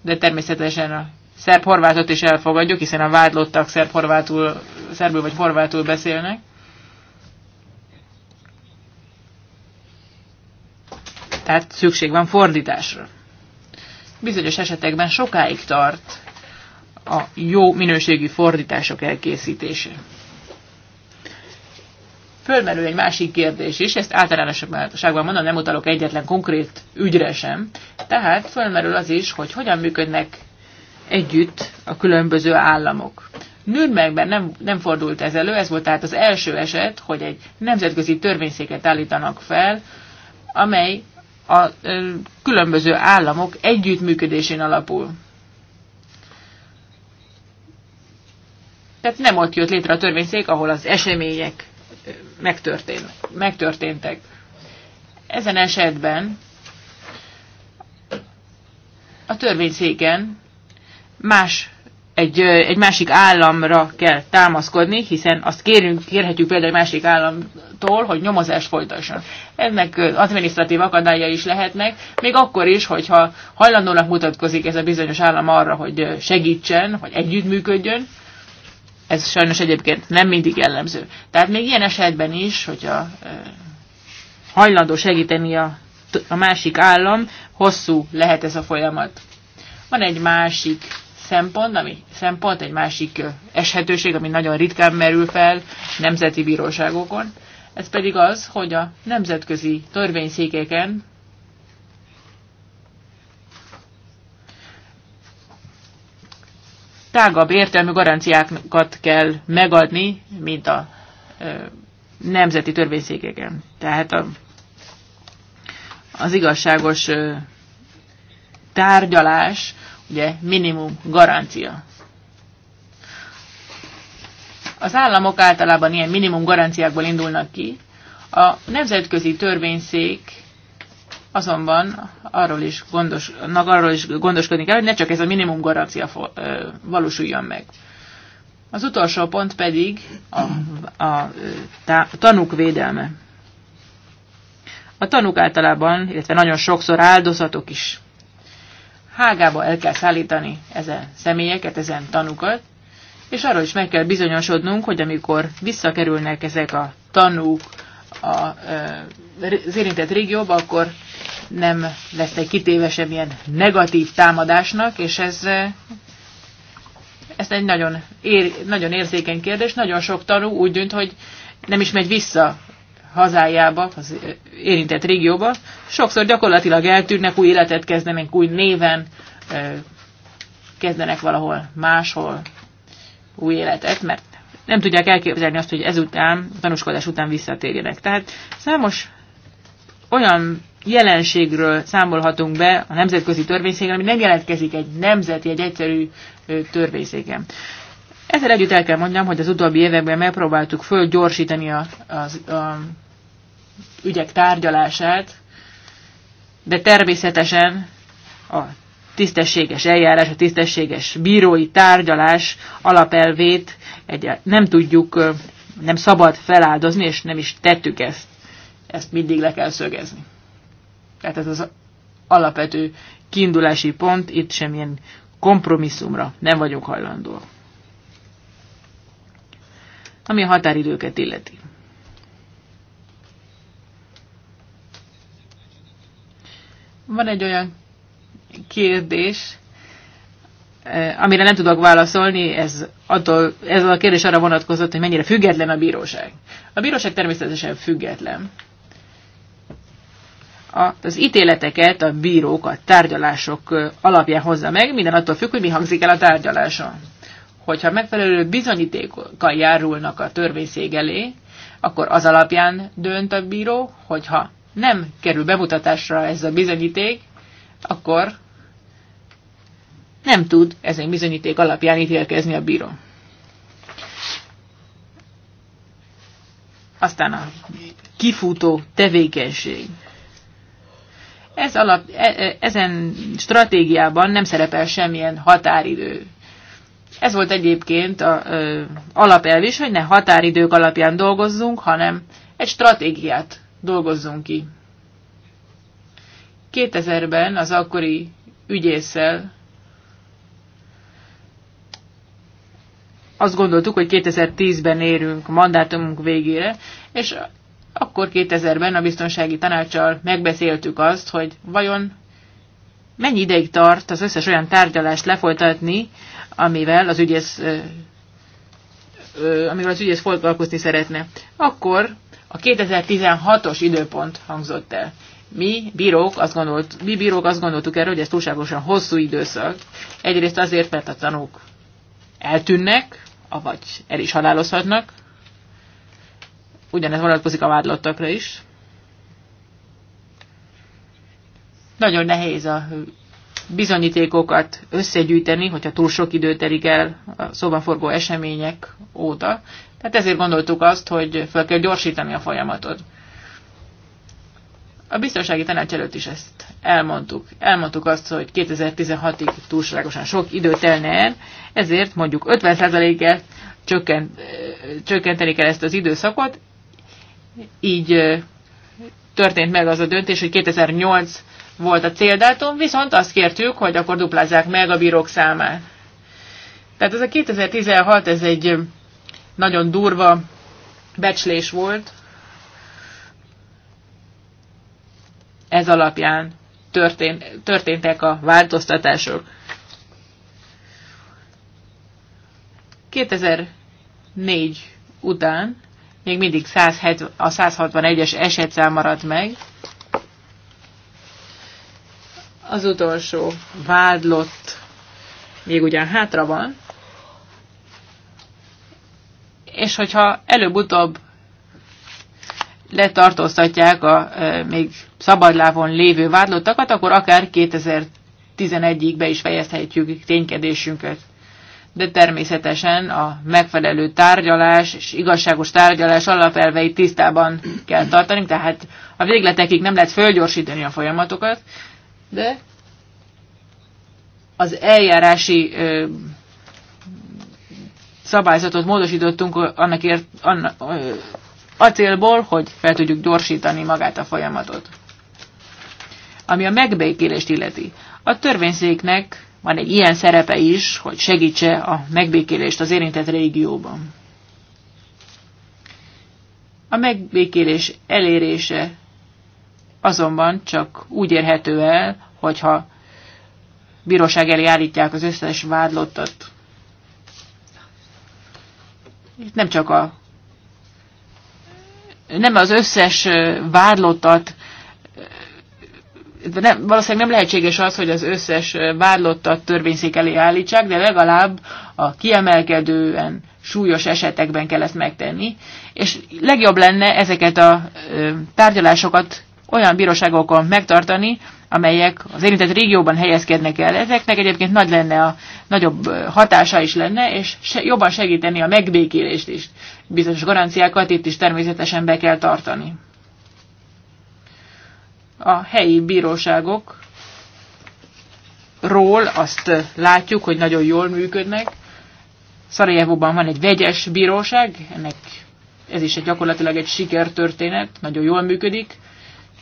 de természetesen a szerb-horvátot is elfogadjuk, hiszen a vádlottak szerb-horvátul, szerbül vagy horvátul beszélnek. tehát szükség van fordításra. Bizonyos esetekben sokáig tart a jó minőségű fordítások elkészítése. Fölmerül egy másik kérdés is, ezt általánosságban mondom, nem utalok egyetlen konkrét ügyre sem. Tehát fölmerül az is, hogy hogyan működnek együtt a különböző államok. Nürnbergben nem, nem fordult ez elő, ez volt tehát az első eset, hogy egy nemzetközi törvényszéket állítanak fel, amely a különböző államok együttműködésén alapul. Tehát nem ott jött létre a törvényszék, ahol az események megtörténtek. Ezen esetben a törvényszéken más egy, egy másik államra kell támaszkodni, hiszen azt kérünk, kérhetjük például egy másik államtól, hogy nyomozást folytasson. Ennek administratív akadályai is lehetnek, még akkor is, hogyha hajlandónak mutatkozik ez a bizonyos állam arra, hogy segítsen, hogy együttműködjön, ez sajnos egyébként nem mindig jellemző. Tehát még ilyen esetben is, hogyha hajlandó segíteni a, a másik állam, hosszú lehet ez a folyamat. Van egy másik szempont, ami szempont egy másik eshetőség, ami nagyon ritkán merül fel nemzeti bíróságokon. Ez pedig az, hogy a nemzetközi törvényszékeken tágabb értelmű garanciákat kell megadni, mint a nemzeti törvényszékeken. Tehát a, az igazságos tárgyalás ugye minimum garancia. Az államok általában ilyen minimum garanciákból indulnak ki, a nemzetközi törvényszék azonban arról is, gondos, arról is gondoskodni kell, hogy ne csak ez a minimum garancia valósuljon meg. Az utolsó pont pedig a, a, a tanúk védelme. A tanúk általában, illetve nagyon sokszor áldozatok is. Hágába el kell szállítani ezen személyeket, ezen tanukat, és arról is meg kell bizonyosodnunk, hogy amikor visszakerülnek ezek a tanúk a, az érintett régióba, akkor nem lesz egy kitéve semmilyen negatív támadásnak, és ez, ez egy nagyon, ér, nagyon érzékeny kérdés. Nagyon sok tanú úgy dönt, hogy nem is megy vissza hazájába, az érintett régióba, sokszor gyakorlatilag eltűnnek, új életet kezdenek, új néven kezdenek valahol máshol új életet, mert nem tudják elképzelni azt, hogy ezután, tanúskodás után visszatérjenek. Tehát számos olyan jelenségről számolhatunk be a nemzetközi törvényszéken, ami nem jelentkezik egy nemzeti, egy egyszerű törvényszéken. Ezzel együtt el kell mondjam, hogy az utóbbi években megpróbáltuk fölgyorsítani a, a, a ügyek tárgyalását, de természetesen a tisztességes eljárás, a tisztességes bírói tárgyalás alapelvét egy, nem tudjuk, nem szabad feláldozni, és nem is tettük ezt. Ezt mindig le kell szögezni. Tehát ez az alapvető kiindulási pont, itt semmilyen kompromisszumra nem vagyok hajlandó. Ami a határidőket illeti. Van egy olyan kérdés, eh, amire nem tudok válaszolni, ez, attól, ez a kérdés arra vonatkozott, hogy mennyire független a bíróság. A bíróság természetesen független. Az ítéleteket a bírók a tárgyalások eh, alapján hozza meg, minden attól függ, hogy mi hangzik el a tárgyaláson. Hogyha megfelelő bizonyítékkal járulnak a törvényszég elé, akkor az alapján dönt a bíró, hogyha nem kerül bemutatásra ez a bizonyíték, akkor nem tud ezen bizonyíték alapján ítélkezni a bíró. Aztán a kifutó tevékenység. Ez alap, e, e ezen stratégiában nem szerepel semmilyen határidő. Ez volt egyébként a ö, alapelv is, hogy ne határidők alapján dolgozzunk, hanem egy stratégiát dolgozzunk ki. 2000-ben az akkori ügyészsel azt gondoltuk, hogy 2010-ben érünk mandátumunk végére, és akkor 2000-ben a biztonsági tanácssal megbeszéltük azt, hogy vajon mennyi ideig tart az összes olyan tárgyalást lefolytatni, amivel az ügyész amivel az ügyész foglalkozni szeretne. Akkor a 2016-os időpont hangzott el. Mi bírók, azt gondolt, mi bírók azt gondoltuk erről, hogy ez túlságosan hosszú időszak. Egyrészt azért, mert a tanúk eltűnnek, avagy el is halálozhatnak. Ugyanez vonatkozik a vádlottakra is. Nagyon nehéz a bizonyítékokat összegyűjteni, hogyha túl sok idő telik el a szóban forgó események óta. Tehát ezért gondoltuk azt, hogy fel kell gyorsítani a folyamatot. A biztonsági tanács előtt is ezt elmondtuk. Elmondtuk azt, hogy 2016-ig túlságosan sok idő telne el, ezért mondjuk 50%-kal csökkent, csökkenteni kell ezt az időszakot. Így történt meg az a döntés, hogy 2008 volt a céldátum, viszont azt kértük, hogy akkor duplázzák meg a bírók számát. Tehát ez a 2016, ez egy nagyon durva becslés volt. Ez alapján történt, történtek a változtatások. 2004 után még mindig 170, a 161-es esetszám maradt meg. Az utolsó vádlott még ugyan hátra van, és hogyha előbb-utóbb letartóztatják a még szabadlávon lévő vádlottakat, akkor akár 2011-ig be is fejezhetjük ténykedésünket. De természetesen a megfelelő tárgyalás és igazságos tárgyalás alapelveit tisztában kell tartani, tehát a végletekig nem lehet fölgyorsítani a folyamatokat, de az eljárási szabályzatot módosítottunk annak ért, anna a célból, hogy fel tudjuk gyorsítani magát a folyamatot. Ami a megbékélést illeti. A törvényszéknek van egy ilyen szerepe is, hogy segítse a megbékélést az érintett régióban. A megbékélés elérése azonban csak úgy érhető el, hogyha bíróság elé állítják az összes vádlottat. Itt nem csak a nem az összes vádlottat nem, valószínűleg nem lehetséges az, hogy az összes vádlottat törvényszék elé állítsák, de legalább a kiemelkedően súlyos esetekben kell ezt megtenni, és legjobb lenne ezeket a tárgyalásokat olyan bíróságokon megtartani, amelyek az érintett régióban helyezkednek el. Ezeknek egyébként nagy lenne a nagyobb hatása is lenne, és se, jobban segíteni a megbékélést is. Bizonyos garanciákat itt is természetesen be kell tartani. A helyi bíróságok ról azt látjuk, hogy nagyon jól működnek. Szarajevóban van egy vegyes bíróság, ennek ez is egy gyakorlatilag egy sikertörténet, nagyon jól működik.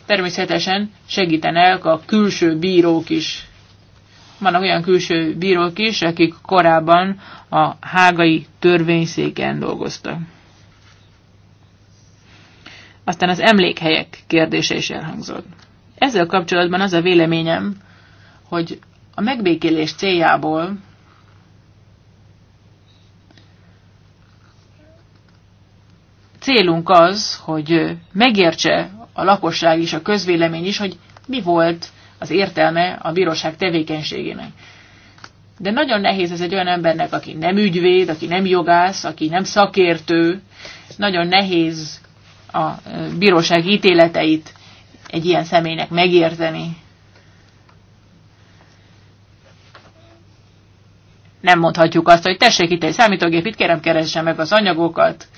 Természetesen segítenek a külső bírók is. Vannak olyan külső bírók is, akik korábban a hágai törvényszéken dolgoztak. Aztán az emlékhelyek kérdése is elhangzott. Ezzel kapcsolatban az a véleményem, hogy a megbékélés céljából célunk az, hogy megértse a lakosság is, a közvélemény is, hogy mi volt az értelme a bíróság tevékenységének. De nagyon nehéz ez egy olyan embernek, aki nem ügyvéd, aki nem jogász, aki nem szakértő, nagyon nehéz a e, bíróság ítéleteit egy ilyen személynek megérteni. Nem mondhatjuk azt, hogy tessék itt egy számítógép, itt kérem keressen meg az anyagokat.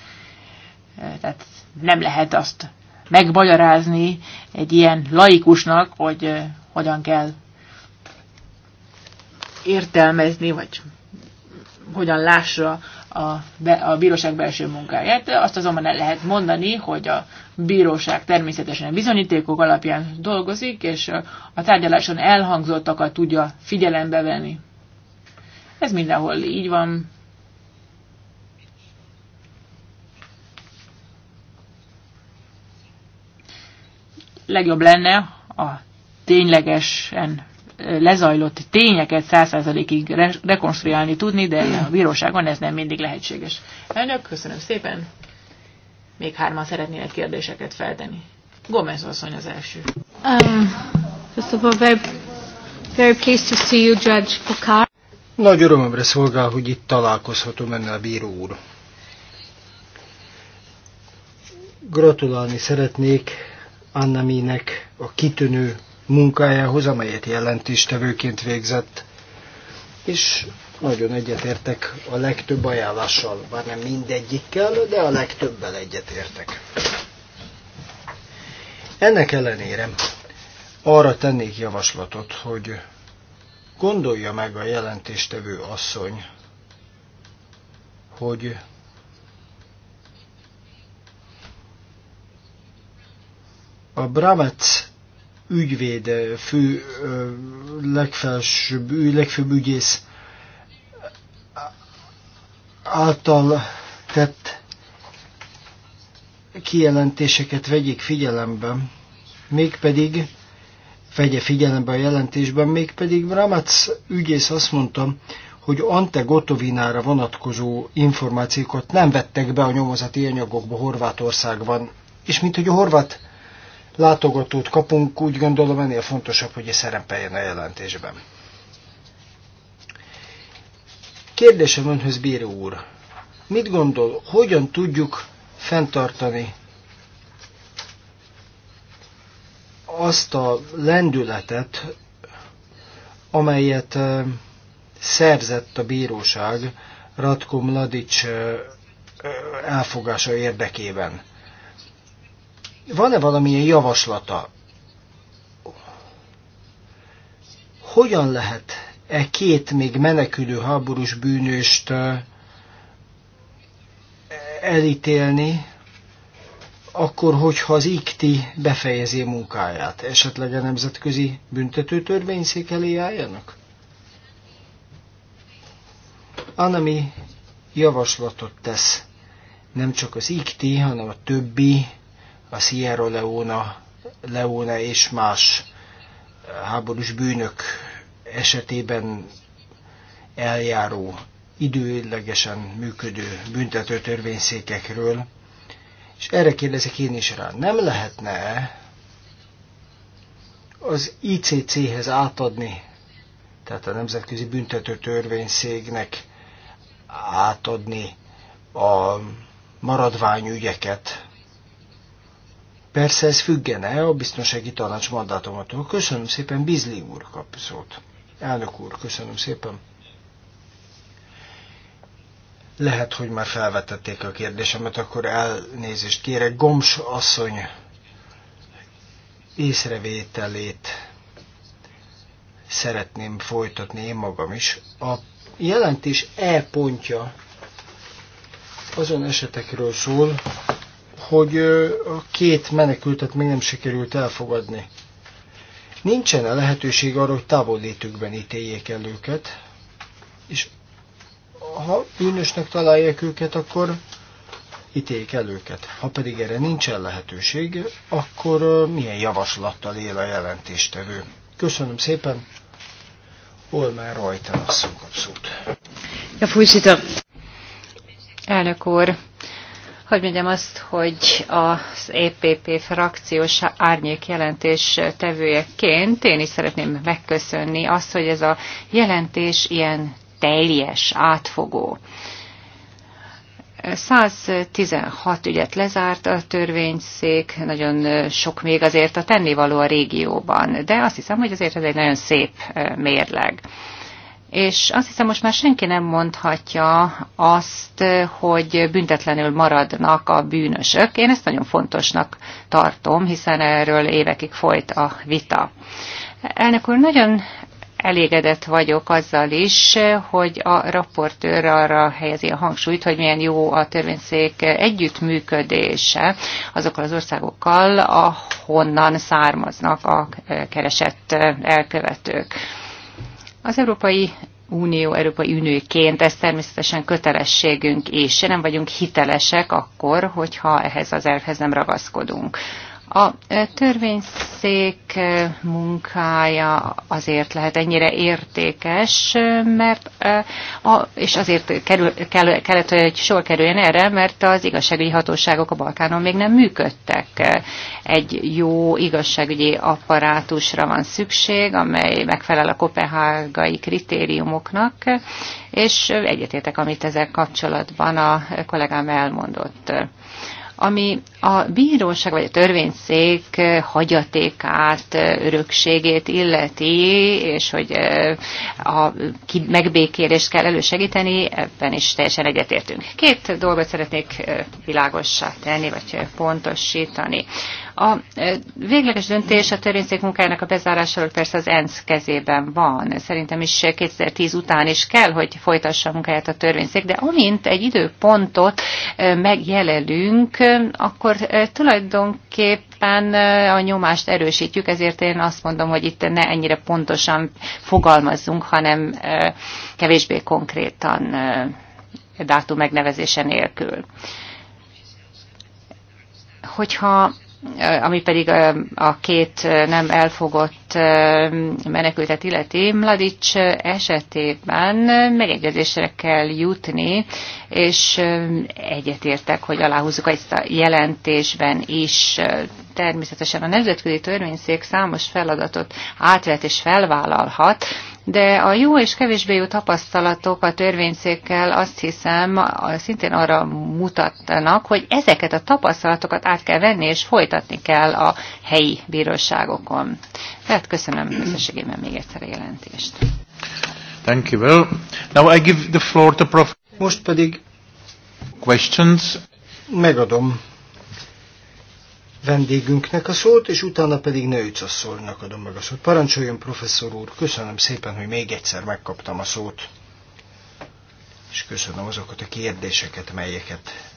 E, tehát nem lehet azt megmagyarázni egy ilyen laikusnak, hogy hogyan kell értelmezni, vagy hogyan lássa a, be, a bíróság belső munkáját. Azt azonban el lehet mondani, hogy a bíróság természetesen bizonyítékok alapján dolgozik, és a tárgyaláson elhangzottakat tudja figyelembe venni. Ez mindenhol így van, legjobb lenne a ténylegesen lezajlott tényeket százszerzalékig rekonstruálni tudni, de a bíróságon ez nem mindig lehetséges. Elnök, köszönöm szépen. Még hárman szeretnének kérdéseket feltenni. Gomez asszony az első. Um, first of all, very, very pleased to see you, Judge Pocard. Nagy örömömre szolgál, hogy itt találkozhatom ennel a bíró úr. Gratulálni szeretnék annaminek a kitűnő munkájához, amelyet jelentéstevőként végzett, és nagyon egyetértek a legtöbb ajánlással, bár nem mindegyikkel, de a legtöbbel egyetértek. Ennek ellenére arra tennék javaslatot, hogy gondolja meg a jelentéstevő asszony, hogy A Bramet ügyvéd fő, legfelsőbb, legfőbb ügyész által tett kijelentéseket vegyék figyelembe, mégpedig vegye figyelembe a jelentésben, mégpedig Bramac ügyész azt mondta, hogy Ante Gotovinára vonatkozó információkat nem vettek be a nyomozati anyagokba Horvátországban, és mint hogy a horvát látogatót kapunk, úgy gondolom ennél fontosabb, hogy szerepeljen a jelentésben. Kérdésem önhöz, bíró úr, mit gondol, hogyan tudjuk fenntartani azt a lendületet, amelyet szerzett a bíróság Ratko Mladic elfogása érdekében van-e valamilyen javaslata? Hogyan lehet e két még menekülő háborús bűnöst elítélni, akkor, hogyha az IKTI befejezi munkáját, esetleg a nemzetközi büntetőtörvényszék elé álljanak? Anami javaslatot tesz nem csak az IKTI, hanem a többi a Sierra Leona, Leone és más eh, háborús bűnök esetében eljáró, időlegesen működő büntető törvényszékekről. És erre kérdezek én is rá, nem lehetne az ICC-hez átadni, tehát a Nemzetközi Büntető Törvényszégnek átadni a maradványügyeket, Persze ez függene a biztonsági tanács mandátumatól. Köszönöm szépen, Bizli úr kap szót. Elnök úr, köszönöm szépen. Lehet, hogy már felvetették a kérdésemet, akkor elnézést kérek. Goms asszony észrevételét szeretném folytatni én magam is. A jelentés E pontja azon esetekről szól, hogy a két menekültet még nem sikerült elfogadni. Nincsen e lehetőség arra, hogy távollétükben ítéljék el őket, és ha bűnösnek találják őket, akkor ítéljék el őket. Ha pedig erre nincsen lehetőség, akkor milyen javaslattal él a jelentéstevő? Köszönöm szépen! Olmár Rajtán asszony a szót. Ja, Elnök úr, hogy mondjam azt, hogy az EPP frakciós árnyék jelentés tevőjeként én is szeretném megköszönni azt, hogy ez a jelentés ilyen teljes, átfogó. 116 ügyet lezárt a törvényszék, nagyon sok még azért a tennivaló a régióban, de azt hiszem, hogy azért ez egy nagyon szép mérleg és azt hiszem most már senki nem mondhatja azt, hogy büntetlenül maradnak a bűnösök. Én ezt nagyon fontosnak tartom, hiszen erről évekig folyt a vita. Elnök úr, nagyon elégedett vagyok azzal is, hogy a raportőr arra helyezi a hangsúlyt, hogy milyen jó a törvényszék együttműködése azokkal az országokkal, ahonnan származnak a keresett elkövetők. Az Európai Unió, Európai Unióként ez természetesen kötelességünk és Nem vagyunk hitelesek akkor, hogyha ehhez az elvhez nem ragaszkodunk. A e, törvényszék e, munkája azért lehet ennyire értékes, e, mert, és azért kerül, kell, kellett, hogy sor kerüljön erre, mert az igazságügyi hatóságok a Balkánon még nem működtek. Egy jó igazságügyi apparátusra van szükség, amely megfelel a kopenhágai kritériumoknak, és egyetértek, amit ezzel kapcsolatban a kollégám elmondott ami a bíróság vagy a törvényszék eh, hagyatékát, eh, örökségét illeti, és hogy eh, a megbékélést kell elősegíteni, ebben is teljesen egyetértünk. Két dolgot szeretnék világossá tenni, vagy pontosítani. A végleges döntés a törvényszék munkájának a bezárásáról persze az ENSZ kezében van. Szerintem is 2010 után is kell, hogy folytassa a munkáját a törvényszék, de amint egy időpontot megjelölünk, akkor tulajdonképpen a nyomást erősítjük, ezért én azt mondom, hogy itt ne ennyire pontosan fogalmazzunk, hanem kevésbé konkrétan dátum megnevezése nélkül. Hogyha ami pedig a két nem elfogott menekültet illeti, Mladic esetében megegyezésre kell jutni, és egyetértek, hogy aláhúzzuk ezt a jelentésben is. Természetesen a Nemzetközi Törvényszék számos feladatot átvet és felvállalhat, de a jó és kevésbé jó tapasztalatok a törvényszékkel azt hiszem szintén arra mutatnak, hogy ezeket a tapasztalatokat át kell venni, és folytatni kell a helyi bíróságokon. Tehát köszönöm összességében még egyszer a jelentést. Thank you, Will. Now I give the floor to Prof. Most pedig questions. Megadom vendégünknek a szót, és utána pedig Nőc asszonynak adom meg a szót. Parancsoljon, professzor úr, köszönöm szépen, hogy még egyszer megkaptam a szót, és köszönöm azokat a kérdéseket, melyeket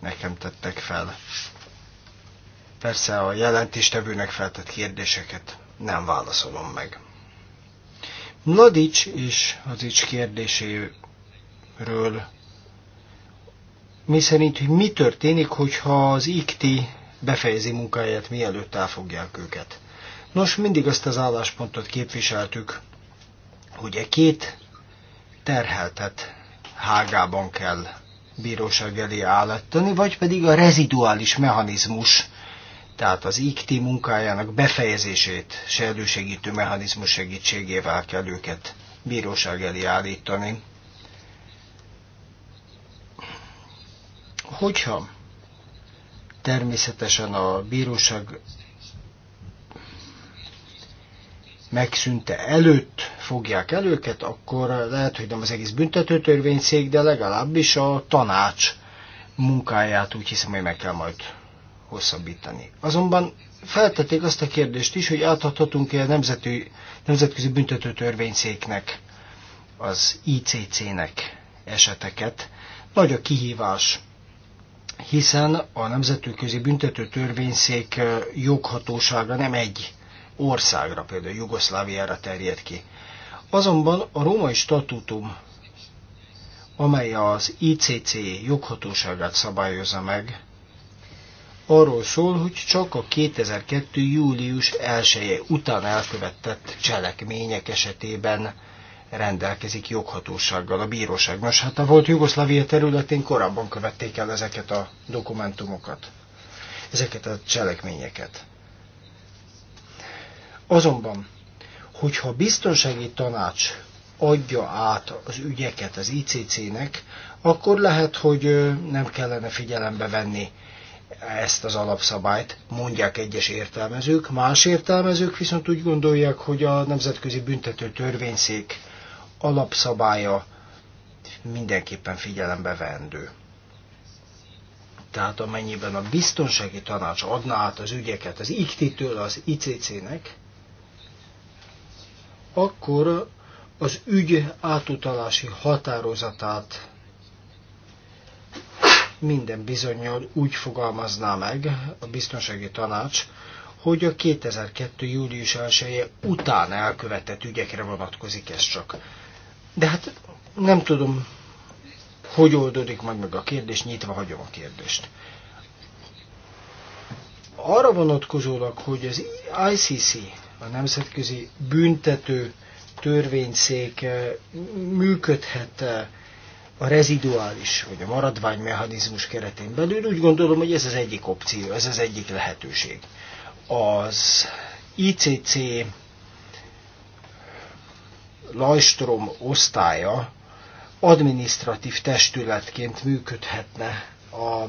nekem tettek fel. Persze a jelentéstevőnek feltett kérdéseket nem válaszolom meg. Nadics és az kérdéséről mi szerint, hogy mi történik, hogyha az IKTI befejezi munkáját, mielőtt elfogják őket. Nos, mindig azt az álláspontot képviseltük, hogy a e két terheltet hágában kell bíróság elé állítani, vagy pedig a reziduális mechanizmus, tehát az IKTI munkájának befejezését se elősegítő mechanizmus segítségével kell őket bíróság elé állítani. Hogyha természetesen a bíróság megszűnte előtt fogják el őket, akkor lehet, hogy nem az egész büntetőtörvényszék, de legalábbis a tanács munkáját úgy hiszem, hogy meg kell majd hosszabbítani. Azonban feltették azt a kérdést is, hogy átadhatunk-e a nemzeti, Nemzetközi Büntetőtörvényszéknek, az ICC-nek eseteket. Nagy a kihívás hiszen a Nemzetközi Büntető Törvényszék eh, joghatósága nem egy országra, például Jugoszláviára terjed ki. Azonban a római statútum, amely az ICC joghatóságát szabályozza meg, arról szól, hogy csak a 2002. július 1 -e után elkövetett cselekmények esetében rendelkezik joghatósággal a bíróság. Nos, hát a volt Jugoszlávia területén korábban követték el ezeket a dokumentumokat, ezeket a cselekményeket. Azonban, hogyha a biztonsági tanács adja át az ügyeket az ICC-nek, akkor lehet, hogy nem kellene figyelembe venni ezt az alapszabályt, mondják egyes értelmezők, más értelmezők viszont úgy gondolják, hogy a Nemzetközi Büntető Törvényszék alapszabálya mindenképpen figyelembe vendő. Tehát amennyiben a biztonsági tanács adná át az ügyeket az ICT-től az ICC-nek, akkor az ügy átutalási határozatát minden bizonyal úgy fogalmazná meg a biztonsági tanács, hogy a 2002. július 1 után elkövetett ügyekre vonatkozik ez csak. De hát nem tudom, hogy oldódik majd meg a kérdés, nyitva hagyom a kérdést. Arra vonatkozólag, hogy az ICC, a Nemzetközi Büntető Törvényszék eh, működhet eh, a reziduális vagy a maradványmechanizmus keretén belül, úgy gondolom, hogy ez az egyik opció, ez az egyik lehetőség. Az ICC Lajstrom osztálya administratív testületként működhetne a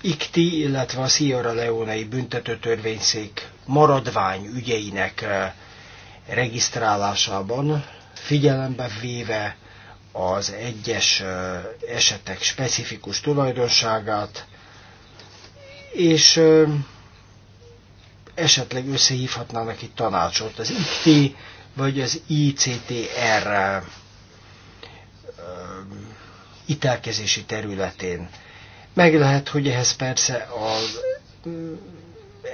ICTI, illetve a Sierra Leonei büntetőtörvényszék maradvány ügyeinek eh, regisztrálásában, figyelembe véve az egyes eh, esetek specifikus tulajdonságát, és eh, esetleg összehívhatnának itt tanácsot. Az ICTI vagy az ICTR ítelkezési területén. Meg lehet, hogy ehhez persze az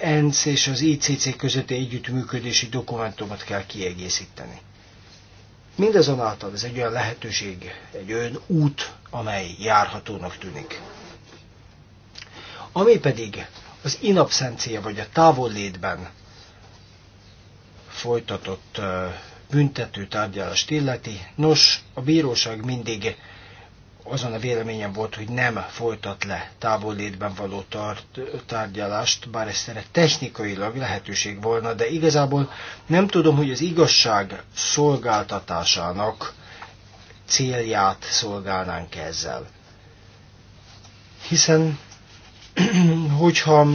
ENSZ és az ICC közötti együttműködési dokumentumot kell kiegészíteni. Mindazonáltal ez egy olyan lehetőség, egy olyan út, amely járhatónak tűnik. Ami pedig az inabszencia vagy a távollétben folytatott büntető tárgyalást illeti. Nos, a bíróság mindig azon a véleményem volt, hogy nem folytat le távollétben való tart tárgyalást, bár ez technikailag lehetőség volna, de igazából nem tudom, hogy az igazság szolgáltatásának célját szolgálnánk -e ezzel. Hiszen, hogyha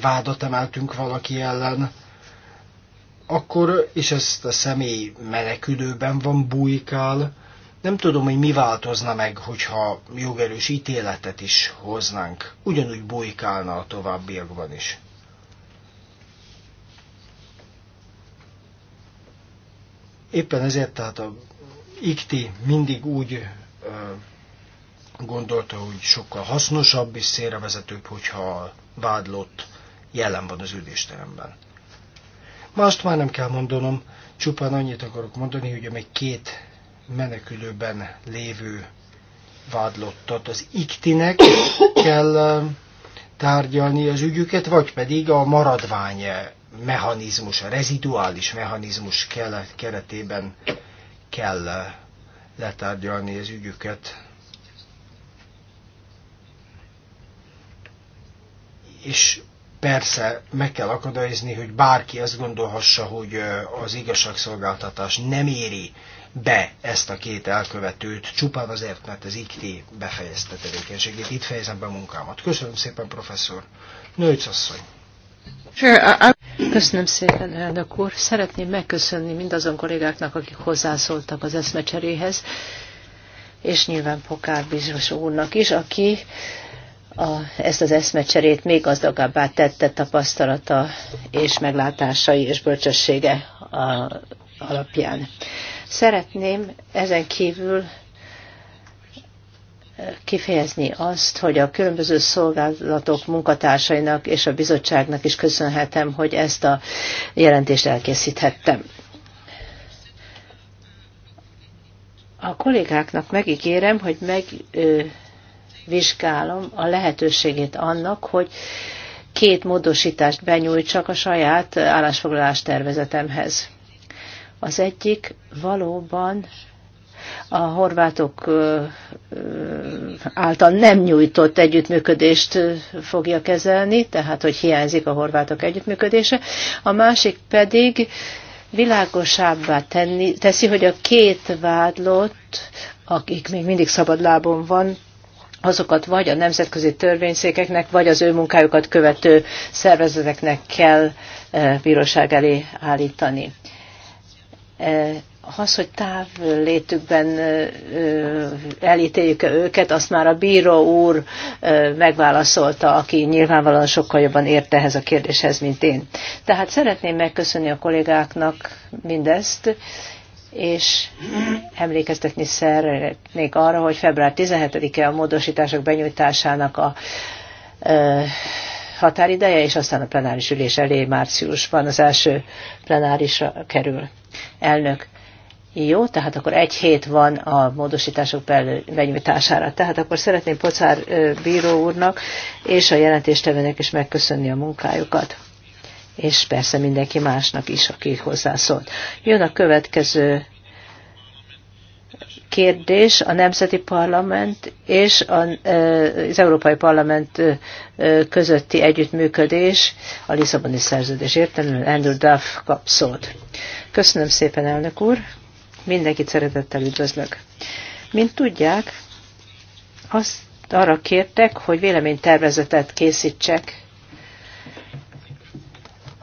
vádat emeltünk valaki ellen, akkor, és ezt a személy menekülőben van, bujkál, nem tudom, hogy mi változna meg, hogyha jogerős ítéletet is hoznánk. Ugyanúgy bujkálna a továbbiakban is. Éppen ezért tehát a Ikti mindig úgy ö, gondolta, hogy sokkal hasznosabb és szélrevezetőbb, hogyha vádlott jelen van az üdésteremben. Mást már nem kell mondanom, csupán annyit akarok mondani, hogy még két menekülőben lévő vádlottat az iktinek kell tárgyalni az ügyüket, vagy pedig a maradvány mechanizmus, a reziduális mechanizmus keretében kell letárgyalni az ügyüket. És persze meg kell akadályozni, hogy bárki azt gondolhassa, hogy az igazságszolgáltatás nem éri be ezt a két elkövetőt, csupán azért, mert az IKT befejezte tevékenységét. Itt fejezem be a munkámat. Köszönöm szépen, professzor. Nőcs asszony. Köszönöm szépen, elnök úr. Szeretném megköszönni mindazon kollégáknak, akik hozzászóltak az eszmecseréhez, és nyilván Pokár biztos úrnak is, aki a, ezt az eszmecserét még gazdagabbá tette tapasztalata és meglátásai és bölcsessége a, alapján. Szeretném ezen kívül eh, kifejezni azt, hogy a különböző szolgálatok munkatársainak és a bizottságnak is köszönhetem, hogy ezt a jelentést elkészíthettem. A kollégáknak megígérem, hogy meg eh, vizsgálom a lehetőségét annak, hogy két módosítást benyújtsak a saját állásfoglalás tervezetemhez. Az egyik valóban a horvátok által nem nyújtott együttműködést fogja kezelni, tehát hogy hiányzik a horvátok együttműködése. A másik pedig világosabbá tenni, teszi, hogy a két vádlott, akik még mindig szabadlábon van, azokat vagy a nemzetközi törvényszékeknek, vagy az ő munkájukat követő szervezeteknek kell e, bíróság elé állítani. E, az, hogy távlétükben elítéljük -e, e őket, azt már a bíró úr megválaszolta, aki nyilvánvalóan sokkal jobban ért ehhez a kérdéshez, mint én. Tehát szeretném megköszönni a kollégáknak mindezt, és emlékeztetni szeretnék arra, hogy február 17-e a módosítások benyújtásának a határideje, és aztán a plenáris ülés elé márciusban az első plenárisra kerül. Elnök, jó, tehát akkor egy hét van a módosítások benyújtására. Tehát akkor szeretném Pocár bíró úrnak és a jelentéstevőnek is megköszönni a munkájukat és persze mindenki másnak is, aki hozzászólt. Jön a következő kérdés a Nemzeti Parlament és az Európai Parlament közötti együttműködés a Lisszaboni Szerződés értelemben. Andrew Duff kap szót. Köszönöm szépen, elnök úr! Mindenkit szeretettel üdvözlök. Mint tudják, azt arra kértek, hogy véleménytervezetet készítsek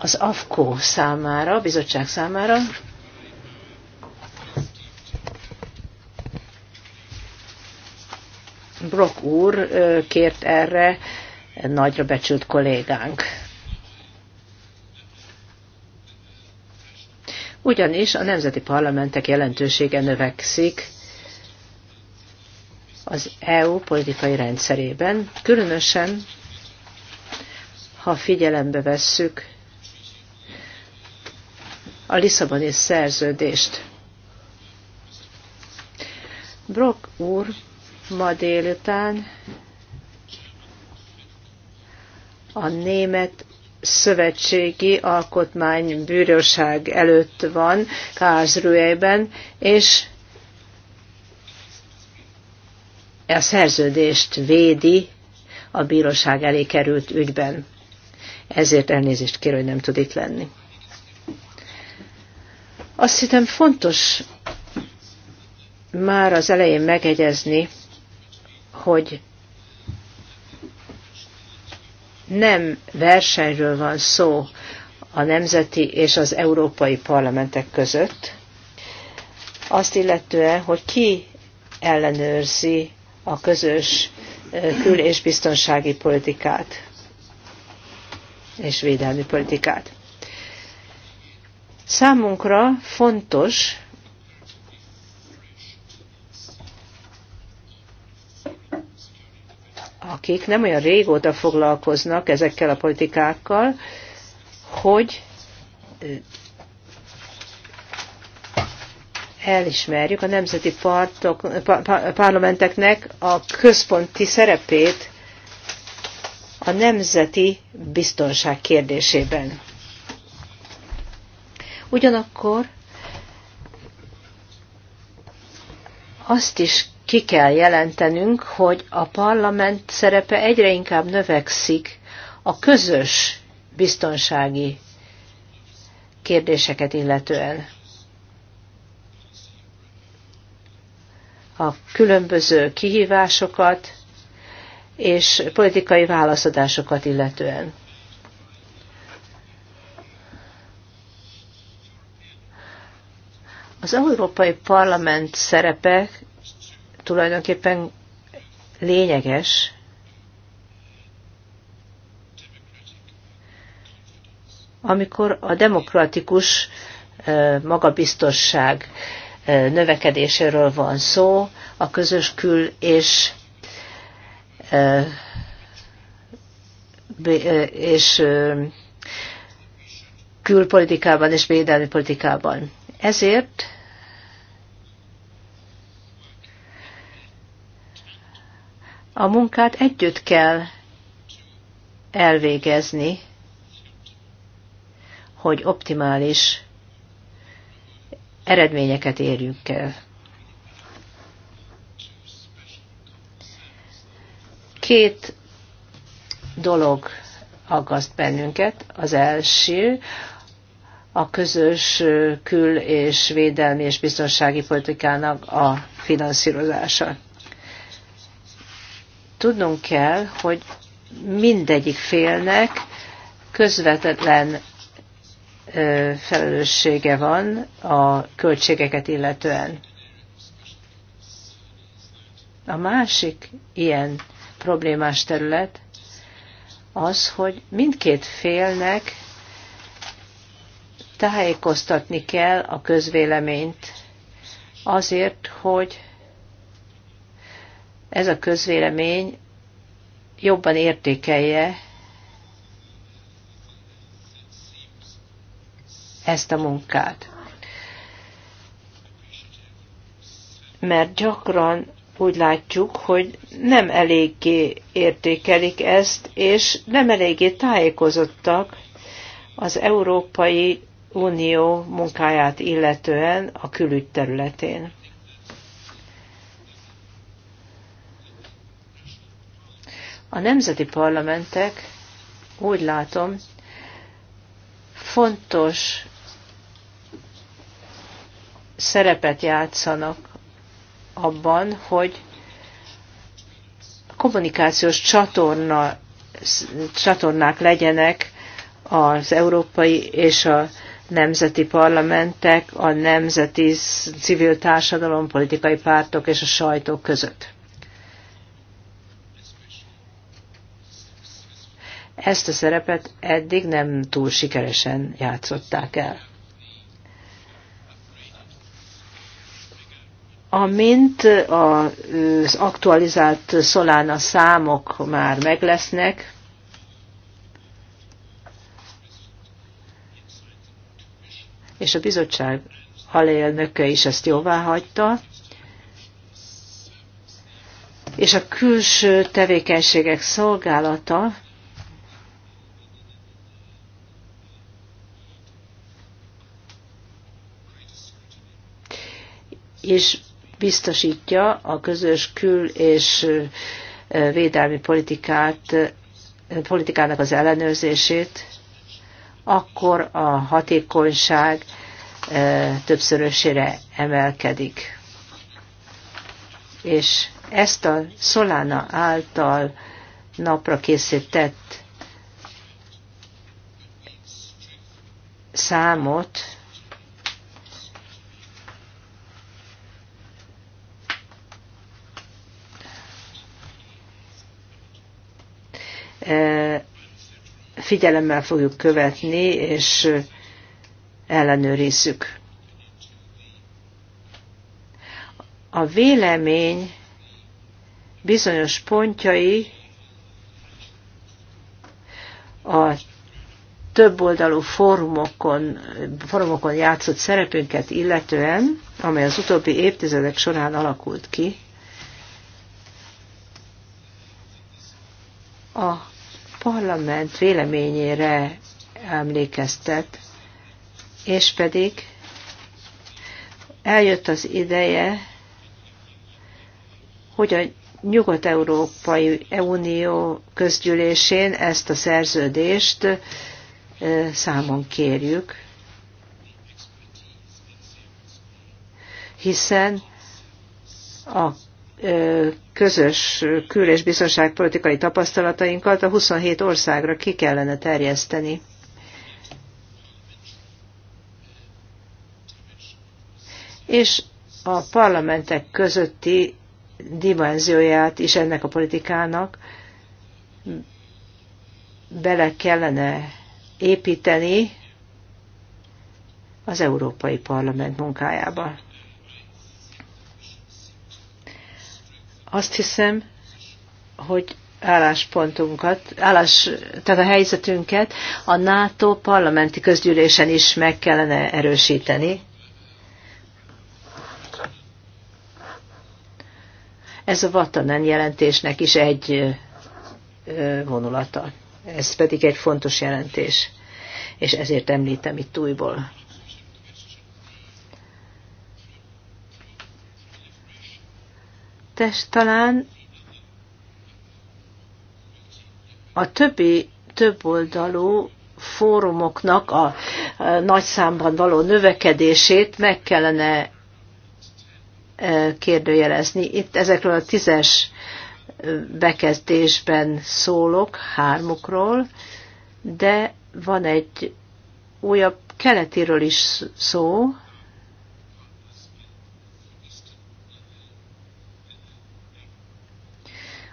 az AFKO számára, a bizottság számára, Brock úr kért erre nagyra becsült kollégánk. Ugyanis a nemzeti parlamentek jelentősége növekszik az EU politikai rendszerében, különösen ha figyelembe vesszük a Lisszaboni szerződést. Brock úr ma délután a német szövetségi alkotmánybűróság előtt van karlsruhe és a szerződést védi a bíróság elé került ügyben. Ezért elnézést kér, hogy nem tud itt lenni. Azt hiszem fontos már az elején megegyezni, hogy nem versenyről van szó a nemzeti és az európai parlamentek között, azt illetően, hogy ki ellenőrzi a közös kül- és biztonsági politikát és védelmi politikát. Számunkra fontos, akik nem olyan régóta foglalkoznak ezekkel a politikákkal, hogy elismerjük a nemzeti partok, parlamenteknek a központi szerepét a nemzeti biztonság kérdésében. Ugyanakkor azt is ki kell jelentenünk, hogy a parlament szerepe egyre inkább növekszik a közös biztonsági kérdéseket illetően. A különböző kihívásokat és politikai válaszadásokat illetően. Az Európai Parlament szerepe tulajdonképpen lényeges, amikor a demokratikus magabiztosság növekedéséről van szó, a közös kül és és külpolitikában és védelmi politikában. Ezért a munkát együtt kell elvégezni, hogy optimális eredményeket érjünk el. Két dolog aggaszt bennünket. Az első a közös kül- és védelmi és biztonsági politikának a finanszírozása. Tudnunk kell, hogy mindegyik félnek közvetlen felelőssége van a költségeket illetően. A másik ilyen problémás terület az, hogy mindkét félnek tájékoztatni kell a közvéleményt azért, hogy ez a közvélemény jobban értékelje ezt a munkát. Mert gyakran úgy látjuk, hogy nem eléggé értékelik ezt, és nem eléggé tájékozottak az európai Unió munkáját illetően a külügy területén. A nemzeti parlamentek, úgy látom, fontos szerepet játszanak abban, hogy kommunikációs csatorna, csatornák legyenek az európai és a nemzeti parlamentek, a nemzeti civil társadalom, politikai pártok és a sajtók között. Ezt a szerepet eddig nem túl sikeresen játszották el. Amint az aktualizált Solana számok már meglesznek, és a bizottság halélnöke is ezt jóvá hagyta, és a külső tevékenységek szolgálata és biztosítja a közös kül- és védelmi politikát, politikának az ellenőrzését, akkor a hatékonyság e, többszörösére emelkedik. És ezt a Solana által napra készített számot figyelemmel fogjuk követni, és ellenőrizzük. A vélemény bizonyos pontjai a többoldalú fórumokon, fórumokon játszott szerepünket illetően, amely az utóbbi évtizedek során alakult ki, parlament véleményére emlékeztet, és pedig eljött az ideje, hogy a Nyugat-Európai Unió közgyűlésén ezt a szerződést számon kérjük, hiszen a közös kül- és biztonságpolitikai tapasztalatainkat a 27 országra ki kellene terjeszteni. És a parlamentek közötti dimenzióját is ennek a politikának bele kellene építeni az Európai Parlament munkájába. Azt hiszem, hogy álláspontunkat, állás, tehát a helyzetünket a NATO parlamenti közgyűlésen is meg kellene erősíteni. Ez a Vatanen jelentésnek is egy vonulata. Ez pedig egy fontos jelentés, és ezért említem itt újból. érdekes talán a többi többoldalú fórumoknak a nagy számban való növekedését meg kellene e, kérdőjelezni. Itt ezekről a tízes e, bekezdésben szólok, hármukról, de van egy újabb keletiről is szó,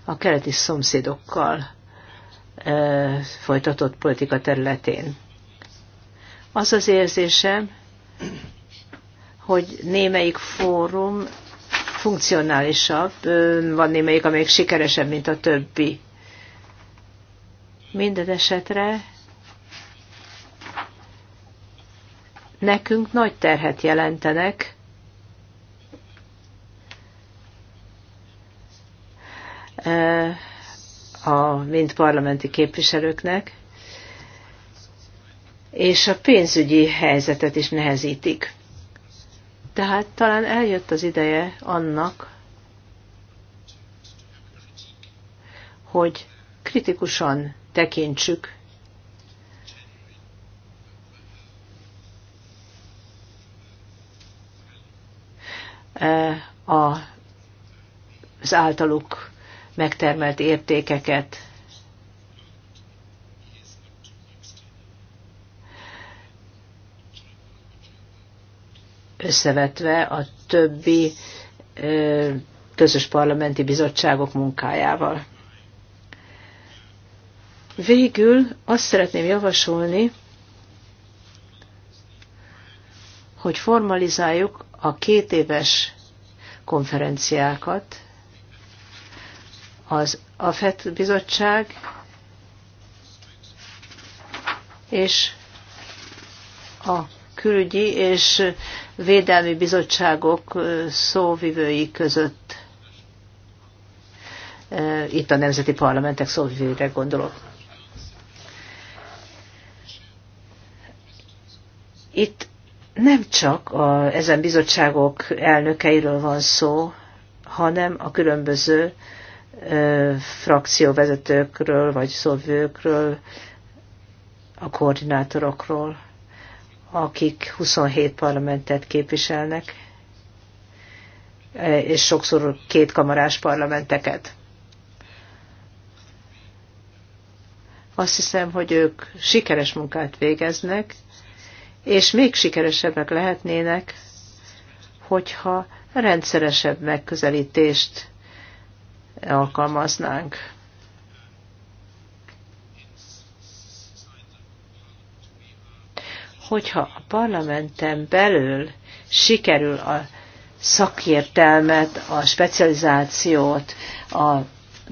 a keleti szomszédokkal folytatott politika területén. Az az érzésem, hogy némelyik fórum funkcionálisabb, van némelyik, amelyik sikeresebb, mint a többi. Minden esetre nekünk nagy terhet jelentenek, a mind parlamenti képviselőknek, és a pénzügyi helyzetet is nehezítik. Tehát talán eljött az ideje annak, hogy kritikusan tekintsük a, az általuk megtermelt értékeket. Összevetve a többi közös parlamenti bizottságok munkájával. Végül azt szeretném javasolni, hogy formalizáljuk a két éves konferenciákat, az AFET bizottság, és a külügyi és védelmi bizottságok szóvivői között. E, itt a nemzeti parlamentek szóvivőire gondolok. Itt nem csak a, ezen bizottságok elnökeiről van szó, hanem a különböző frakcióvezetőkről, vagy szóvőkről, a koordinátorokról, akik 27 parlamentet képviselnek, és sokszor kétkamarás parlamenteket. Azt hiszem, hogy ők sikeres munkát végeznek, és még sikeresebbek lehetnének, hogyha rendszeresebb megközelítést alkalmaznánk. Hogyha a parlamenten belül sikerül a szakértelmet, a specializációt, a,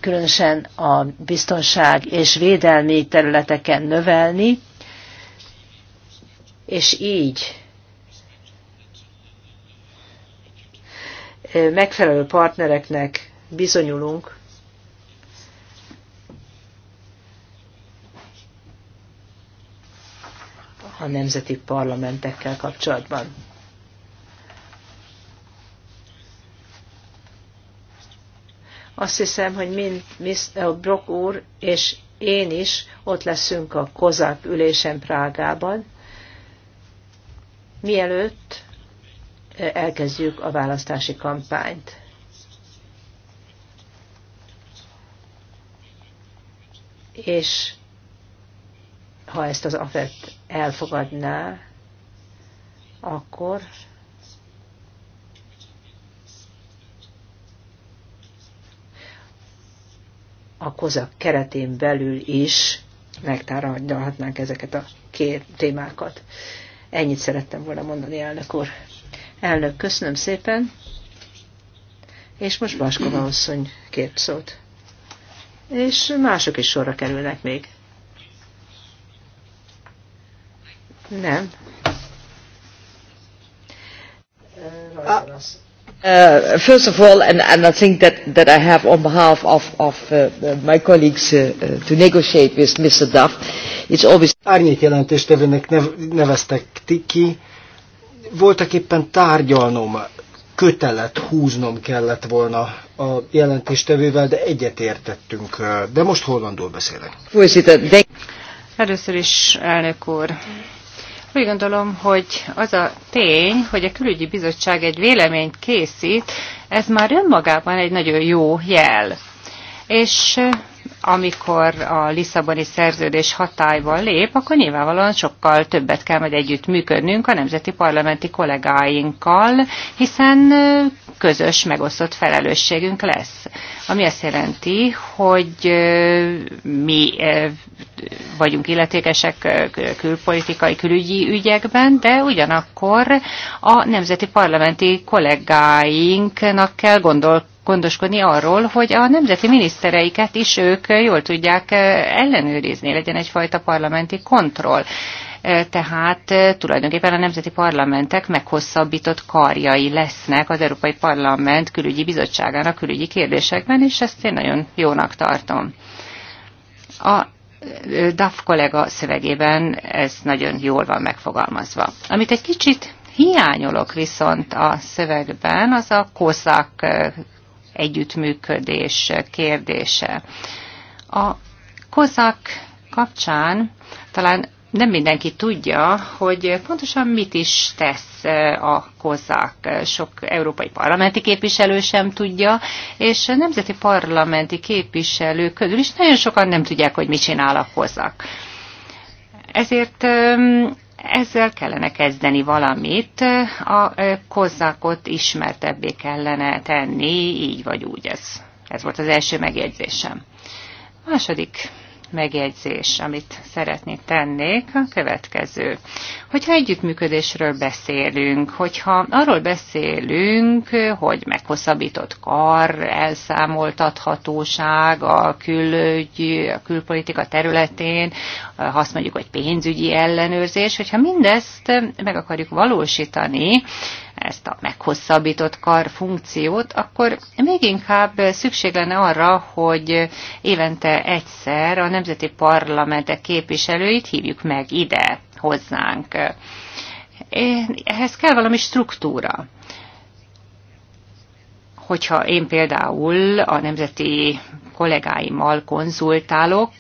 különösen a biztonság és védelmi területeken növelni, és így megfelelő partnereknek bizonyulunk, a nemzeti parlamentekkel kapcsolatban. Azt hiszem, hogy mind Mr. Eh, Brock úr és én is ott leszünk a kozák ülésen Prágában, mielőtt eh, elkezdjük a választási kampányt. és ha ezt az afet elfogadná, akkor a kozak keretén belül is megtárgyalhatnánk ezeket a két témákat. Ennyit szerettem volna mondani, elnök úr. Elnök, köszönöm szépen, és most Baskova asszony kért szót és mások is sorra kerülnek még. Nem. Uh, uh, first of all, and, and I think that, that I have on behalf of, of uh, my colleagues uh, uh to negotiate with Mr. Duff, it's always... Árnyék jelentéstevőnek neveztek ki, voltak éppen tárgyalnom kötelet húznom kellett volna a jelentéstevővel, de értettünk, De most hollandul beszélek. Először is, elnök úr, úgy gondolom, hogy az a tény, hogy a külügyi bizottság egy véleményt készít, ez már önmagában egy nagyon jó jel. És amikor a Lisszaboni szerződés hatályba lép, akkor nyilvánvalóan sokkal többet kell majd együtt működnünk a nemzeti parlamenti kollégáinkkal, hiszen közös, megosztott felelősségünk lesz. Ami azt jelenti, hogy mi vagyunk illetékesek külpolitikai, külügyi ügyekben, de ugyanakkor a nemzeti parlamenti kollégáinknak kell gondolkodni, gondoskodni arról, hogy a nemzeti minisztereiket is ők jól tudják eh, ellenőrizni, legyen egyfajta parlamenti kontroll eh, tehát eh, tulajdonképpen a nemzeti parlamentek meghosszabbított karjai lesznek az Európai Parlament külügyi bizottságának külügyi kérdésekben, és ezt én nagyon jónak tartom. A DAF kollega szövegében ez nagyon jól van megfogalmazva. Amit egy kicsit hiányolok viszont a szövegben, az a kozák együttműködés kérdése. A kozak kapcsán talán nem mindenki tudja, hogy pontosan mit is tesz a kozák. Sok európai parlamenti képviselő sem tudja, és nemzeti parlamenti képviselők közül is nagyon sokan nem tudják, hogy mit csinál a kozák. Ezért ezzel kellene kezdeni valamit, a kozzakot ismertebbé kellene tenni, így vagy úgy ez. Ez volt az első megjegyzésem. Második megjegyzés, amit szeretnék tennék, a következő. Hogyha együttműködésről beszélünk, hogyha arról beszélünk, hogy meghosszabbított kar, elszámoltathatóság a, külügy, a külpolitika területén, ha azt mondjuk, hogy pénzügyi ellenőrzés, hogyha mindezt meg akarjuk valósítani, ezt a meghosszabbított kar funkciót, akkor még inkább szükség lenne arra, hogy évente egyszer a nemzeti parlamentek képviselőit hívjuk meg ide hozzánk. Ehhez kell valami struktúra hogyha én például a nemzeti kollégáimmal konzultálok,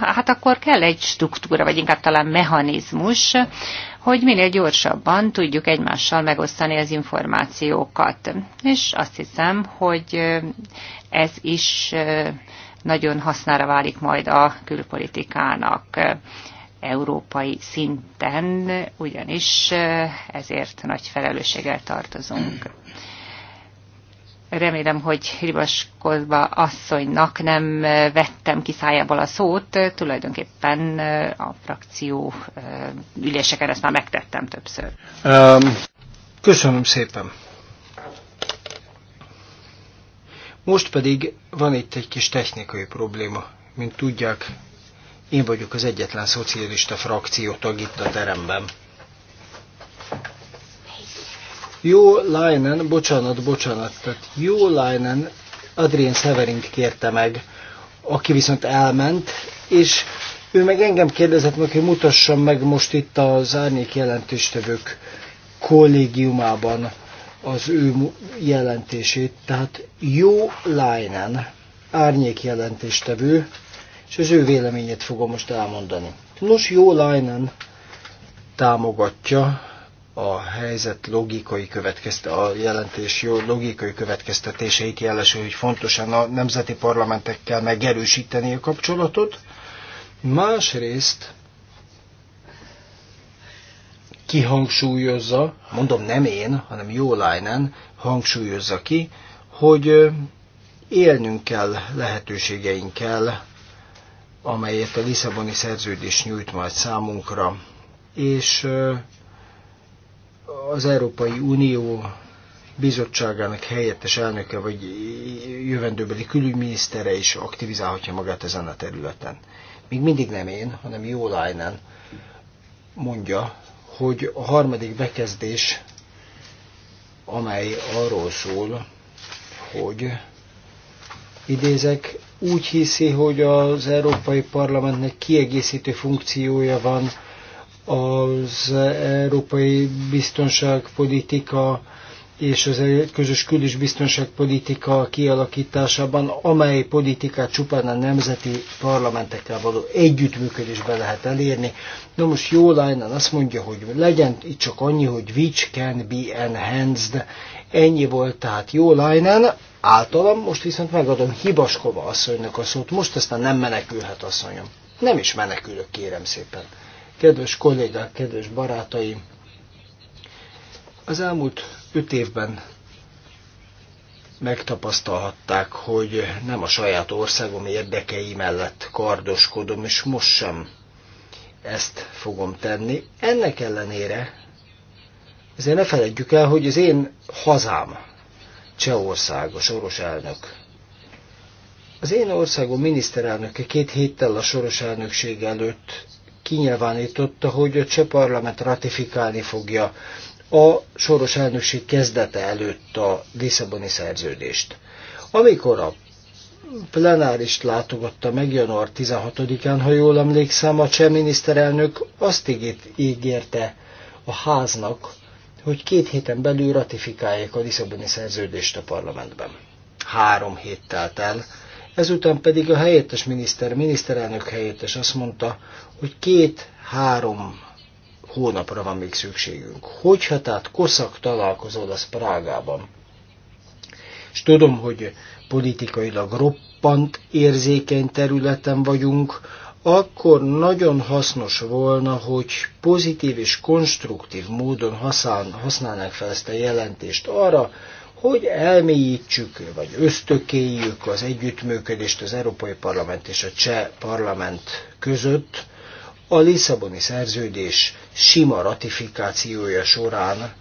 hát akkor kell egy struktúra, vagy inkább talán mechanizmus, hogy minél gyorsabban tudjuk egymással megosztani az információkat. És azt hiszem, hogy ez is nagyon hasznára válik majd a külpolitikának európai szinten, ugyanis ezért nagy felelősséggel tartozunk remélem, hogy Ribaskozba asszonynak nem vettem ki szájából a szót, tulajdonképpen a frakció üléseken ezt már megtettem többször. Um, köszönöm szépen. Most pedig van itt egy kis technikai probléma. Mint tudják, én vagyok az egyetlen szocialista frakció tag itt a teremben. Jó Leinen, bocsánat, bocsánat, tehát Jó Leinen, Adrien Severin kérte meg, aki viszont elment, és ő meg engem kérdezett meg, hogy mutassam meg most itt az árnyék jelentéstevők kollégiumában az ő jelentését. Tehát Jó Leinen, árnyék jelentéstevő, és az ő véleményét fogom most elmondani. Nos, Jó Leinen támogatja a helyzet logikai következte, a jelentés jó logikai következtetéseit jelesül, hogy fontosan a nemzeti parlamentekkel megerősíteni a kapcsolatot. Másrészt kihangsúlyozza, mondom nem én, hanem jó Leinen hangsúlyozza ki, hogy élnünk kell lehetőségeinkkel, amelyet a Lisszaboni szerződés nyújt majd számunkra, és az Európai Unió bizottságának helyettes elnöke, vagy jövendőbeli külügyminisztere is aktivizálhatja magát ezen a területen. Még mindig nem én, hanem Jó Leinen mondja, hogy a harmadik bekezdés, amely arról szól, hogy idézek, úgy hiszi, hogy az Európai Parlamentnek kiegészítő funkciója van, az európai biztonságpolitika és az közös kül- biztonságpolitika kialakításában, amely politikát csupán a nemzeti parlamentekkel való együttműködésbe lehet elérni. Na most jó lányan azt mondja, hogy legyen itt csak annyi, hogy which can be enhanced. Ennyi volt tehát jó lányan általam, most viszont megadom Hibaskova asszonynak a szót, most aztán nem menekülhet asszonyom. Nem is menekülök, kérem szépen. Kedves kollégák, kedves barátaim! Az elmúlt öt évben megtapasztalhatták, hogy nem a saját országom érdekei mellett kardoskodom, és most sem ezt fogom tenni. Ennek ellenére ezért ne feledjük el, hogy az én hazám, Csehország, a soros elnök, az én országom miniszterelnöke két héttel a soros elnökség előtt kinyilvánította, hogy a cseh parlament ratifikálni fogja a soros elnökség kezdete előtt a Lisszaboni szerződést. Amikor a plenárist látogatta meg január 16-án, ha jól emlékszem, a cseh miniszterelnök azt ígérte a háznak, hogy két héten belül ratifikálják a Lisszaboni szerződést a parlamentben. Három hét telt el, ezután pedig a helyettes miniszter, miniszterelnök helyettes azt mondta, hogy két-három hónapra van még szükségünk. Hogyha tehát koszak találkozol az Prágában, és tudom, hogy politikailag roppant érzékeny területen vagyunk, akkor nagyon hasznos volna, hogy pozitív és konstruktív módon használ, használnánk fel ezt a jelentést arra, hogy elmélyítsük, vagy ösztökéljük az együttműködést az Európai Parlament és a Cseh Parlament között, a Lisszaboni szerződés sima ratifikációja során.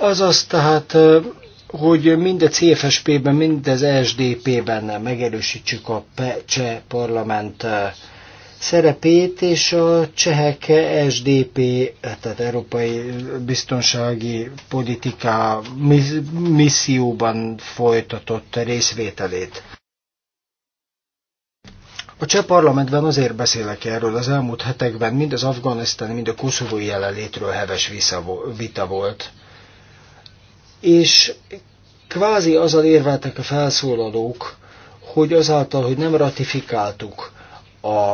Azaz tehát, hogy mind a CFSP-ben, mind az SDP-ben megerősítsük a cseh parlament szerepét, és a csehek SDP, tehát Európai Biztonsági Politiká misszióban folytatott részvételét. A cseh parlamentben azért beszélek erről, az elmúlt hetekben mind az afganisztáni, mind a koszovói jelenlétről heves vita volt. És kvázi azzal érveltek a felszólalók, hogy azáltal, hogy nem ratifikáltuk a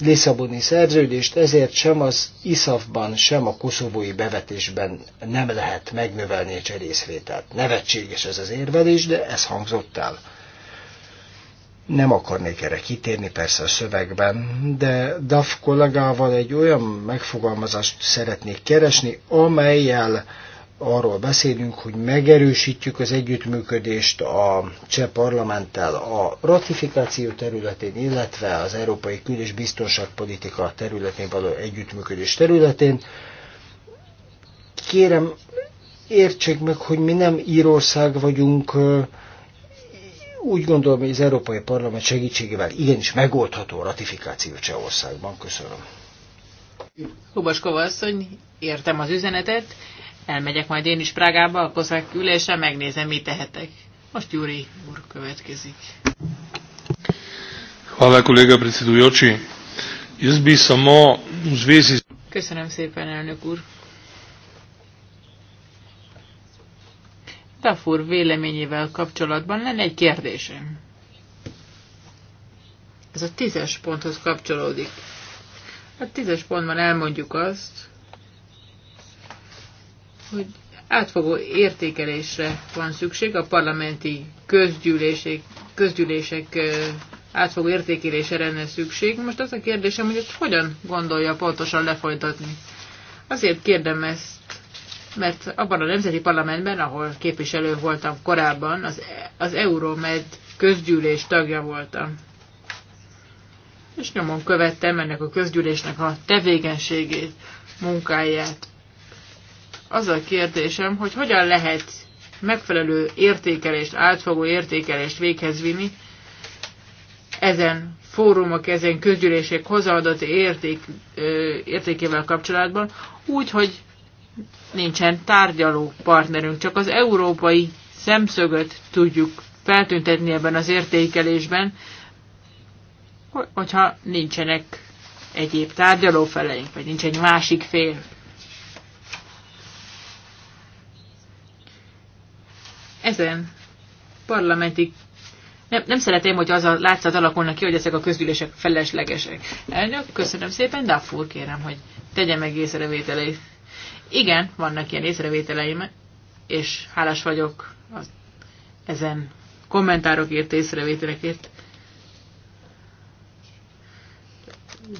Lisszaboni szerződést, ezért sem az ISAF-ban, sem a koszovói bevetésben nem lehet megnövelni a cserészvételt. Nevetséges ez az érvelés, de ez hangzott el. Nem akarnék erre kitérni persze a szövegben, de DAF kollégával egy olyan megfogalmazást szeretnék keresni, amelyel arról beszélünk, hogy megerősítjük az együttműködést a cseh parlamenttel a ratifikáció területén, illetve az európai kül- és biztonságpolitika területén való együttműködés területén. Kérem, értsék meg, hogy mi nem Írország vagyunk, úgy gondolom, hogy az Európai Parlament segítségével igenis megoldható a ratifikáció Csehországban. Köszönöm. Lubaskova asszony, értem az üzenetet, elmegyek majd én is Prágába, a Koszák ülésre, megnézem, mit tehetek. Most Gyuri úr következik. Hvala kolega predsedujoči. Jaz bi samo v zvezi... Köszönöm szépen, elnök úr. Tafur véleményével kapcsolatban lenne egy kérdésem. Ez a tízes ponthoz kapcsolódik. A tízes pontban elmondjuk azt, hogy átfogó értékelésre van szükség a parlamenti közgyűlések, közgyűlések átfogó értékelésre lenne szükség. Most az a kérdésem, hogy ezt hogyan gondolja pontosan lefolytatni. Azért kérdem ezt mert abban a nemzeti parlamentben, ahol képviselő voltam korábban, az, az Euromed közgyűlés tagja voltam. És nyomon követtem ennek a közgyűlésnek a tevékenységét, munkáját. Az a kérdésem, hogy hogyan lehet megfelelő értékelést, átfogó értékelést véghez vinni ezen fórumok, ezen közgyűlések hozzáadott érték, értékével kapcsolatban, úgy, hogy nincsen tárgyaló partnerünk, csak az európai szemszögöt tudjuk feltüntetni ebben az értékelésben, hogyha nincsenek egyéb tárgyalófeleink, vagy nincs egy másik fél. Ezen parlamenti nem, nem szeretném, hogy az a látszat alakulna ki, hogy ezek a közgyűlések feleslegesek. Elnök, köszönöm szépen, Duffur kérem, hogy tegye meg észrevételét. Igen, vannak ilyen észrevételeim, és hálás vagyok az, ezen kommentárokért, észrevételekért.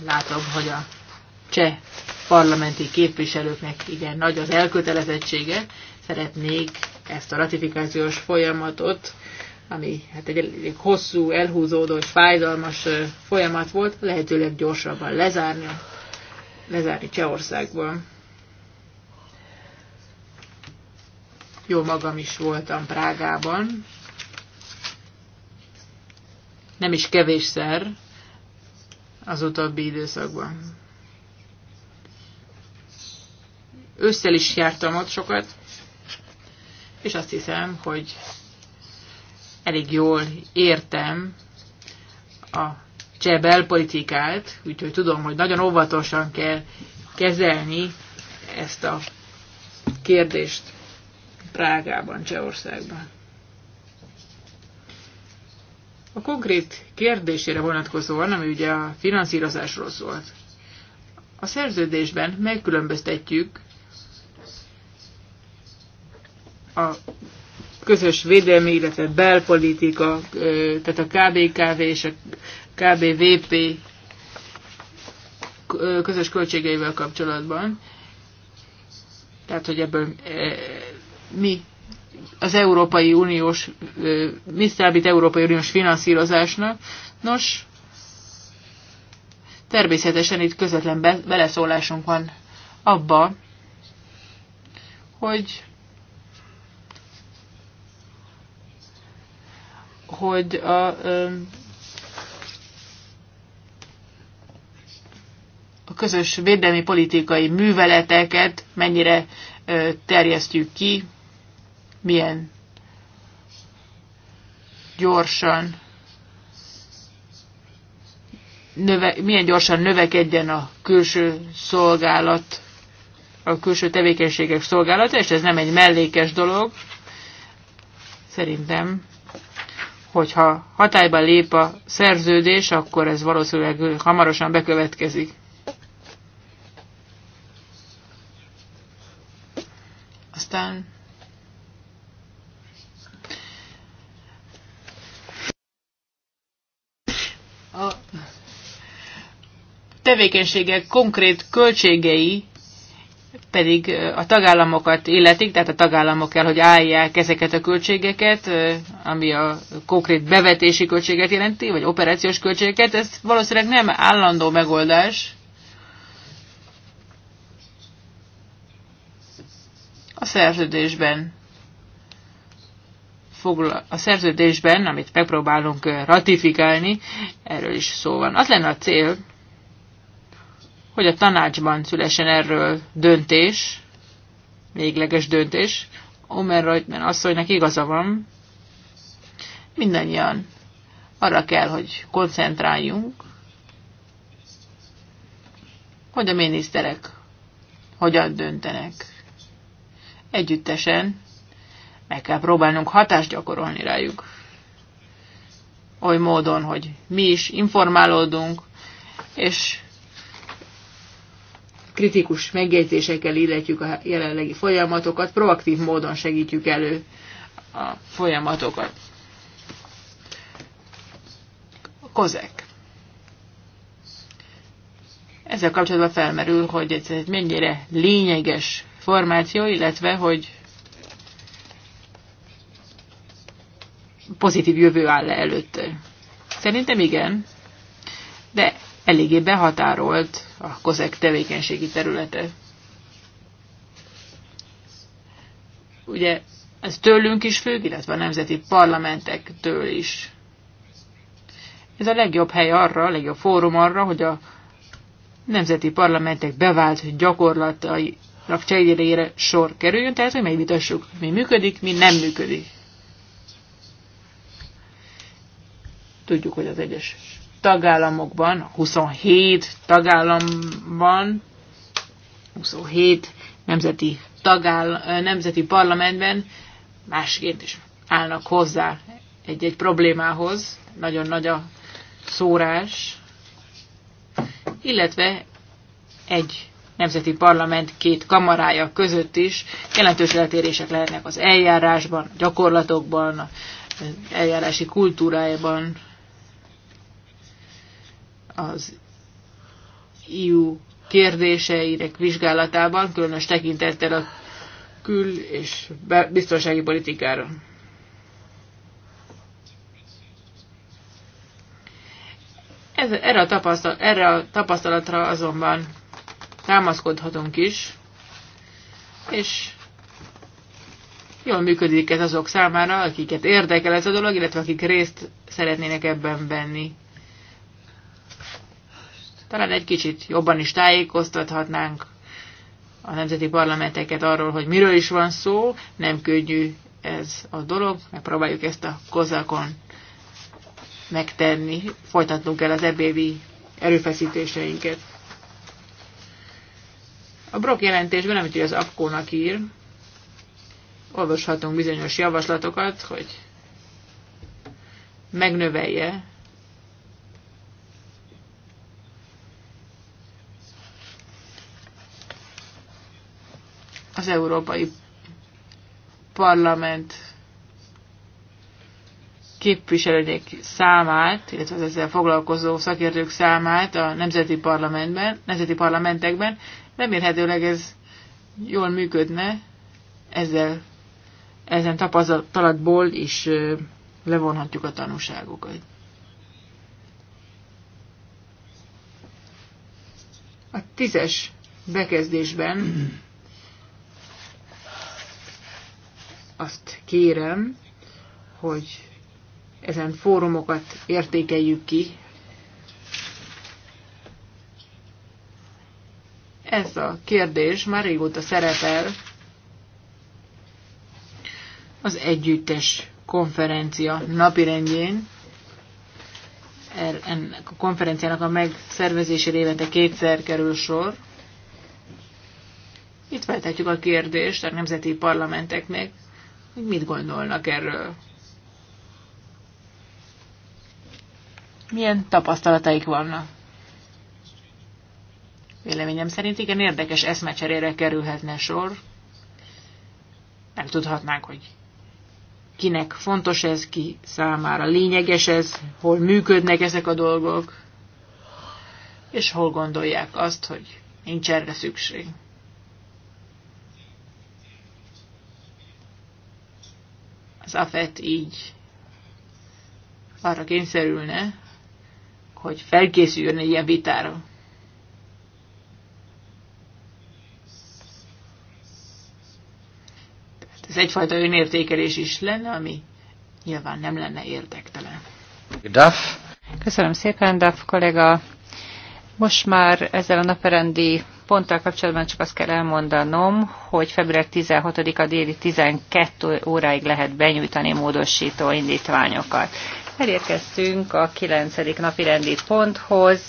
Látom, hogy a cseh parlamenti képviselőknek igen nagy az elkötelezettsége. Szeretnék ezt a ratifikációs folyamatot, ami hát egy elég hosszú, elhúzódó és fájdalmas folyamat volt, lehetőleg gyorsabban lezárni, lezárni Csehországban. Jó magam is voltam Prágában. Nem is kevésszer az utóbbi időszakban. Ősszel is jártam ott sokat, és azt hiszem, hogy elég jól értem a cseh belpolitikát, úgyhogy tudom, hogy nagyon óvatosan kell kezelni ezt a kérdést. Prágában, Csehországban. A konkrét kérdésére vonatkozóan, ami ugye a finanszírozásról szólt. A szerződésben megkülönböztetjük a közös védelmi, illetve belpolitika, tehát a KBKV és a KBVP közös költségeivel kapcsolatban. Tehát, hogy ebből mi az Európai Uniós, mi számít Európai Uniós finanszírozásnak. Nos, természetesen itt közvetlen be, beleszólásunk van abba, hogy hogy a, a közös védelmi politikai műveleteket mennyire terjesztjük ki, milyen gyorsan növe, milyen gyorsan növekedjen a külső szolgálat, a külső tevékenységek szolgálata, és ez nem egy mellékes dolog. Szerintem, hogyha hatályba lép a szerződés, akkor ez valószínűleg hamarosan bekövetkezik. Aztán a tevékenységek konkrét költségei pedig a tagállamokat illetik, tehát a tagállamok kell, hogy állják ezeket a költségeket, ami a konkrét bevetési költséget jelenti, vagy operációs költségeket. Ez valószínűleg nem állandó megoldás. A szerződésben foglal, a szerződésben, amit megpróbálunk ratifikálni, erről is szó van. Az lenne a cél, hogy a tanácsban szülesen erről döntés, végleges döntés. Omer Reutmann asszonynak igaza van, mindannyian arra kell, hogy koncentráljunk, hogy a miniszterek hogyan döntenek. Együttesen meg kell próbálnunk hatást gyakorolni rájuk. Oly módon, hogy mi is informálódunk, és kritikus megjegyzésekkel illetjük a jelenlegi folyamatokat, proaktív módon segítjük elő a folyamatokat. Kozek. Ezzel kapcsolatban felmerül, hogy ez egy mennyire lényeges formáció, illetve hogy pozitív jövő áll -e előtte. Szerintem igen, de eléggé behatárolt a kozek tevékenységi területe. Ugye ez tőlünk is függ, illetve a nemzeti parlamentektől is. Ez a legjobb hely arra, a legjobb fórum arra, hogy a nemzeti parlamentek bevált gyakorlatai cserére sor kerüljön, tehát hogy megvitassuk, mi működik, mi nem működik. Tudjuk, hogy az egyes tagállamokban, 27 tagállamban, 27 nemzeti, tagáll, nemzeti parlamentben másként is állnak hozzá egy-egy problémához. Nagyon nagy a szórás, illetve egy nemzeti parlament két kamarája között is jelentős eltérések lehetnek az eljárásban, gyakorlatokban, eljárási kultúrájában, az EU kérdéseinek vizsgálatában, különös tekintettel a kül- és biztonsági politikára. Ez, erre, a tapasztal, erre a tapasztalatra azonban támaszkodhatunk is, és jól működik ez azok számára, akiket érdekel ez a dolog, illetve akik részt szeretnének ebben venni. Talán egy kicsit jobban is tájékoztathatnánk a nemzeti parlamenteket arról, hogy miről is van szó, nem könnyű ez a dolog, megpróbáljuk ezt a kozakon megtenni, folytatnunk kell az ebévi erőfeszítéseinket. A Brok jelentésben, amit az Akkónak ír, olvashatunk bizonyos javaslatokat, hogy megnövelje az Európai Parlament képviselőnek számát, illetve az ezzel foglalkozó szakértők számát a nemzeti, parlamentben, nemzeti parlamentekben. Remélhetőleg ez jól működne, ezzel, ezen tapasztalatból is levonhatjuk a tanúságokat. A tízes bekezdésben azt kérem, hogy ezen fórumokat értékeljük ki. Ez a kérdés már régóta szerepel az együttes konferencia napirendjén. Er- ennek a konferenciának a megszervezésére évente kétszer kerül sor. Itt feltetjük a kérdést a nemzeti parlamenteknek, hogy mit gondolnak erről. Milyen tapasztalataik vannak? Véleményem szerint igen érdekes eszmecserére kerülhetne sor. Megtudhatnánk, hogy kinek fontos ez, ki számára lényeges ez, hol működnek ezek a dolgok, és hol gondolják azt, hogy nincs erre szükség. az AFET így arra kényszerülne, hogy felkészüljön egy ilyen vitára. Tehát ez egyfajta önértékelés is lenne, ami nyilván nem lenne érdektelen. Duff. Köszönöm szépen, Duff kollega. Most már ezzel a naperendi ponttal kapcsolatban csak azt kell elmondanom, hogy február 16-a déli 12 óráig lehet benyújtani módosító indítványokat. Elérkeztünk a 9. napi rendi ponthoz,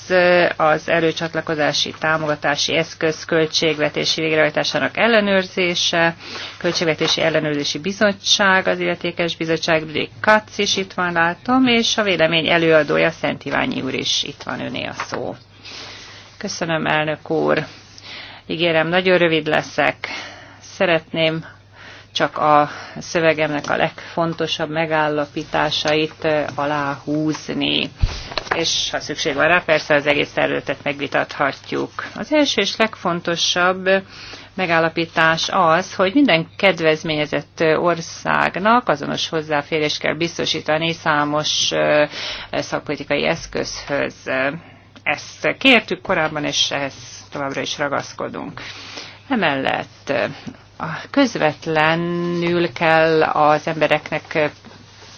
az előcsatlakozási támogatási eszköz költségvetési végrehajtásának ellenőrzése, Költségvetési Ellenőrzési Bizottság, az illetékes bizottság Rüdik Katz is itt van, látom, és a vélemény előadója Szent Iványi úr is itt van, öné a szó. Köszönöm, elnök úr. Ígérem, nagyon rövid leszek. Szeretném csak a szövegemnek a legfontosabb megállapításait aláhúzni. És ha szükség van rá, persze az egész területet megvitathatjuk. Az első és legfontosabb megállapítás az, hogy minden kedvezményezett országnak azonos hozzáférés kell biztosítani számos szakpolitikai eszközhöz. Ezt kértük korábban, és ehhez továbbra is ragaszkodunk. Emellett eh, közvetlenül kell az embereknek eh,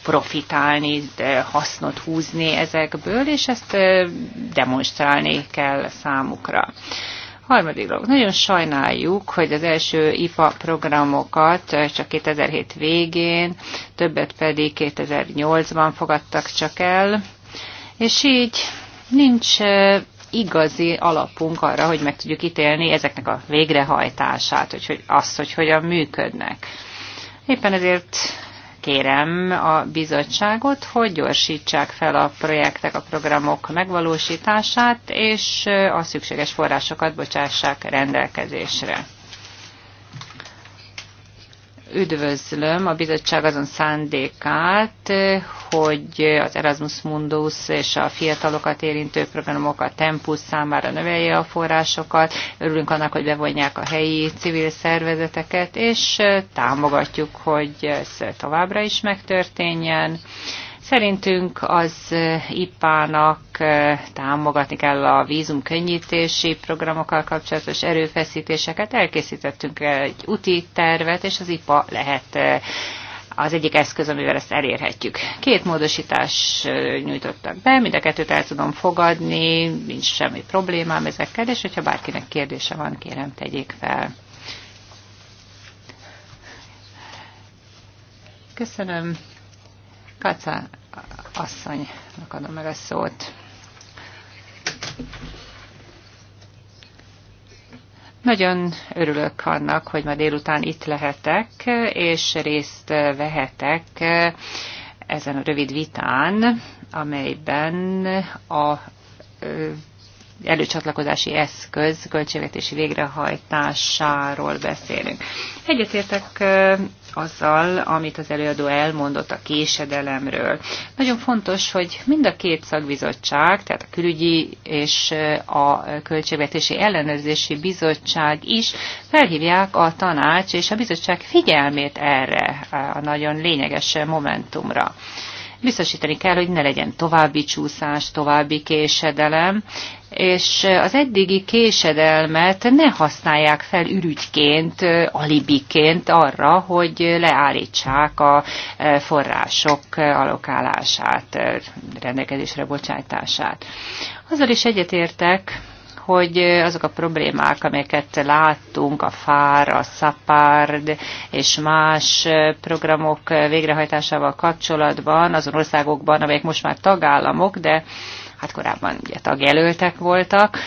profitálni, hasznot húzni ezekből, és ezt eh, demonstrálni kell számukra. Harmadik dolog. Nagyon sajnáljuk, hogy az első IFA programokat csak 2007 végén, többet pedig 2008-ban fogadtak csak el, és így nincs igazi alapunk arra, hogy meg tudjuk ítélni ezeknek a végrehajtását, hogy azt, hogy hogyan működnek. Éppen ezért kérem a bizottságot, hogy gyorsítsák fel a projektek, a programok megvalósítását, és a szükséges forrásokat bocsássák rendelkezésre üdvözlöm a bizottság azon szándékát, hogy az Erasmus Mundus és a fiatalokat érintő programok a Tempus számára növelje a forrásokat. Örülünk annak, hogy bevonják a helyi civil szervezeteket, és támogatjuk, hogy ez továbbra is megtörténjen. Szerintünk az IPA-nak támogatni kell a vízum könnyítési programokkal kapcsolatos erőfeszítéseket. Elkészítettünk egy úti tervet, és az IPA lehet az egyik eszköz, amivel ezt elérhetjük. Két módosítás nyújtottak be, mind a kettőt el tudom fogadni, nincs semmi problémám ezekkel, és hogyha bárkinek kérdése van, kérem, tegyék fel. Köszönöm. Kácsa asszonynak adom meg a szót. Nagyon örülök annak, hogy ma délután itt lehetek, és részt vehetek ezen a rövid vitán, amelyben a előcsatlakozási eszköz költségvetési végrehajtásáról beszélünk. Egyetértek azzal, amit az előadó elmondott a késedelemről. Nagyon fontos, hogy mind a két szakbizottság, tehát a külügyi és a költségvetési ellenőrzési bizottság is felhívják a tanács és a bizottság figyelmét erre a nagyon lényeges momentumra biztosítani kell, hogy ne legyen további csúszás, további késedelem, és az eddigi késedelmet ne használják fel ürügyként, alibiként arra, hogy leállítsák a források alokálását, rendelkezésre bocsátását. Azzal is egyetértek, hogy azok a problémák, amelyeket láttunk, a FÁR, a SZAPÁRD és más programok végrehajtásával kapcsolatban, azon országokban, amelyek most már tagállamok, de hát korábban ugye tagjelöltek voltak.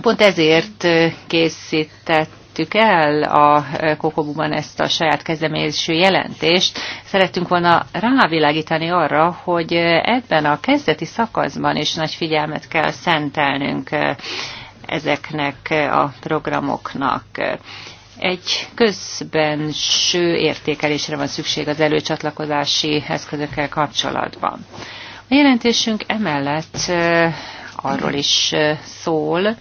Pont ezért készített el a Kokobuban ezt a saját kezdeményezésű jelentést, szerettünk volna rávilágítani arra, hogy ebben a kezdeti szakaszban is nagy figyelmet kell szentelnünk ezeknek a programoknak. Egy közbenső értékelésre van szükség az előcsatlakozási eszközökkel kapcsolatban. A jelentésünk emellett arról is szól,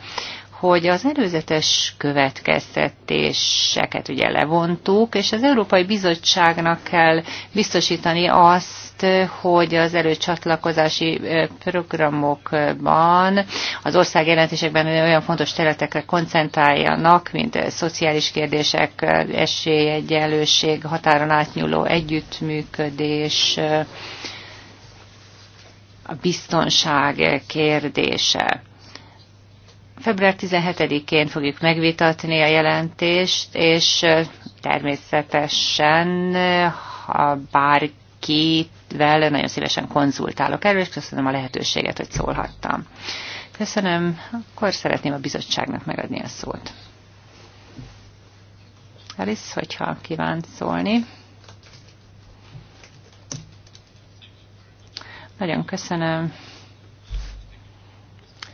hogy az előzetes következtetéseket ugye levontuk, és az Európai Bizottságnak kell biztosítani azt, hogy az előcsatlakozási programokban, az ország jelentésekben olyan fontos területekre koncentráljanak, mint szociális kérdések, esélyegyenlőség, határon átnyúló együttműködés, a biztonság kérdése. Február 17-én fogjuk megvitatni a jelentést, és természetesen, ha bárkivel nagyon szívesen konzultálok erről, és köszönöm a lehetőséget, hogy szólhattam. Köszönöm, akkor szeretném a bizottságnak megadni a szót. Alice, hogyha kívánt szólni. Nagyon köszönöm.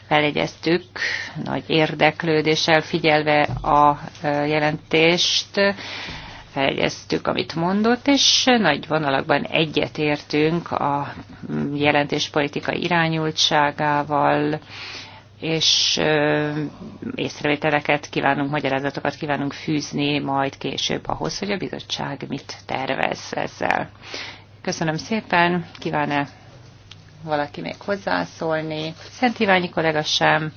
Feljegyeztük nagy érdeklődéssel figyelve a jelentést, feljegyeztük, amit mondott, és nagy vonalakban egyetértünk a jelentés politikai irányultságával, és észrevételeket kívánunk, magyarázatokat kívánunk fűzni majd később ahhoz, hogy a bizottság mit tervez ezzel. Köszönöm szépen, kíván-e valaki még hozzászólni. Szent Iványi kollega sem.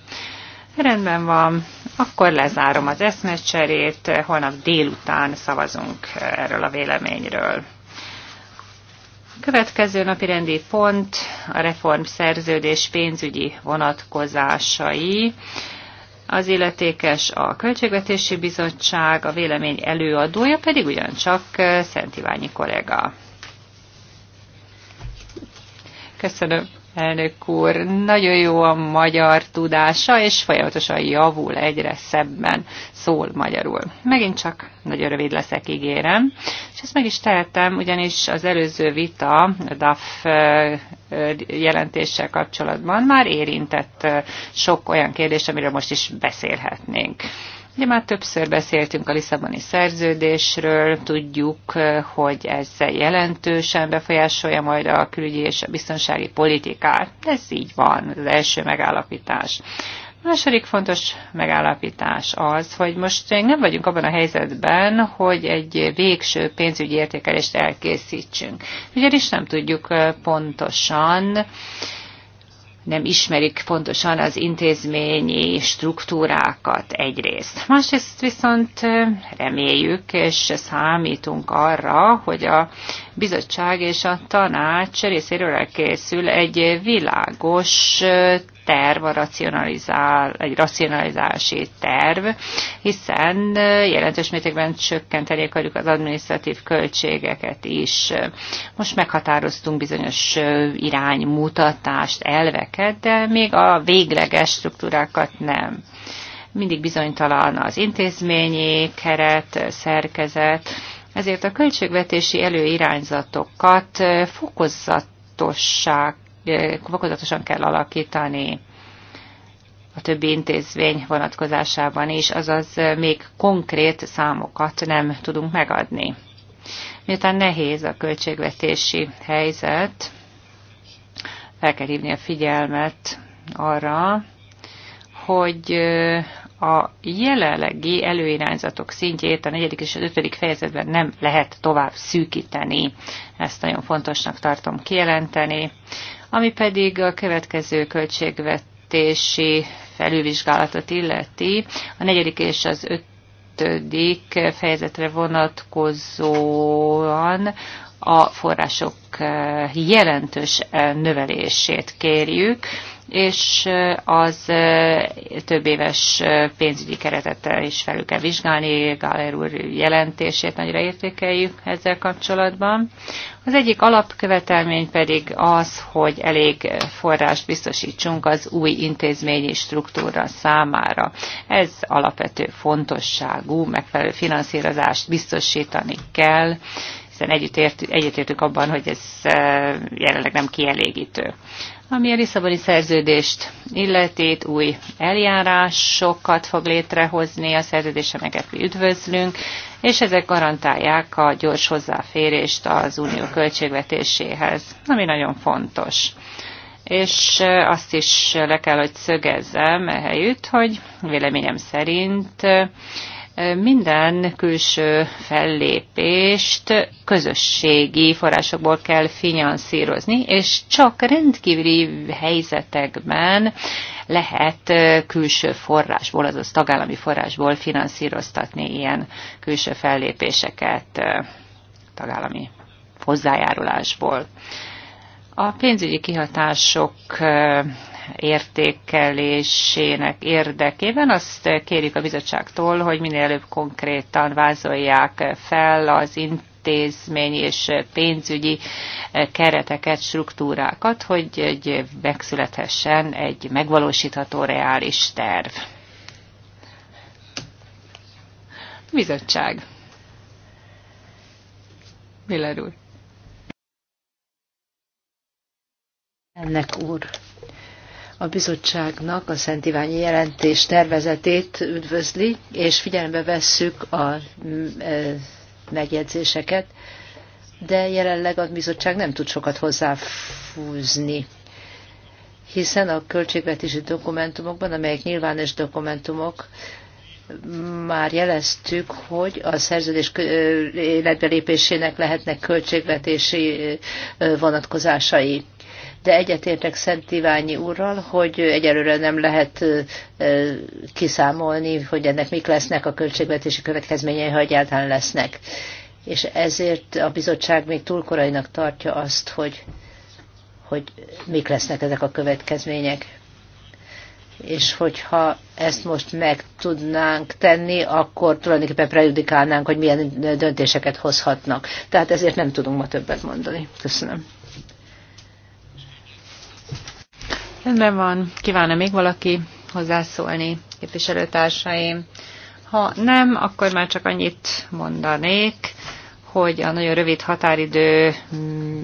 Rendben van, akkor lezárom az eszmecserét, holnap délután szavazunk erről a véleményről. Következő napi rendi pont a reform szerződés pénzügyi vonatkozásai. Az illetékes a Költségvetési Bizottság, a vélemény előadója pedig ugyancsak Szent Iványi kollega. Köszönöm, elnök úr. Nagyon jó a magyar tudása, és folyamatosan javul egyre szebben szól magyarul. Megint csak nagyon rövid leszek, ígérem. És ezt meg is tehetem, ugyanis az előző vita a DAF jelentéssel kapcsolatban már érintett sok olyan kérdés, amiről most is beszélhetnénk. Ugye már többször beszéltünk a Lisszaboni szerződésről, tudjuk, hogy ez jelentősen befolyásolja majd a külügyi és a biztonsági politikát. Ez így van, az első megállapítás. A második fontos megállapítás az, hogy most még nem vagyunk abban a helyzetben, hogy egy végső pénzügyi értékelést elkészítsünk. Ugyanis nem tudjuk eh, pontosan, nem ismerik pontosan az intézményi struktúrákat egyrészt. Másrészt viszont reméljük és számítunk arra, hogy a bizottság és a tanács részéről elkészül egy világos terv, a racionalizál, egy racionalizási terv, hiszen jelentős mértékben csökkenteni akarjuk az adminisztratív költségeket is. Most meghatároztunk bizonyos iránymutatást, elveket, de még a végleges struktúrákat nem. Mindig bizonytalan az intézményi keret, szerkezet, ezért a költségvetési előirányzatokat fokozatosan kell alakítani a többi intézvény vonatkozásában is, azaz még konkrét számokat nem tudunk megadni. Miután nehéz a költségvetési helyzet, fel kell hívni a figyelmet arra, hogy a jelenlegi előirányzatok szintjét a negyedik és az ötödik fejezetben nem lehet tovább szűkíteni. Ezt nagyon fontosnak tartom kijelenteni. Ami pedig a következő költségvetési felülvizsgálatot illeti, a negyedik és az ötödik fejezetre vonatkozóan a források eh, jelentős eh, növelését kérjük, és eh, az több éves pénzügyi keretet is felül kell vizsgálni, Gáler úr jelentését nagyra értékeljük ezzel kapcsolatban. Az egyik alapkövetelmény pedig az, hogy elég forrást biztosítsunk az új intézményi struktúra számára. Ez alapvető fontosságú, megfelelő finanszírozást biztosítani kell, hiszen egyetértünk abban, hogy ez jelenleg nem kielégítő. Ami a Lisszaboni szerződést illeti, új eljárásokat fog létrehozni, a szerződésemeket mi üdvözlünk, és ezek garantálják a gyors hozzáférést az unió költségvetéséhez, ami nagyon fontos. És azt is le kell, hogy szögezzem helyütt, hogy véleményem szerint minden külső fellépést közösségi forrásokból kell finanszírozni, és csak rendkívüli helyzetekben lehet külső forrásból, azaz tagállami forrásból finanszíroztatni ilyen külső fellépéseket tagállami hozzájárulásból. A pénzügyi kihatások értékelésének érdekében azt kérjük a bizottságtól, hogy minél előbb konkrétan vázolják fel az intézmény és pénzügyi kereteket, struktúrákat, hogy egy megszülethessen egy megvalósítható reális terv. Bizottság. Miller úr. Ennek úr a bizottságnak a Szent Iványi jelentés tervezetét üdvözli, és figyelembe vesszük a mm, e, megjegyzéseket, de jelenleg a bizottság nem tud sokat hozzáfűzni hiszen a költségvetési dokumentumokban, amelyek nyilvános dokumentumok, már jeleztük, hogy a szerződés életbelépésének lehetnek költségvetési vonatkozásai de egyetértek Szent Iványi úrral, hogy egyelőre nem lehet kiszámolni, hogy ennek mik lesznek a költségvetési következményei, ha egyáltalán lesznek. És ezért a bizottság még túl korainak tartja azt, hogy, hogy mik lesznek ezek a következmények és hogyha ezt most meg tudnánk tenni, akkor tulajdonképpen prejudikálnánk, hogy milyen döntéseket hozhatnak. Tehát ezért nem tudunk ma többet mondani. Köszönöm. Rendben van. Kívánna még valaki hozzászólni, képviselőtársaim? Ha nem, akkor már csak annyit mondanék, hogy a nagyon rövid határidő mm,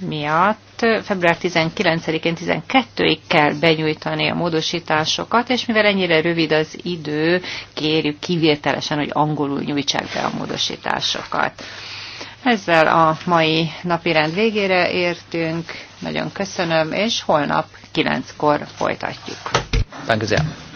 miatt február 19-én 12-ig kell benyújtani a módosításokat, és mivel ennyire rövid az idő, kérjük kivételesen, hogy angolul nyújtsák be a módosításokat. Ezzel a mai napirend végére értünk, nagyon köszönöm, és holnap 9-kor folytatjuk. Danke sehr.